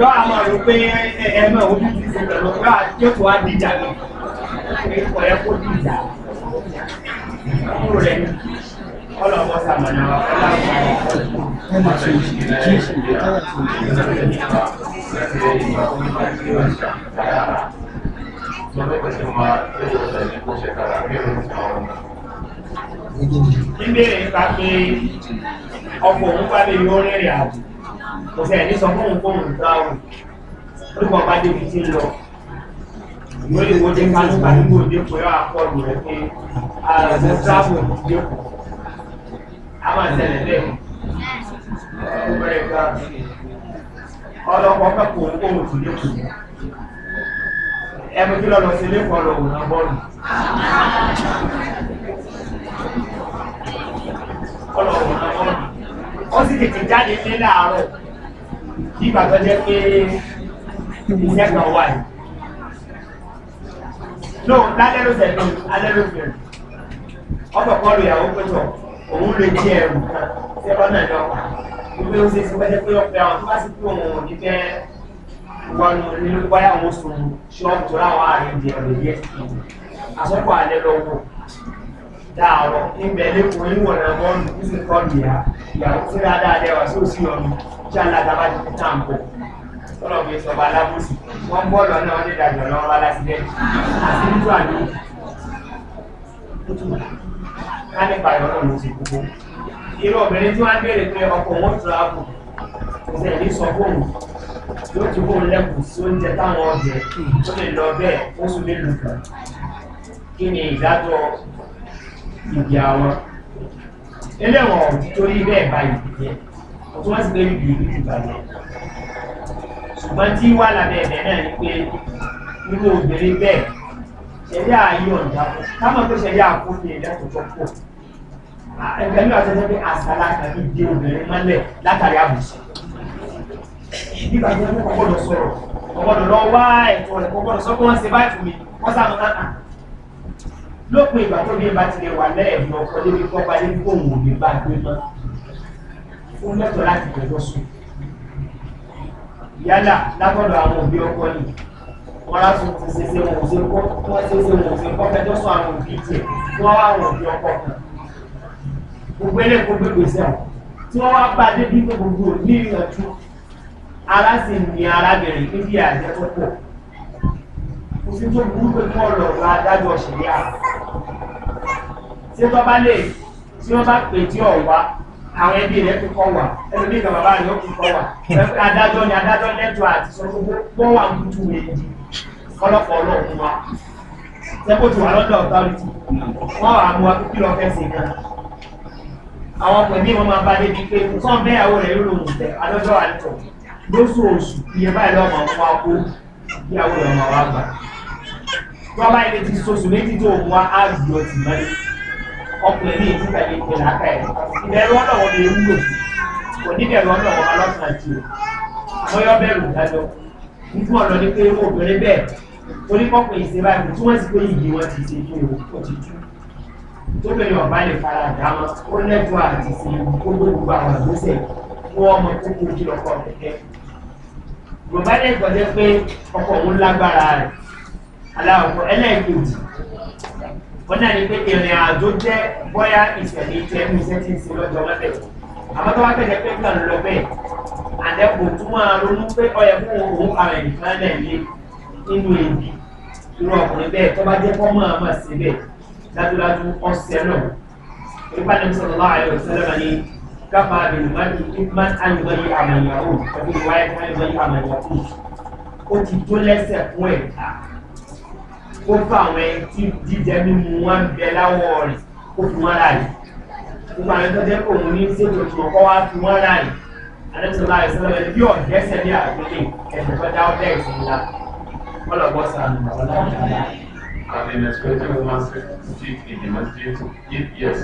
Speaker 2: yọ àmọ́ rò pé ẹ̀ẹ́mọ̀ ojú ti ṣe pẹ̀lú yọ àjọpọ̀ wá dìjà lọ ipò ẹ̀ kó dìjà kúrò rẹ̀ ọlọ́wọ́ sàmọ̀nà ọlọ́wọ́. Ìbéèrè nípa pé ọkọ̀ òun bá lè yọ rẹ́rìn àjò kò fẹ́ ní sọ fóun fóun dáhùn orúkọ bá débi tí ń lọ ìwé ìwé dé kálùkà nígbò dé pé ó àpọ̀lù rẹ̀ pé ara rẹ̀ tíráfù dé kù
Speaker 1: á máa tẹ̀lé bẹ́ẹ̀ ọ̀rẹ́ ga
Speaker 2: ọlọ́pọ̀ pẹ́ kò ń kóhùn sí lé kù ẹ̀mí kí lọ́lọ́ sí lé kọ́ lọ́wọ́ náà ó sì tètè jáde dé láàárọ̀ bí ìgbà jẹ́ pé iṣẹ́ kan wà yìí. no lálẹ́ ló tẹ̀lé alẹ́ ló tẹ̀lé ọkọ̀ kọlu ìyàwó pẹ̀tọ̀ òun lè di ẹ̀rù kan sí ọ̀nà náà wípé ó ṣe ti pẹ́jẹ́ pé ọ̀pẹ àwọn tó bá sì kú òun ní fẹ́ wọnú nínú báyà wọn sùn ṣọ́ọ̀bù tó láwọn àárín di yẹ àsọ́kọ̀ alẹ́ lọ́wọ́ dáàwọ̀ ìgbẹ̀ lẹ́kọ̀ọ́ ìwọ̀n náà wọ́n nù ìsìn kọ́ mi ha ìyàwó tí dáadáa dẹ́wà sí òsì ọ̀nù tí alágbàbá ti fi tàn kọ́ sọ́dọ̀ fi sọ̀bà alábòsí wọ́n bọ́ọ̀lù ọ̀nà wọn nídàjọ́ lọ́wọ́ alásídẹ́ẹ̀tì àti nítorí àná ká nípa ìrọ̀lọ́ ló ti gbogbo irú obìnrin tí wọ́n bèèrè pé ọkọ̀ wọn tó ààbò kò sì ní sọ fóònù yóò ti fóònù lẹ́kùn sí oúnjẹ táwọn ọ̀jẹ̀ tó lè lọ bẹ́ẹ̀ oṣù mélòó kan kí ni ìdájọ́ ìjà wọn eléwọ̀n torí bẹ́ẹ̀ bá ìdíjẹ́ ọ̀tún wọ́n sì lè yìí ìlú ìbàdàn ṣùgbọ́n tí wà lábẹ́ ẹ̀bẹ̀ náà ni pé irú obìnrin bẹ́ẹ̀ ṣẹ̀dí ààyè ọ̀dà táwọn tó ṣẹ̀dí àkó ní ilẹ̀ tuntun pọ̀ ẹgbẹ́ mi àti ẹgbẹ́ àṣàlá tàbí dé obìnrin mọ́lẹ̀ látàrí àbùsù nígbà tí wọ́n kọ́kọ́ lọ sọ̀rọ̀ kọ́kọ́ lọ wá ẹ̀tọ́ rẹ̀ kọ́kọ́ lọ sọ pé wọ́n ṣe báyìí fún mi wọ́n sá lópin ìgbà tó bí bá tilẹ̀ wà lẹ́ẹ̀mí ọkọ débi kọ́ bá débi kó wò ní bá gbé mọ́ fún lẹ́tọ̀ọ́ láti gbẹ̀jọ́ sùn yálà lábọ̀dọ̀ àwọn òbí ọkọ ni wọ́n á tún ti ṣeṣe wọn ò ṣe kọ́ wọ́n ṣeṣe wọn ò ṣe kọ́ fẹjọ́ sọ àwọn òbí tiẹ̀ tí wọ́n wá àwọn òbí ọkọ kan gbogbo ẹlẹ́ gbogbo gbèsè ọ̀ tí wọ́n wá bá débi pé gbogbo ní ìyànjú ara sì ní arábìnrin níbi àjẹpọ̀ pọ̀ òfin tó burú pé kọ́ ọ̀rọ̀ ọ̀gá adájọ́ ṣẹlẹ̀ àwọn tí wọ́n bá lè tí wọ́n bá pè tí ọ̀ wá àwọn ẹbí rẹ̀ kò kọ́ wà ẹlòmí kan bàbá rẹ̀ ó kò kọ́ wà adájọ́ ni adájọ́ lẹ́tọ̀ àti sọ fún wọn wà kútu rẹ̀ di kọ́lọ́pọ̀ ọlọ́run wa sẹ́kọ̀ tí wà lọ́dọ̀ ọ̀tọ́rìtì wọ́n wà mú wa kí lọ fẹ́ sí i gan àwọn ọkùnrin bí wọ́n máa bá débi pé sọ́n bẹ́ẹ̀ àwọn rẹ̀ ló lòun tẹ̀ adájọ́ àlùtọ̀ lóṣù oṣù iye báyìí lọ́mọ fún wa kó ìyàwó rẹ̀ ọmọ wa gbà tó wọ́n á ọkùnrin ní ìtúkà ní ìpè láàkà ẹ̀ ìbẹ̀rù ọlọ́wọ́ ni ewu lò kò ní bẹ̀rù ọlọ́wọ́ ọlọ́sàn àti o bọ́yọ́ bẹ̀rù ìdájọ́ nítorí ọ̀nà ni pé obìnrin bẹ́ẹ̀ oníkọ́kùnrin ìṣẹ́bá ìlú tí wọ́n ti pé yìí wọ́n ti ṣe kí o ó ti tú tó bẹ̀rẹ̀ ọ̀bá lè fara dáná ó lẹ́tọ́ àti ṣe gbogbo gbogbo àwọn àgbésẹ̀ wọ́n náà ní pé ìrìn àjò jẹ́ bóyá ìṣẹ̀lẹ̀ jẹ́ ní iṣẹ́ tí ń ṣe lọ́jọ́ lọ́dẹ̀ àmọ́ tó wá pẹ̀lú pé kàn lọ bẹ́ẹ̀ àdẹ́ kò tún máa ronú pé ọyẹ fún òun ara ìdìkan náà lé nínú èdè irú ọkùnrin bẹ́ẹ̀ tó bá jẹ́ kọ́ máa máa ṣe bẹ́ẹ̀ dájúdájú ọ̀sẹ̀ náà nípa ní sọ̀rọ̀ láàyè òṣèlérà ní káfà kó fún àwọn ẹni tí jíjẹ mímu wọn bẹ láwọ̀ rẹ̀ kó fi wọ́n láàyè gbogbo àwọn tó jẹ́ pé òun ní ṣètò ìṣòro kọ́ wá fi wọ́n láàyè àdẹ́sọ̀lá ìṣẹ́lẹ̀ bí ọ̀dẹ́sẹ̀ ní àgbélé ẹ̀sìn tó dá ọ̀dẹ́ ìṣìn ńlá wọ́n lọ bọ́ sàn ọ̀lá ìṣẹ̀lẹ̀. And in
Speaker 1: a spiritual woman's seat in the masjid, if yes,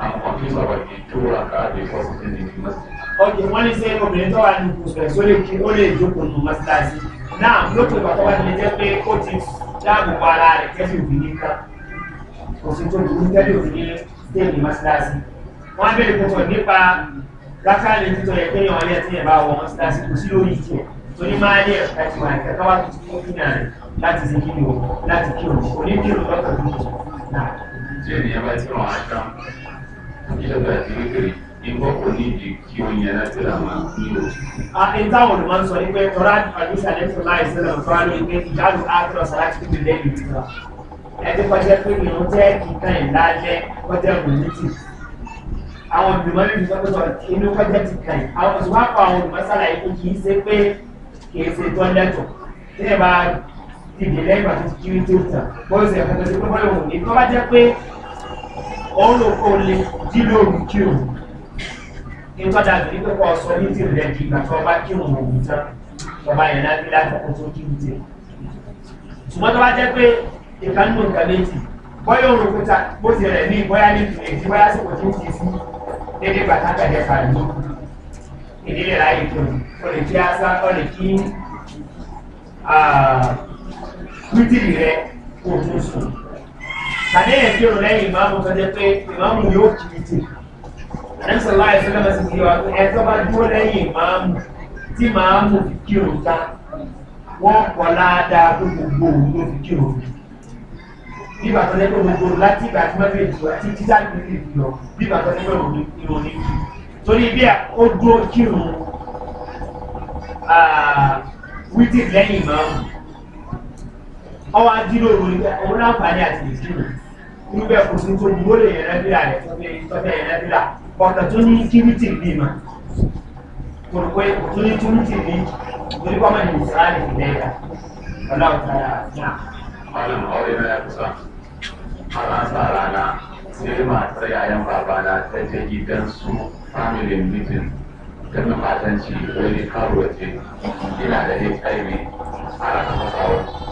Speaker 1: I'm confused about the two raka they was in the masjid.
Speaker 2: Okay, wọ́n ní sẹ́yìn obìnrin tó wà ní ìbùsùn ẹ̀ sólè kí ó lè jókòó nù mọ́sálásí. Náà lókè ìgbà tó wà ní ilé pé ó ti láàbò pa ara rẹ̀ tẹ́sí òfin ní ká òsì tó burú tẹ́lẹ̀ òfin ní déèmì mọ́síláṣí wọ́n á bẹ̀rẹ̀ pọ̀tọ̀ nípa rákàlẹ̀ títọ̀ yẹ kéèyàn ọlẹ́ tí yẹn bá wọ mọ́síláṣí kò sí lórí ìtìẹ̀ torí máa ní ẹ̀ka ti wà kẹ́kọ́ wá tuntun fún kínà rẹ̀ láti ṣe kíni o láti kí o oní kí o
Speaker 1: lọ́kàn tó kù náà. tí ènìyàn bá tí wọn á tán kí ló bá ti ìwọ kò ní ìdí kí o yẹn láti rà máa ní o. Àìntà wọn ló máa ń sọ ní pé
Speaker 2: tọ́lá àdúgbò àdẹ́sọ̀ láì sílẹ̀ fún àlọ́ ìgbé ìjálù àtúrọ̀ sọ láti fi lẹ́yìn ìtura. Ẹni kọjá pé mi ò jẹ́ kíkan ìlà alẹ́ kọjá mọ̀lẹ́tì. Àwọn olùmọ̀ ní ìfẹ́ pẹ̀sọ̀ inú kọjá ti kàn yìí. Àwọn oṣù wá pa àwọn olùmọ̀ sálàyé kò kì í ṣe pé kì í ṣe tọ́ lẹ́tọ̀. Tí ẹ bá dìde lẹ́yìn àti kiri tó tàn, bọ́ọ̀ sì ẹ̀fọ́ kó o lè jí lóòrùn kí òun nǹkan dàbí ní pípọ̀ sọ ní ti rẹ̀ di ìgbà tó bá kírun òwú tán ọba yẹn lábí lákòókò tó kírun tẹ̀. ṣùgbọ́n tó bá jẹ́ pé ìkan nínú nǹkan méjì bọ́yá òun òkúta bó ti rẹ̀ ní bọ́yá ní ìdí bọ́yá sì kò tí ń ti sí dédé bàtà kàdé fàánù ìdílé láyé tó o lè kí ásá o lè kí pítìrì rẹ kó o tún sùn. tàbí èyàn kírun lẹ́yìn ìmáàmù tó jẹ́ pé ìmáàmù yóò kí pítìrì ẹ̀sọ̀lá ìṣẹ́lẹ̀ mẹ́sì sí wa ẹ̀sọ́ bá dúró lẹ́yìn máàmù tí máàmù fi kírun ta wọ́n pọ̀ láadáa tó gbogbo òun ló fi kírun bí bàtọ́ lẹ́gbẹ́ gbogbo láti ìgbà tí mẹ́fẹ́ ìtura tí títà ní ìlú lọ bí bàtọ́ lẹ́gbẹ́ òun kírun ní kí torí bí ó dúró kírun wítì lẹ́yìn máàmù ọwọ́ adúlọ̀ òun láǹfààní àti ìkírun irú bẹ́ẹ̀ kò sí tó gbólè yẹn lẹ́bílà rẹ̀ tọ́fẹ́ yẹn lẹ́bílà opportunity rima kurkwai opportunity ne wuri kuma ne misali ne da Allah ta ya malam aure na ya kusa
Speaker 1: ala ana sa rana sai matar yayan babana ta je gidan su family meeting ta ga matan shi wani karuwa ce ina
Speaker 3: da HIV ana kasa wasu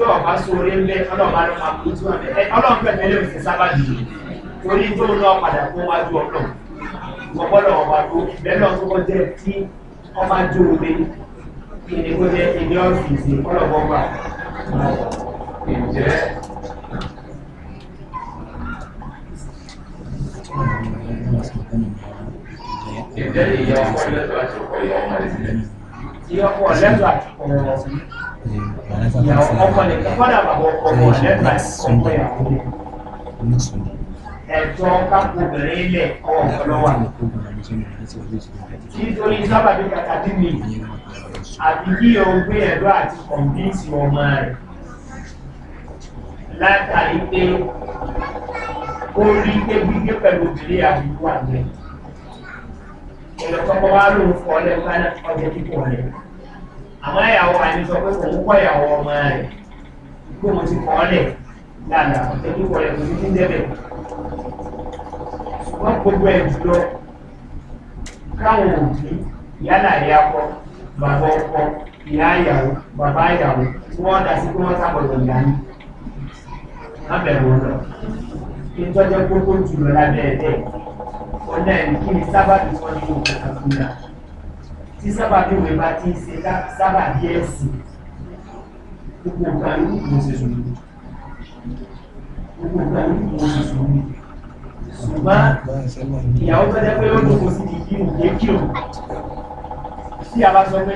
Speaker 2: tí ọba sóore ń bẹ ọlọ́ọ̀bá ló máa kú tí wọn bẹ ọlọ́ọ̀fẹ́ mi lè fi sábà jù torí tó lọ padà tó wájú ọlọ́ ọgbọ́dọ̀ ọba tó bẹ́ẹ̀ lọ́ọ́ tó kọ́ tí ọba jó o lé ìdí kó jẹ́ ìdí ọ̀fìsì ọlọ́ọ̀bọ̀ gbà. ǹjẹ́ ǹjẹ́ ìyá ọkọ̀ lẹ́tọ̀ọ́ àti
Speaker 1: ọkọ̀ ìyá ọmọ rẹ̀ sílẹ̀? ìyá ọkọ̀ lẹ́tọ̀ọ́ àti ọkọ̀ ọmọ rẹ̀ sílẹ̀
Speaker 2: ìyàwó ọkọ lè kọ́dà bàbá ọkọ lẹ́gbàá ọkọ ìyàwó ẹ̀tọ́ kápò obìnrin ilẹ̀ ọkọ̀ lọ́wà nítorí sábàbí kàkàdí mi àbí kí o gbé ẹ̀rọ àti kọ̀m̀píìtì ọmọ rẹ̀ látàrí pé ó rí pé gbígbé pẹ̀lú obìnrin àbí wà lẹ́yìn ẹ̀rọ tọ́kọ wá lóun fọ́ lẹ́gbàá ọjọ́ kíkọ́ rẹ̀ àmọ́ ìyàwó àní sọ pé òun kọ́ ìyàwó ọmọ rẹ̀ kó mo ti kọ́ lẹ̀ dáadáa ẹni wọ̀ ẹ̀ kò ní débẹ̀ ṣùgbọ́n gbogbo ẹ̀ jùlọ káwọn òbí yálà ìyá kọ́ bàbá ọkọ ìyá ìyàwó bàbá ìyàwó tí wọ́n dá sí pé wọ́n sábọ̀dọ̀ ìyá ni wọ́n bẹ̀rẹ̀ wọn lọ kí n tọ́jọ́ gbogbo jùlọ lábẹ́ ẹ̀ bẹ́ẹ̀ wọ́n náà ní kí ni tí sábàbí òwe bá ti ń ṣe sábàbí ẹ̀sìn gbogbo nǹkan ní ìlú ṣe sùúrù gbogbo nǹkan ní ìlú ṣe sùúrù ṣùgbọ́n ìyàwó tó jẹ́ pé ó lóko sí ti yí òye kí o tí a bá sọ pé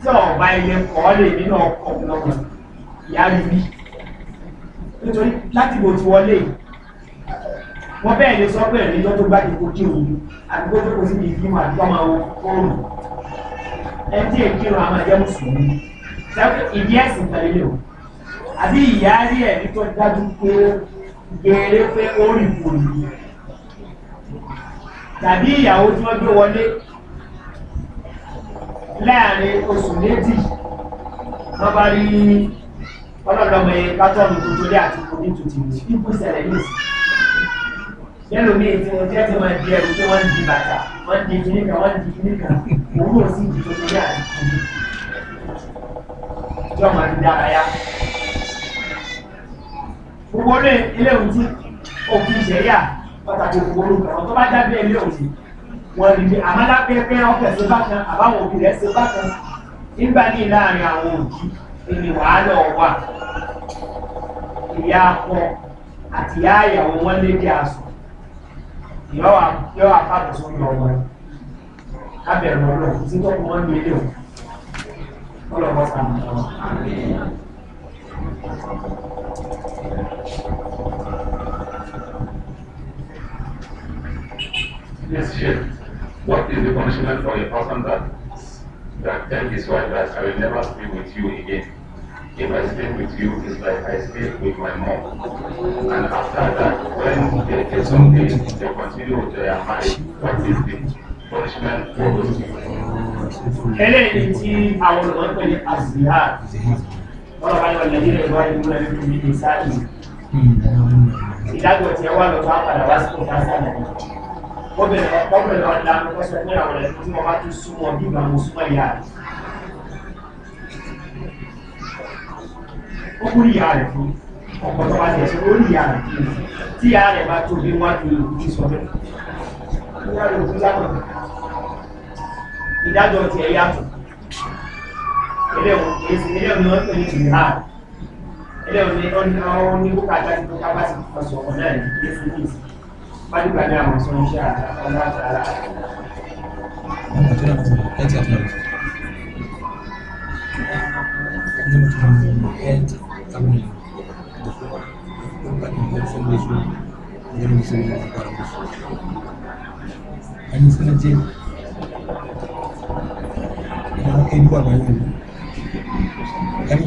Speaker 2: tí ọ̀bá ilé kọ́ lè nínú ọkọ̀ lọ́wọ́ ìyá rí bí nítorí láti bò ti wọlé wọ́n bẹ́ẹ̀ lè sọ pé ẹ̀rí lọ́tọ́ gbá ti kó kí òun àdúgbò tó kó sí ti yí mọ̀ àdúgbò máa fóònù ẹtí èkìrò àmà jẹ́ mùsùlùmí sẹ́kù ìdí ẹ̀sìn tẹ̀lé o àbí ìyá rí ẹ̀rí tó dájú pé gèrè pé ó rìn kò yìí tàbí ìyàwó tí wọ́n gbé wọlé láàrin oṣù méjì wọ́n bá rí ọlọ́dọ̀mọ̀ yẹn kátọ́ọ̀nù tó tó lé àti kò ní tòtì ní ìpínlẹ̀ ìlú lẹ́nu mi tí mo jẹ́ tí wọ́n di ẹrù tí wọ́n di bàtà wọ́n di kíní wọ́n di kíní kan òun ò sì di tuntun ní àdìsí ìjọ máa ń dárayá. gbogbo ní ilé òun tí òfin ìṣẹ̀yà pàtàkì gbogbo olùkọ́ àwọn tó bá dábẹ́ ilé òun tí wọ́n rí ní àmàlápẹ́pẹ́ ọkọ̀ ṣe bákan àbáwọn òbí rẹ̀ ṣe bákan nígbà ní láàrin àwọn òbí ìní wàhálà ọ̀wà ìyá akọ àti ìyá àyàwó wọn lédè àsùn yọ wà Yes, Sheikh. What is the punishment for a person that that tell his wife that I will never be with you again? If I stay with you, it's like I stay with my mom. And after that, when they get someday, they continue with their marriage. What is the punishment for those people? eléyìí tí àwọn olùkọ́ pè ní àṣìhà ọ̀rọ̀ bá yọ lẹ́yìn ẹ̀rọ ìmúlẹ̀ nínú ìdí sáàlì ìdájọ́ tí ẹ wá lọ́tọ́ àpàdà wá sí kòtà sáàlì obìnrin ọ̀pọ̀ obìnrin ọ̀dà ló kọ́ sọ pé àwọn ẹ̀rọ tí wọ́n bá tún súnmọ́ bí ìgbà mo súnmọ́ ìyá rẹ̀ ó kú ìyá rẹ̀ fún ọ̀pọ̀ tó bá tẹ̀sí ó ní ìyá rẹ̀ fún un tí ìyá rẹ̀ bá tóbi wá ju ìlú ti sọ bẹ́ẹ̀. ìdájọ́ ti ẹ̀ yàtọ̀ ẹlẹ́wọ̀n ẹlẹ́wọ̀n ni wọ́n pè ní ìhà ẹlẹ́wọ̀n ni wọ́n ní wọ́n ní bùkátà ti bùkátà ti fọ̀sọ̀ ọ̀nà ẹ̀ ní fún mi
Speaker 1: pàdùkà ní àwọn sọ iṣẹ́ àtàkọ́lá àtàlà.
Speaker 2: Thank you también de su parte. La intención de su
Speaker 1: organización para nosotros. Aynısı bence yani en var yani. Yani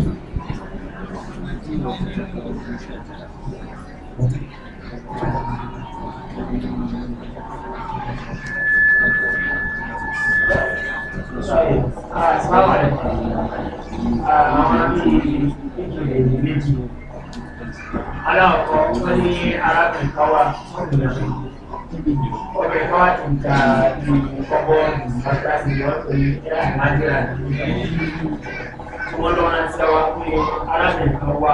Speaker 2: Assalamualaikum. Ah, ah mama, ẹ̀yìn méjì aláwọ̀kọ́ wọ́n ní arábìnrin kan wà ọbẹ̀ kan wà tó ń ta ìkọ́bọ̀ àtàkì ọ̀tọ̀ yìí ẹ̀rọ àmàdìrà
Speaker 1: wọ́n lọ́wọ́ náà sáwà pé arábìnrin kan wà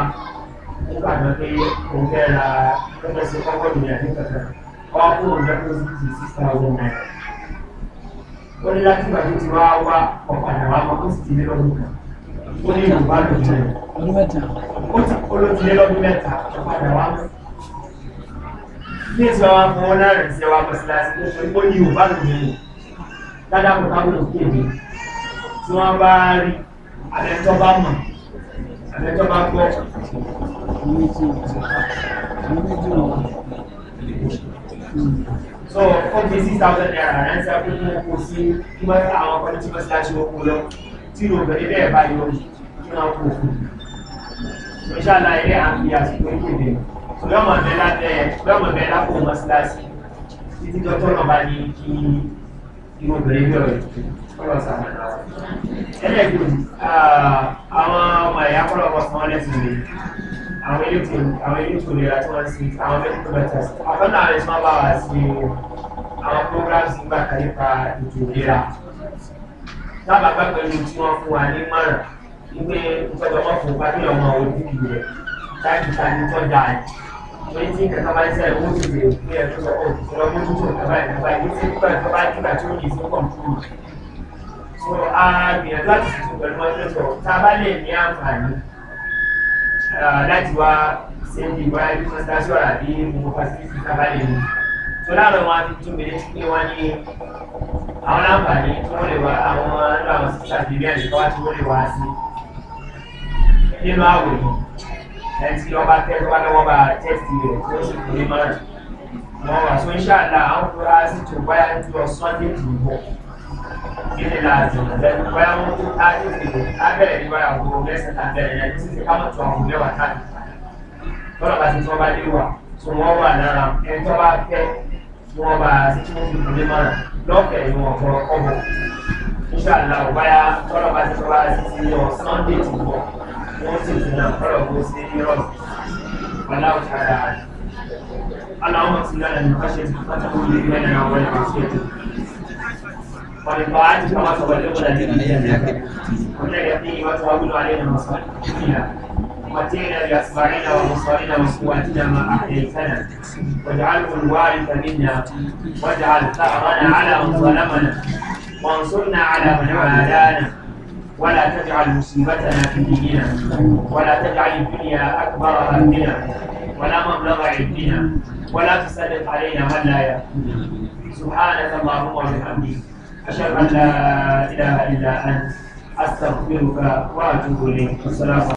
Speaker 1: nípa àná pé òun fẹ́ ra ẹgbẹ̀sẹ̀ kọ́kọ́ ìrìn àti kàkà wọ́n kó òun lọ́kọ́ sí ti sísá owó
Speaker 2: náà wọ́n o ó ní yorùbá ló jẹ ọdún mẹ́ta ó ti olóòtú lé lọ́dún mẹ́ta padà wá ní ìsọ wa fún wọn náà rẹ̀ sí ẹwà mọ́síláṣí ó ní yorùbá ló jẹ dáadáa kò táwọn òkè mi tí wọ́n bá rí àlẹ́tọ́ bá mọ̀ àlẹ́tọ́ bá gbọ́. so ó di six thousand naira rẹ̀ ń sẹ́kún kó sí kí wọ́n àwọn ọkọ̀ ní tí mọ́síláṣí ó kú lọ tí ìrògbẹ̀ ilẹ̀ ẹ̀bá yọ nínú àwọn òkú ṣọ́ṣàlá ilẹ̀ àmì àsìkò ìkéde lọ́mọ̀bẹ̀ lápò mọ́síláṣí títí dọ́tọ́ náà bá ní kí ìrògbẹ̀ ilẹ̀ rẹ̀ kọ́lọ̀ sàmàlà ẹlẹ́gbẹ̀ẹ́ àwọn ọmọ ẹ̀yà kọ́lọ̀ bọ̀ sàn lẹ́sìn rẹ̀ àwọn elétò àwọn elétò ìlera tí wọ́n ń sin àwọn medical matters àbọ̀nà àwọn ẹ̀sìn máa bá wà sí àwọn programs nígbà kan nípa ètò ìlera dábàá bá pẹ̀lú tí wọ́n fún wa ní márùn ìwé ìtọ́jọmọ́ fún wa bí ọmọ ojú rẹ̀ láti ta ní tọ́jà rẹ̀ lórí tí nǹkan bá ń sẹ́yìn owó ti bèrè fún ẹ̀ tó sọ pé òtún lọ mójú tó nǹkan báyìí nípa ìdí tí nípa ìtọ́ bá dìgbà tí ó yìí sí kọ̀ǹpútù so a gbìyànjú láti ṣètò pẹ̀lú ọjọ́ sọ tá bá lè ní àǹfààní láti wá ṣe ń di ìwáyà bí wọ́n dá sọ̀rọ̀ àbí so láàárọ̀ wọn a fi tún mi àwọn láǹfààní wọ́n lè wá àwọn ọ̀rọ̀ àwọn ṣàfihàn ẹ̀ṣọ́ wá tí wọ́n lè wá sí nínú àwòrán ẹni tí wọ́n bá tẹ́ tó bá lọ́wọ́ bá tẹ́sì rẹ̀ tó sì kú ní mọ́ràn wọ́n wà tó ń ṣàlà àwọn fúra sí tó báyà ń lọ sunday tó ń bọ̀ nílẹ̀ láti lẹ́nu báyà wọ́n tó tá ní ìlú abẹ́rẹ́ ní báyà wọ́n lẹ́sẹ̀ lábẹ́rẹ́ yẹn títí káwọn tó àwọn mẹ́wàá káàdì lọ́nà bá ti tí wọ́n bá dé wà tó wọ́n wà lára ẹni tó bá fẹ́ tí wọ́n bá ṣe tí wọ́n fi kúlé mọ́ra lọ́kẹ̀ ìwọ̀n ọ̀pọ̀lọpọ̀ bọ̀ inṣàlá ò báyà tọ́lọ̀ bá ti tọ́ bá ti ti ọ̀ sunday ti bọ̀ wọ́n sì tún náà tọ́lọ̀ bó ṣe ní rọ̀bì aláwọ̀ ṣáda aláwọ̀ ti lọ́nà ní kọ́ṣẹ́ tí wọ́n ti kú lé mẹ́rin náà wọlé wọ́n ṣe tó ولكن يجب ان يكون هناك اشياء اخرى ومتعنا بأسماعنا وبصرنا وقوتنا ما أحييتنا واجعله الوارث منا واجعل ثأرنا على من ظلمنا وانصرنا على من عادانا ولا تجعل مصيبتنا في ديننا ولا تجعل الدنيا أكبر همنا ولا مبلغ علمنا ولا تسلط علينا من لا يهدينا سبحانك اللهم وبحمدك أشهد أن لا إله إلا أنت أستغفرك وأتوب إليك السلام